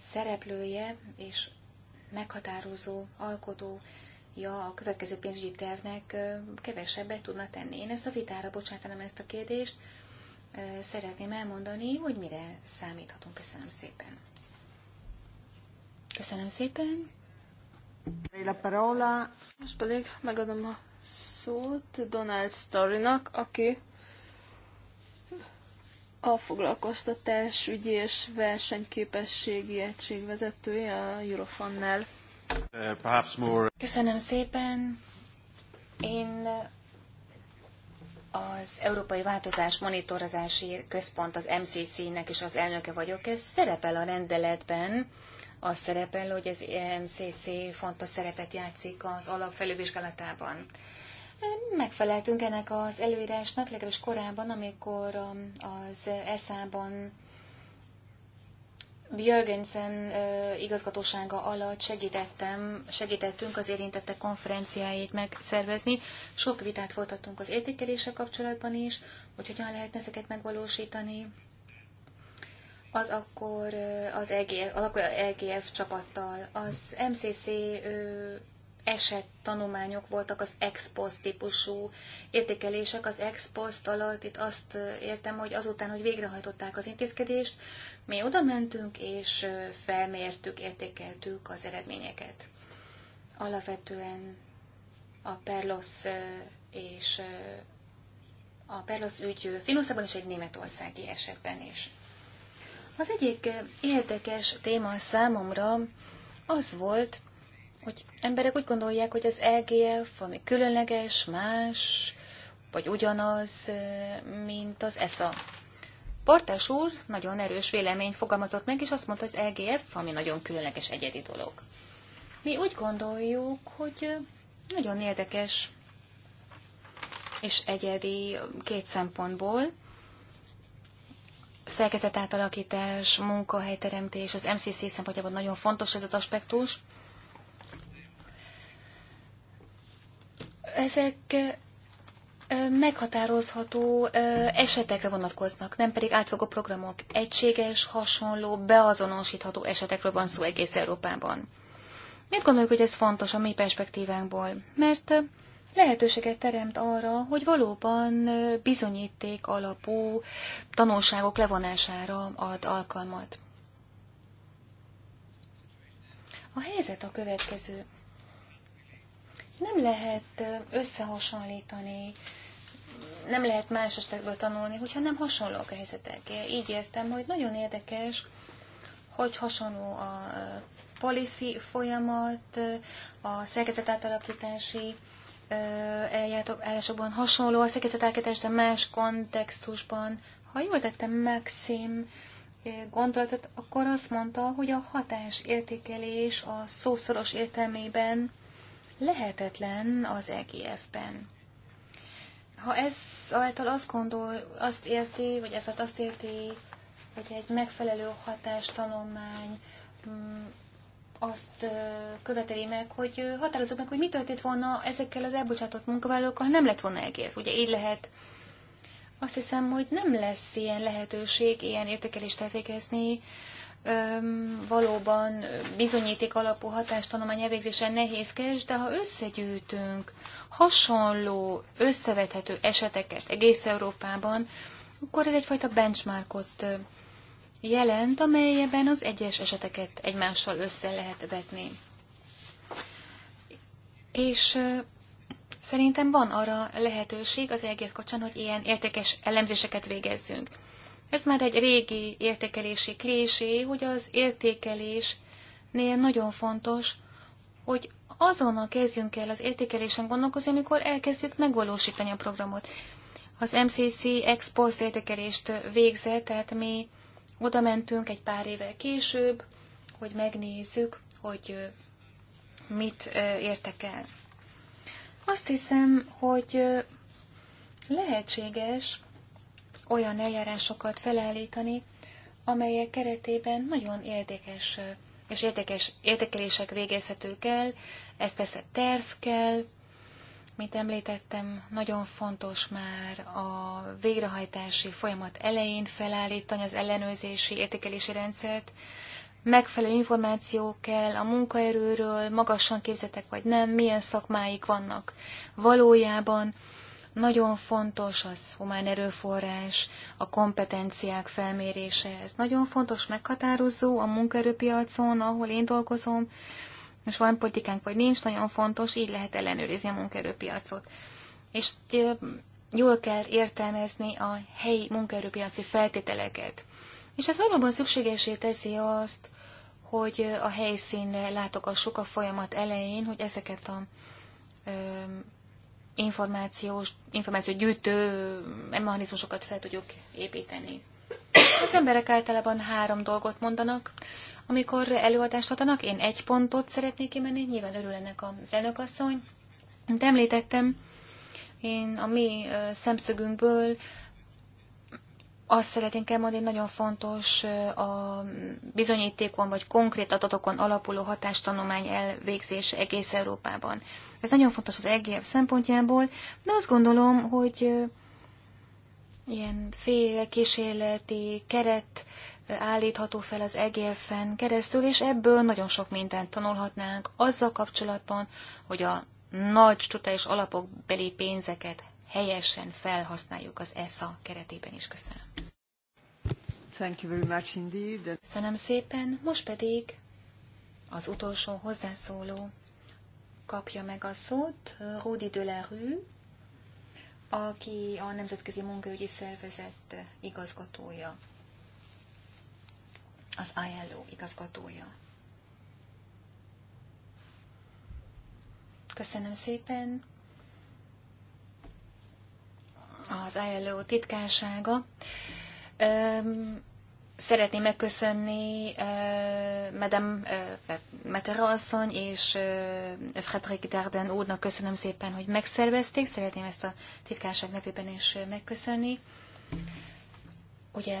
szereplője és meghatározó alkotó ja, a következő pénzügyi tervnek kevesebbet tudna tenni. Én ezt a vitára bocsátanám ezt a kérdést. Szeretném elmondani, hogy mire számíthatunk. Köszönöm szépen. Köszönöm szépen. parola. Most pedig megadom a szót Donald Storynak, aki a foglalkoztatás ügyi és versenyképességi egység vezetője a Eurofonnál. Köszönöm szépen. Én az Európai Változás Monitorozási Központ, az MCC-nek is az elnöke vagyok. Ez szerepel a rendeletben. Az szerepel, hogy az MCC fontos szerepet játszik az alapfelővizsgálatában. Megfeleltünk ennek az előírásnak, legalábbis korábban, amikor az ESZÁ-ban Björgensen igazgatósága alatt segítettem, segítettünk az érintettek konferenciáit megszervezni. Sok vitát folytattunk az értékelése kapcsolatban is, hogy hogyan lehetne ezeket megvalósítani. Az akkor az EGF, az akkor EGF csapattal, az MCC eset tanulmányok voltak az ex post típusú értékelések. Az ex post alatt itt azt értem, hogy azután, hogy végrehajtották az intézkedést, mi oda mentünk, és felmértük, értékeltük az eredményeket. Alapvetően a Perlos és a Perlos ügy Finoszában és egy németországi esetben is. Az egyik érdekes téma számomra az volt, hogy emberek úgy gondolják, hogy az LGF, e ami különleges, más, vagy ugyanaz, mint az ESA. Portás úr nagyon erős vélemény fogalmazott meg, és azt mondta, hogy LGF, e ami nagyon különleges egyedi dolog. Mi úgy gondoljuk, hogy nagyon érdekes és egyedi két szempontból, szerkezetátalakítás, munkahelyteremtés, az MCC szempontjából nagyon fontos ez az aspektus. Ezek meghatározható esetekre vonatkoznak, nem pedig átfogó programok. Egységes, hasonló, beazonosítható esetekről van szó egész Európában. Miért gondoljuk, hogy ez fontos a mi perspektívánkból? Mert lehetőséget teremt arra, hogy valóban bizonyíték alapú tanulságok levonására ad alkalmat. A helyzet a következő. Nem lehet összehasonlítani nem lehet más esetekből tanulni, hogyha nem hasonlók a helyzetek. Így értem, hogy nagyon érdekes, hogy hasonló a policy folyamat, a szerkezet átalakítási eljárásokban hasonló, a szerkezet átalakítás, de más kontextusban. Ha jól tettem Maxim gondolatot, akkor azt mondta, hogy a hatás értékelés a szószoros értelmében lehetetlen az EGF-ben. Ha ez által azt gondol, azt érti, vagy ez azt érti, hogy egy megfelelő hatástanulmány mm, azt követeli meg, hogy határozzuk meg, hogy mi történt volna ezekkel az elbocsátott munkavállalókkal, ha nem lett volna egér. Ugye így lehet. Azt hiszem, hogy nem lesz ilyen lehetőség ilyen értékelést elvégezni. Öm, valóban bizonyíték alapú hatástanulmány elvégzésen nehézkes, de ha összegyűjtünk hasonló, összevethető eseteket egész Európában, akkor ez egyfajta benchmarkot jelent, amelyben az egyes eseteket egymással össze lehet vetni. És szerintem van arra lehetőség az EGF kocsán, hogy ilyen értékes elemzéseket végezzünk. Ez már egy régi értékelési klésé, hogy az értékelésnél nagyon fontos, hogy azonnal kezdjünk el az értékelésen gondolkozni, amikor elkezdjük megvalósítani a programot. Az MCC Expos értékelést végzett, tehát mi oda mentünk egy pár évvel később, hogy megnézzük, hogy mit értek el. Azt hiszem, hogy lehetséges olyan eljárásokat felállítani, amelyek keretében nagyon érdekes és értekes, értekelések végezhetők el, ez persze terv kell, mint említettem, nagyon fontos már a végrehajtási folyamat elején felállítani az ellenőrzési értékelési rendszert, megfelelő információ kell a munkaerőről, magasan képzetek vagy nem, milyen szakmáik vannak valójában, nagyon fontos az humán erőforrás, a kompetenciák felmérése. Ez nagyon fontos meghatározó a munkaerőpiacon, ahol én dolgozom. És van politikánk vagy nincs, nagyon fontos, így lehet ellenőrizni a munkaerőpiacot. És jól kell értelmezni a helyi munkaerőpiaci feltételeket. És ez valóban szükségesé teszi azt, hogy a helyszínre látogassuk a folyamat elején, hogy ezeket a információs, információgyűjtő mechanizmusokat fel tudjuk építeni. Az emberek általában három dolgot mondanak. Amikor előadást adnak, én egy pontot szeretnék kimenni, nyilván örül ennek az elnökasszony. Mint említettem, én a mi szemszögünkből azt szeretnénk elmondani, hogy nagyon fontos a bizonyítékon vagy konkrét adatokon alapuló hatástanulmány elvégzése egész Európában. Ez nagyon fontos az EGF szempontjából, de azt gondolom, hogy ilyen kísérleti keret állítható fel az EGF-en keresztül, és ebből nagyon sok mindent tanulhatnánk azzal kapcsolatban, hogy a nagy és alapok beli pénzeket helyesen felhasználjuk az ESA keretében is. Köszönöm. Thank you very much indeed. Köszönöm szépen. Most pedig az utolsó hozzászóló kapja meg a szót la Dölerű, aki a Nemzetközi Munkaügyi Szervezet igazgatója, az ILO igazgatója. Köszönöm szépen! Az ILO titkársága Szeretném megköszönni uh, Madame uh, eh, Metera asszony és uh, eh, Frederick Darden úrnak köszönöm szépen, hogy megszervezték. Szeretném ezt a titkárság nevében is megköszönni. Ugye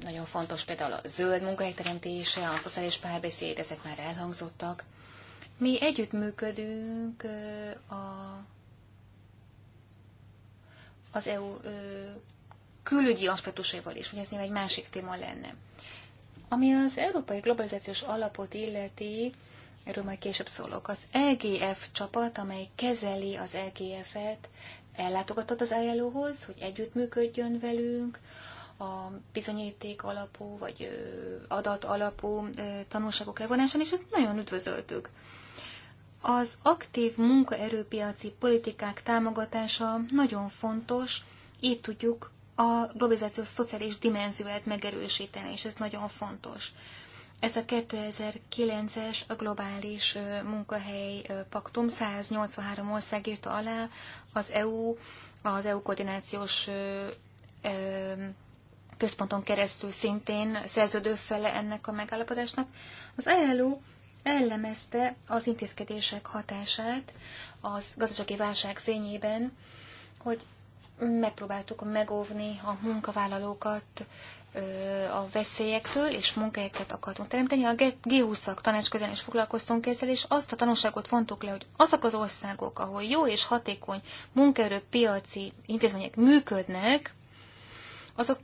nagyon fontos például a zöld teremtése, a szociális párbeszéd, ezek már elhangzottak. Mi együttműködünk uh, a, az EU uh, külügyi aspektusaival is, ugye ez egy másik téma lenne. Ami az európai globalizációs alapot illeti, erről majd később szólok, az LGF e csapat, amely kezeli az LGF-et, e ellátogatott az ILO-hoz, hogy együttműködjön velünk, a bizonyíték alapú vagy adat alapú tanulságok levonásán, és ezt nagyon üdvözöltük. Az aktív munkaerőpiaci politikák támogatása nagyon fontos, így tudjuk a globalizáció szociális dimenzióját megerősíteni, és ez nagyon fontos. Ez a 2009-es a globális munkahely paktum 183 ország írta alá az EU, az EU koordinációs központon keresztül szintén szerződő fele ennek a megállapodásnak. Az ILO e ellemezte az intézkedések hatását az gazdasági válság fényében, hogy megpróbáltuk megóvni a munkavállalókat a veszélyektől, és munkahelyeket akartunk teremteni. A G20-ak tanácsközön is foglalkoztunk ezzel, és azt a tanulságot vontuk le, hogy azok az országok, ahol jó és hatékony munkaerőpiaci intézmények működnek, azok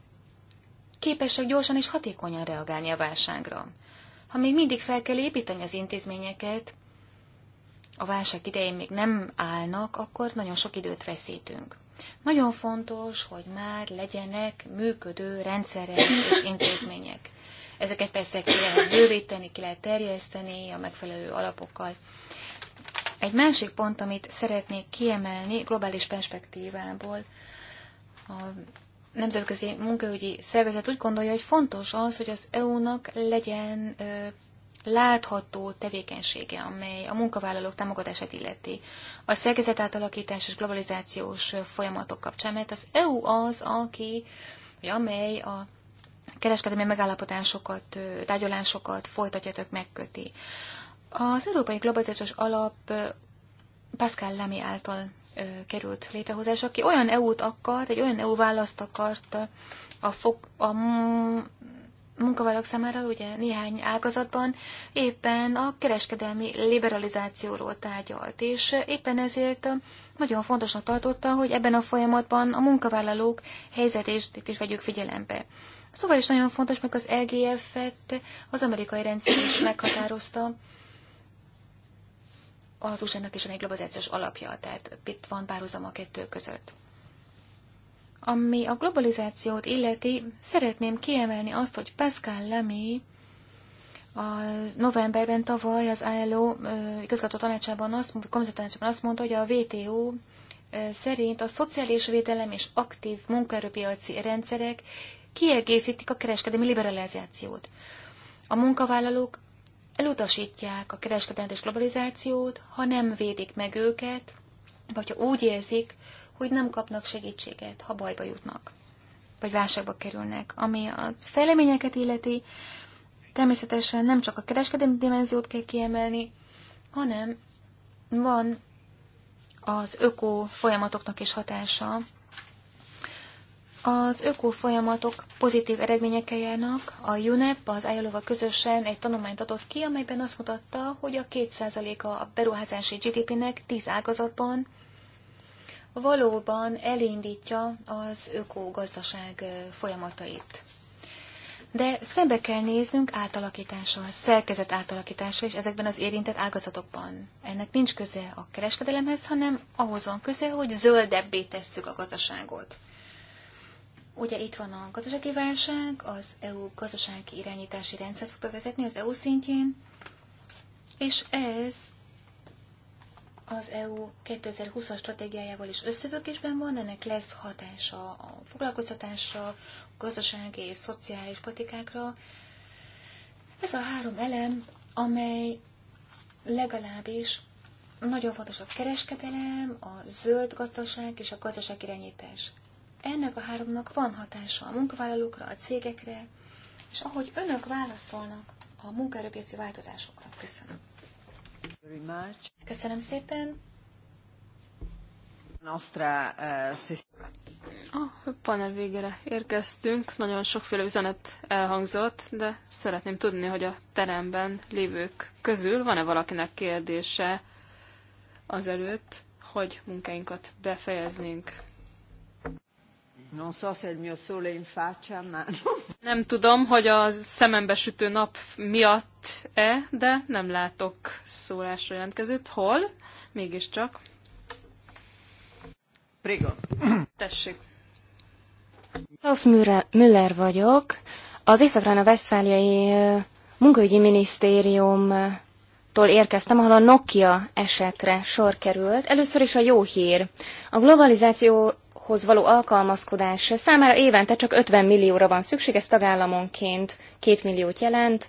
képesek gyorsan és hatékonyan reagálni a válságra. Ha még mindig fel kell építeni az intézményeket, a válság idején még nem állnak, akkor nagyon sok időt veszítünk. Nagyon fontos, hogy már legyenek működő rendszerek és intézmények. Ezeket persze ki lehet bővíteni, ki lehet terjeszteni a megfelelő alapokkal. Egy másik pont, amit szeretnék kiemelni globális perspektívából, a Nemzetközi Munkaügyi Szervezet úgy gondolja, hogy fontos az, hogy az EU-nak legyen látható tevékenysége, amely a munkavállalók támogatását illeti. A szerkezet átalakítás és globalizációs folyamatok kapcsán, mert az EU az, aki, vagy amely a kereskedelmi megállapodásokat, tárgyalásokat tök megköti. Az Európai Globalizációs Alap Pascal Lamy által került létrehozás, aki olyan EU-t akart, egy olyan EU választ akart a, fog, a munkavállalók számára ugye néhány ágazatban éppen a kereskedelmi liberalizációról tárgyalt, és éppen ezért nagyon fontosnak tartotta, hogy ebben a folyamatban a munkavállalók helyzetét is vegyük figyelembe. Szóval is nagyon fontos, meg az lgf e et az amerikai rendszer is meghatározta, az USA-nak is a globalizációs alapja, tehát itt van párhuzam a kettő között. Ami a globalizációt illeti, szeretném kiemelni azt, hogy Pascal Lamy a novemberben tavaly az ILO igazgató tanácsában azt, tanácsában azt mondta, hogy a WTO szerint a szociális védelem és aktív munkaerőpiaci rendszerek kiegészítik a kereskedelmi liberalizációt. A munkavállalók elutasítják a kereskedelmet és globalizációt, ha nem védik meg őket, vagy ha úgy érzik, hogy nem kapnak segítséget, ha bajba jutnak, vagy válságba kerülnek. Ami a fejleményeket illeti, természetesen nem csak a kereskedelmi dimenziót kell kiemelni, hanem van az öko folyamatoknak is hatása. Az öko folyamatok pozitív eredményekkel járnak. A UNEP az Ájolóval közösen egy tanulmányt adott ki, amelyben azt mutatta, hogy a 2%-a a beruházási GDP-nek 10 ágazatban valóban elindítja az ökogazdaság folyamatait. De szembe kell néznünk átalakítással, szerkezet átalakítása is ezekben az érintett ágazatokban. Ennek nincs köze a kereskedelemhez, hanem ahhoz van köze, hogy zöldebbé tesszük a gazdaságot. Ugye itt van a gazdasági válság, az EU gazdasági irányítási rendszert fog bevezetni az EU szintjén, és ez az EU 2020-as stratégiájával is összefüggésben van, ennek lesz hatása a foglalkoztatásra, a gazdasági és szociális politikákra. Ez a három elem, amely legalábbis nagyon fontos a kereskedelem, a zöld gazdaság és a gazdaság irányítás. Ennek a háromnak van hatása a munkavállalókra, a cégekre, és ahogy önök válaszolnak a munkaerőpiaci változásokra. Köszönöm. Köszönöm szépen. Eh, a panel végére érkeztünk, nagyon sokféle üzenet elhangzott, de szeretném tudni, hogy a teremben lévők közül van-e valakinek kérdése azelőtt, hogy munkáinkat befejeznénk. Nem tudom, hogy a szemembe sütő nap miatt-e, de nem látok szólásra jelentkezőt. Hol? Mégiscsak. Prigo. Tessék. Klaus Müller vagyok. Az észak a Vesztfáliai Munkaügyi Minisztériumtól érkeztem, ahol a Nokia esetre sor került. Először is a jó hír. A globalizáció válsághoz való alkalmazkodás számára évente csak 50 millióra van szükség, ez tagállamonként 2 milliót jelent.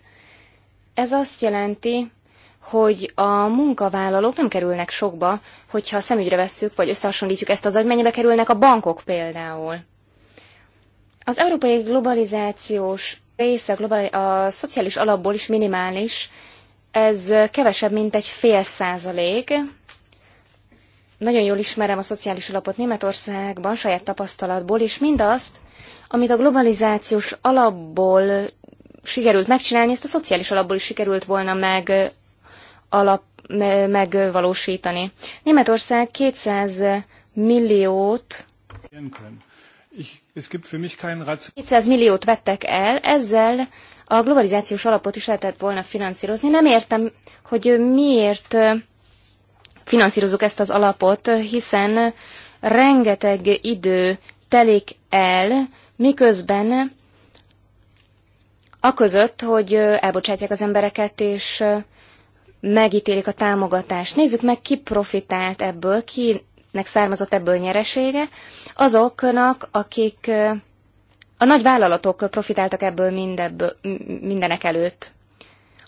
Ez azt jelenti, hogy a munkavállalók nem kerülnek sokba, hogyha szemügyre vesszük, vagy összehasonlítjuk ezt az, hogy mennyibe kerülnek a bankok például. Az európai globalizációs része a szociális alapból is minimális, ez kevesebb, mint egy fél százalék, nagyon jól ismerem a szociális alapot Németországban, saját tapasztalatból, és mindazt, amit a globalizációs alapból sikerült megcsinálni, ezt a szociális alapból is sikerült volna meg alap, me, megvalósítani. Németország 200 milliót 200 milliót vettek el, ezzel a globalizációs alapot is lehetett volna finanszírozni. Nem értem, hogy miért finanszírozunk ezt az alapot, hiszen rengeteg idő telik el, miközben a között, hogy elbocsátják az embereket, és megítélik a támogatást. Nézzük meg, ki profitált ebből, kinek származott ebből nyeresége. Azoknak, akik a nagy vállalatok profitáltak ebből mindebből, mindenek előtt.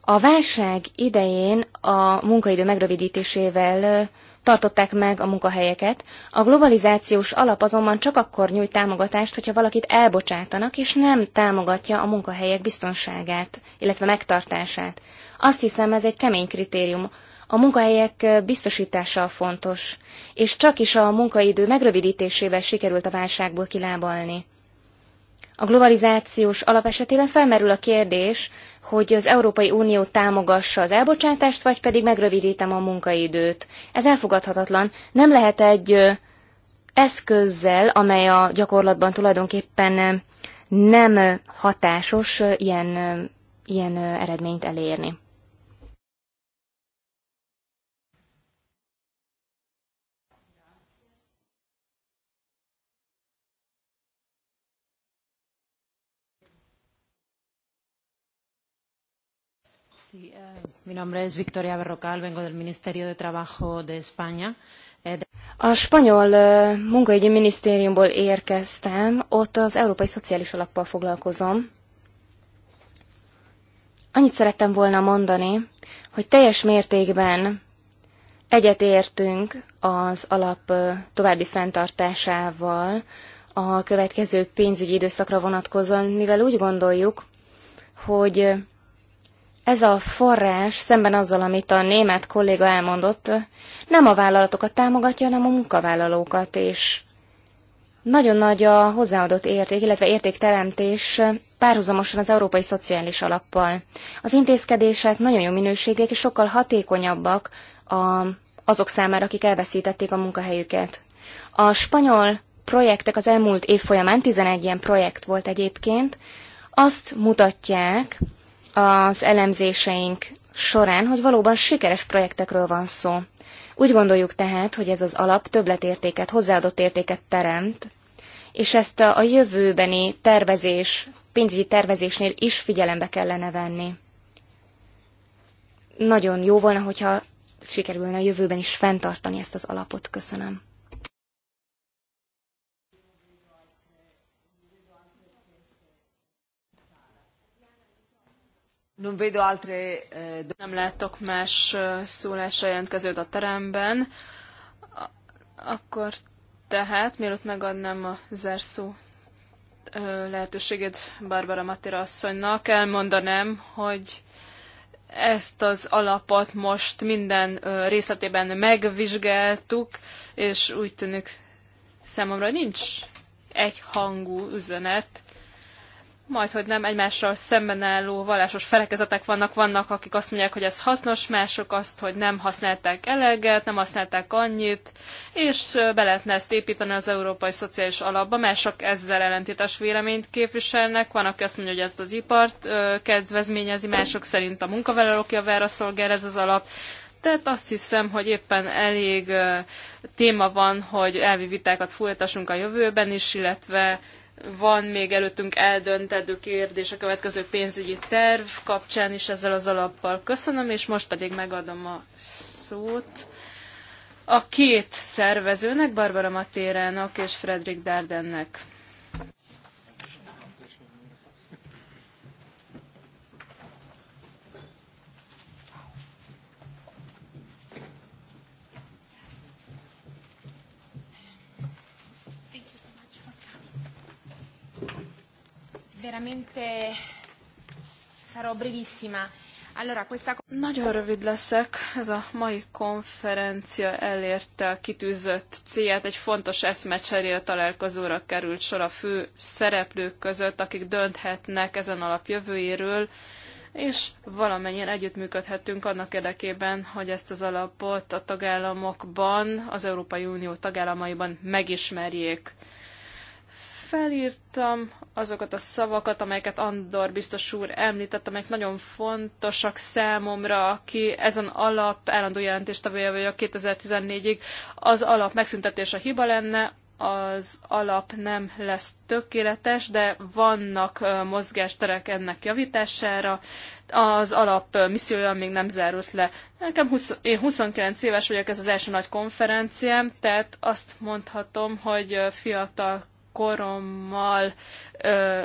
A válság idején a munkaidő megrövidítésével tartották meg a munkahelyeket. A globalizációs alap azonban csak akkor nyújt támogatást, hogyha valakit elbocsátanak, és nem támogatja a munkahelyek biztonságát, illetve megtartását. Azt hiszem, ez egy kemény kritérium. A munkahelyek biztosítása fontos, és csak is a munkaidő megrövidítésével sikerült a válságból kilábalni. A globalizációs alap esetében felmerül a kérdés, hogy az Európai Unió támogassa az elbocsátást, vagy pedig megrövidítem a munkaidőt. Ez elfogadhatatlan. Nem lehet egy eszközzel, amely a gyakorlatban tulajdonképpen nem hatásos ilyen, ilyen eredményt elérni. Eh, a spanyol eh, munkaügyi minisztériumból érkeztem, ott az Európai Szociális Alappal foglalkozom. Annyit szerettem volna mondani, hogy teljes mértékben egyetértünk az alap további fenntartásával a következő pénzügyi időszakra vonatkozóan, mivel úgy gondoljuk, hogy ez a forrás, szemben azzal, amit a német kolléga elmondott, nem a vállalatokat támogatja, hanem a munkavállalókat, és nagyon nagy a hozzáadott érték, illetve értékteremtés párhuzamosan az Európai Szociális Alappal. Az intézkedések nagyon jó minőségek és sokkal hatékonyabbak a, azok számára, akik elveszítették a munkahelyüket. A spanyol projektek az elmúlt év folyamán, 11 ilyen projekt volt egyébként, azt mutatják, az elemzéseink során, hogy valóban sikeres projektekről van szó. Úgy gondoljuk tehát, hogy ez az alap többletértéket, hozzáadott értéket teremt, és ezt a jövőbeni tervezés, pénzügyi tervezésnél is figyelembe kellene venni. Nagyon jó volna, hogyha sikerülne a jövőben is fenntartani ezt az alapot. Köszönöm. Eh, Nem látok más eh, szólásra jelentkezőt a teremben. Akkor tehát, mielőtt megadnám a zárszó eh, lehetőségét Barbara Matira asszonynak, elmondanám, hogy ezt az alapot most minden részletében megvizsgáltuk, és úgy tűnik számomra nincs egy hangú üzenet majd, hogy nem egymással szemben álló vallásos felekezetek vannak, vannak, akik azt mondják, hogy ez hasznos, mások azt, hogy nem használták eleget, nem használták annyit, és be lehetne ezt építeni az Európai Szociális Alapba, mások ezzel ellentétes véleményt képviselnek, van, aki azt mondja, hogy ezt az ipart kedvezményezi, mások szerint a munkavállalók javára szolgál ez az alap, tehát azt hiszem, hogy éppen elég téma van, hogy elvi vitákat folytassunk a jövőben is, illetve van még előttünk eldöntedő kérdés a következő pénzügyi terv kapcsán is ezzel az alappal. Köszönöm, és most pedig megadom a szót a két szervezőnek, Barbara Matérának és Fredrik Dardennek. veramente sarò brevissima. Allora, questa... Nagyon rövid leszek. Ez a mai konferencia elérte a kitűzött célját. Egy fontos eszmecserére találkozóra került sor a fő szereplők között, akik dönthetnek ezen alap jövőjéről, és valamennyien együttműködhetünk annak érdekében, hogy ezt az alapot a tagállamokban, az Európai Unió tagállamaiban megismerjék. Felírtam azokat a szavakat, amelyeket Andor biztos úr említett, amelyek nagyon fontosak számomra, aki ezen alap állandó jelentéstevője vagyok 2014-ig. Az alap megszüntetése hiba lenne, az alap nem lesz tökéletes, de vannak mozgásterek ennek javítására. Az alap missziója még nem zárult le. Nekem 20, én 29 éves vagyok, ez az első nagy konferenciám, tehát azt mondhatom, hogy fiatal korommal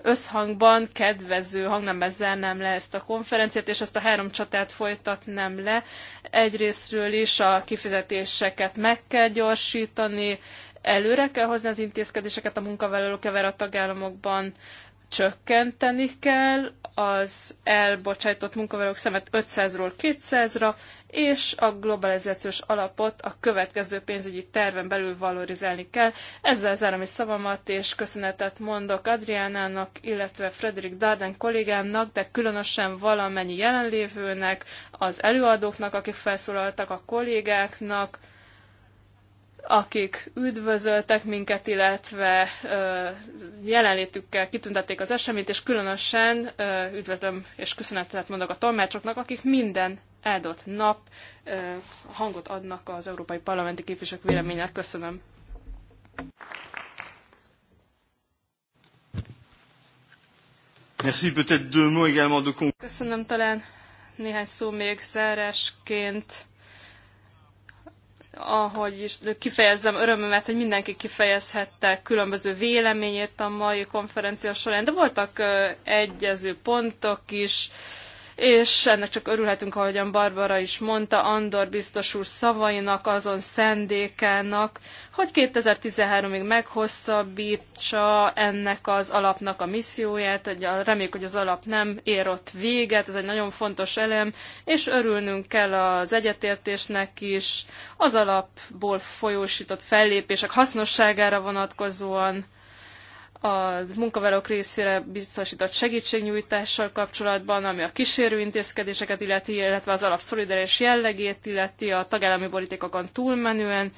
összhangban kedvező hangnemben zárnám le ezt a konferenciát, és ezt a három csatát folytatnám le. Egyrésztről is a kifizetéseket meg kell gyorsítani, előre kell hozni az intézkedéseket a munkavállalók ever a tagállamokban, csökkenteni kell az elbocsájtott munkavállalók szemet 500-ról 200-ra, és a globalizációs alapot a következő pénzügyi terven belül valorizálni kell. Ezzel zárom is szavamat, és köszönetet mondok Adriánának, illetve Frederik Darden kollégámnak, de különösen valamennyi jelenlévőnek, az előadóknak, akik felszólaltak, a kollégáknak, akik üdvözöltek minket, illetve jelenlétükkel kitüntették az eseményt, és különösen üdvözlöm és köszönetet mondok a tolmácsoknak, akik minden áldott nap hangot adnak az európai parlamenti képviselők véleménynek. Köszönöm. Merci, peut-être deux mots également de Köszönöm talán néhány szó még zárásként ahogy is kifejezzem örömömet, hogy mindenki kifejezhette különböző véleményét a mai konferencia során, de voltak egyező pontok is, és ennek csak örülhetünk, ahogyan Barbara is mondta, Andor biztos úr szavainak, azon szendékának, hogy 2013-ig meghosszabbítsa ennek az alapnak a misszióját, reméljük, hogy az alap nem ér ott véget, ez egy nagyon fontos elem, és örülnünk kell az egyetértésnek is, az alapból folyósított fellépések hasznosságára vonatkozóan, a munkavállalók részére biztosított segítségnyújtással kapcsolatban, ami a kísérő intézkedéseket illeti, illetve az alapszolidaris jellegét illeti a tagállami politikokon túlmenően,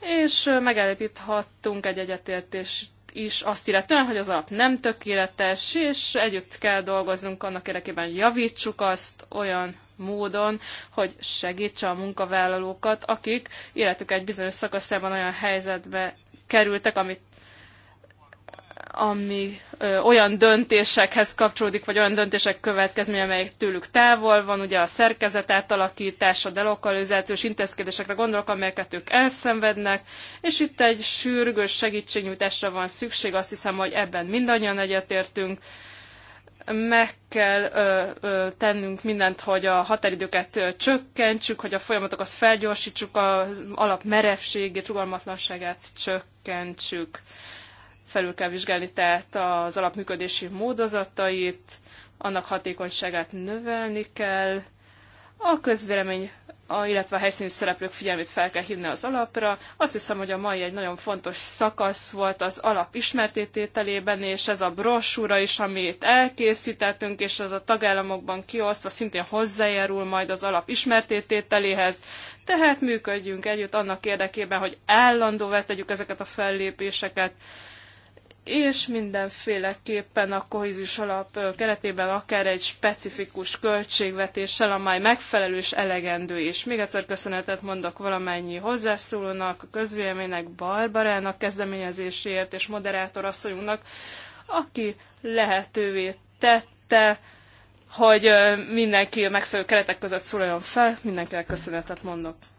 és megállapíthattunk egy egyetértést is azt illetően, hogy az alap nem tökéletes, és együtt kell dolgoznunk annak érdekében, hogy javítsuk azt olyan módon, hogy segítse a munkavállalókat, akik életük egy bizonyos szakaszában olyan helyzetbe kerültek, amit ami ö, olyan döntésekhez kapcsolódik, vagy olyan döntések következménye, amelyek tőlük távol van, ugye a szerkezet átalakítás, a delokalizációs intézkedésekre gondolok, amelyeket ők elszenvednek, és itt egy sürgős segítségnyújtásra van szükség, azt hiszem, hogy ebben mindannyian egyetértünk, meg kell ö, ö, tennünk mindent, hogy a határidőket ö, csökkentsük, hogy a folyamatokat felgyorsítsuk, az alap merevségét, rugalmatlanságát csökkentsük. Felül kell vizsgálni tehát az alapműködési módozatait, annak hatékonyságát növelni kell, a közvélemény, a, illetve a helyszíni szereplők figyelmét fel kell hívni az alapra. Azt hiszem, hogy a mai egy nagyon fontos szakasz volt az alap ismertétételében, és ez a brosúra is, amit elkészítettünk, és az a tagállamokban kiosztva szintén hozzájárul majd az alap ismertétételéhez. Tehát működjünk együtt annak érdekében, hogy állandóvá tegyük ezeket a fellépéseket, és mindenféleképpen a kohézis alap keretében akár egy specifikus költségvetéssel, amely megfelelő és elegendő is. Még egyszer köszönetet mondok valamennyi hozzászólónak, a közvéleménynek, Barbarának kezdeményezéséért és moderátor asszonyunknak, aki lehetővé tette, hogy mindenki a megfelelő keretek között szólaljon fel, mindenkinek köszönetet mondok.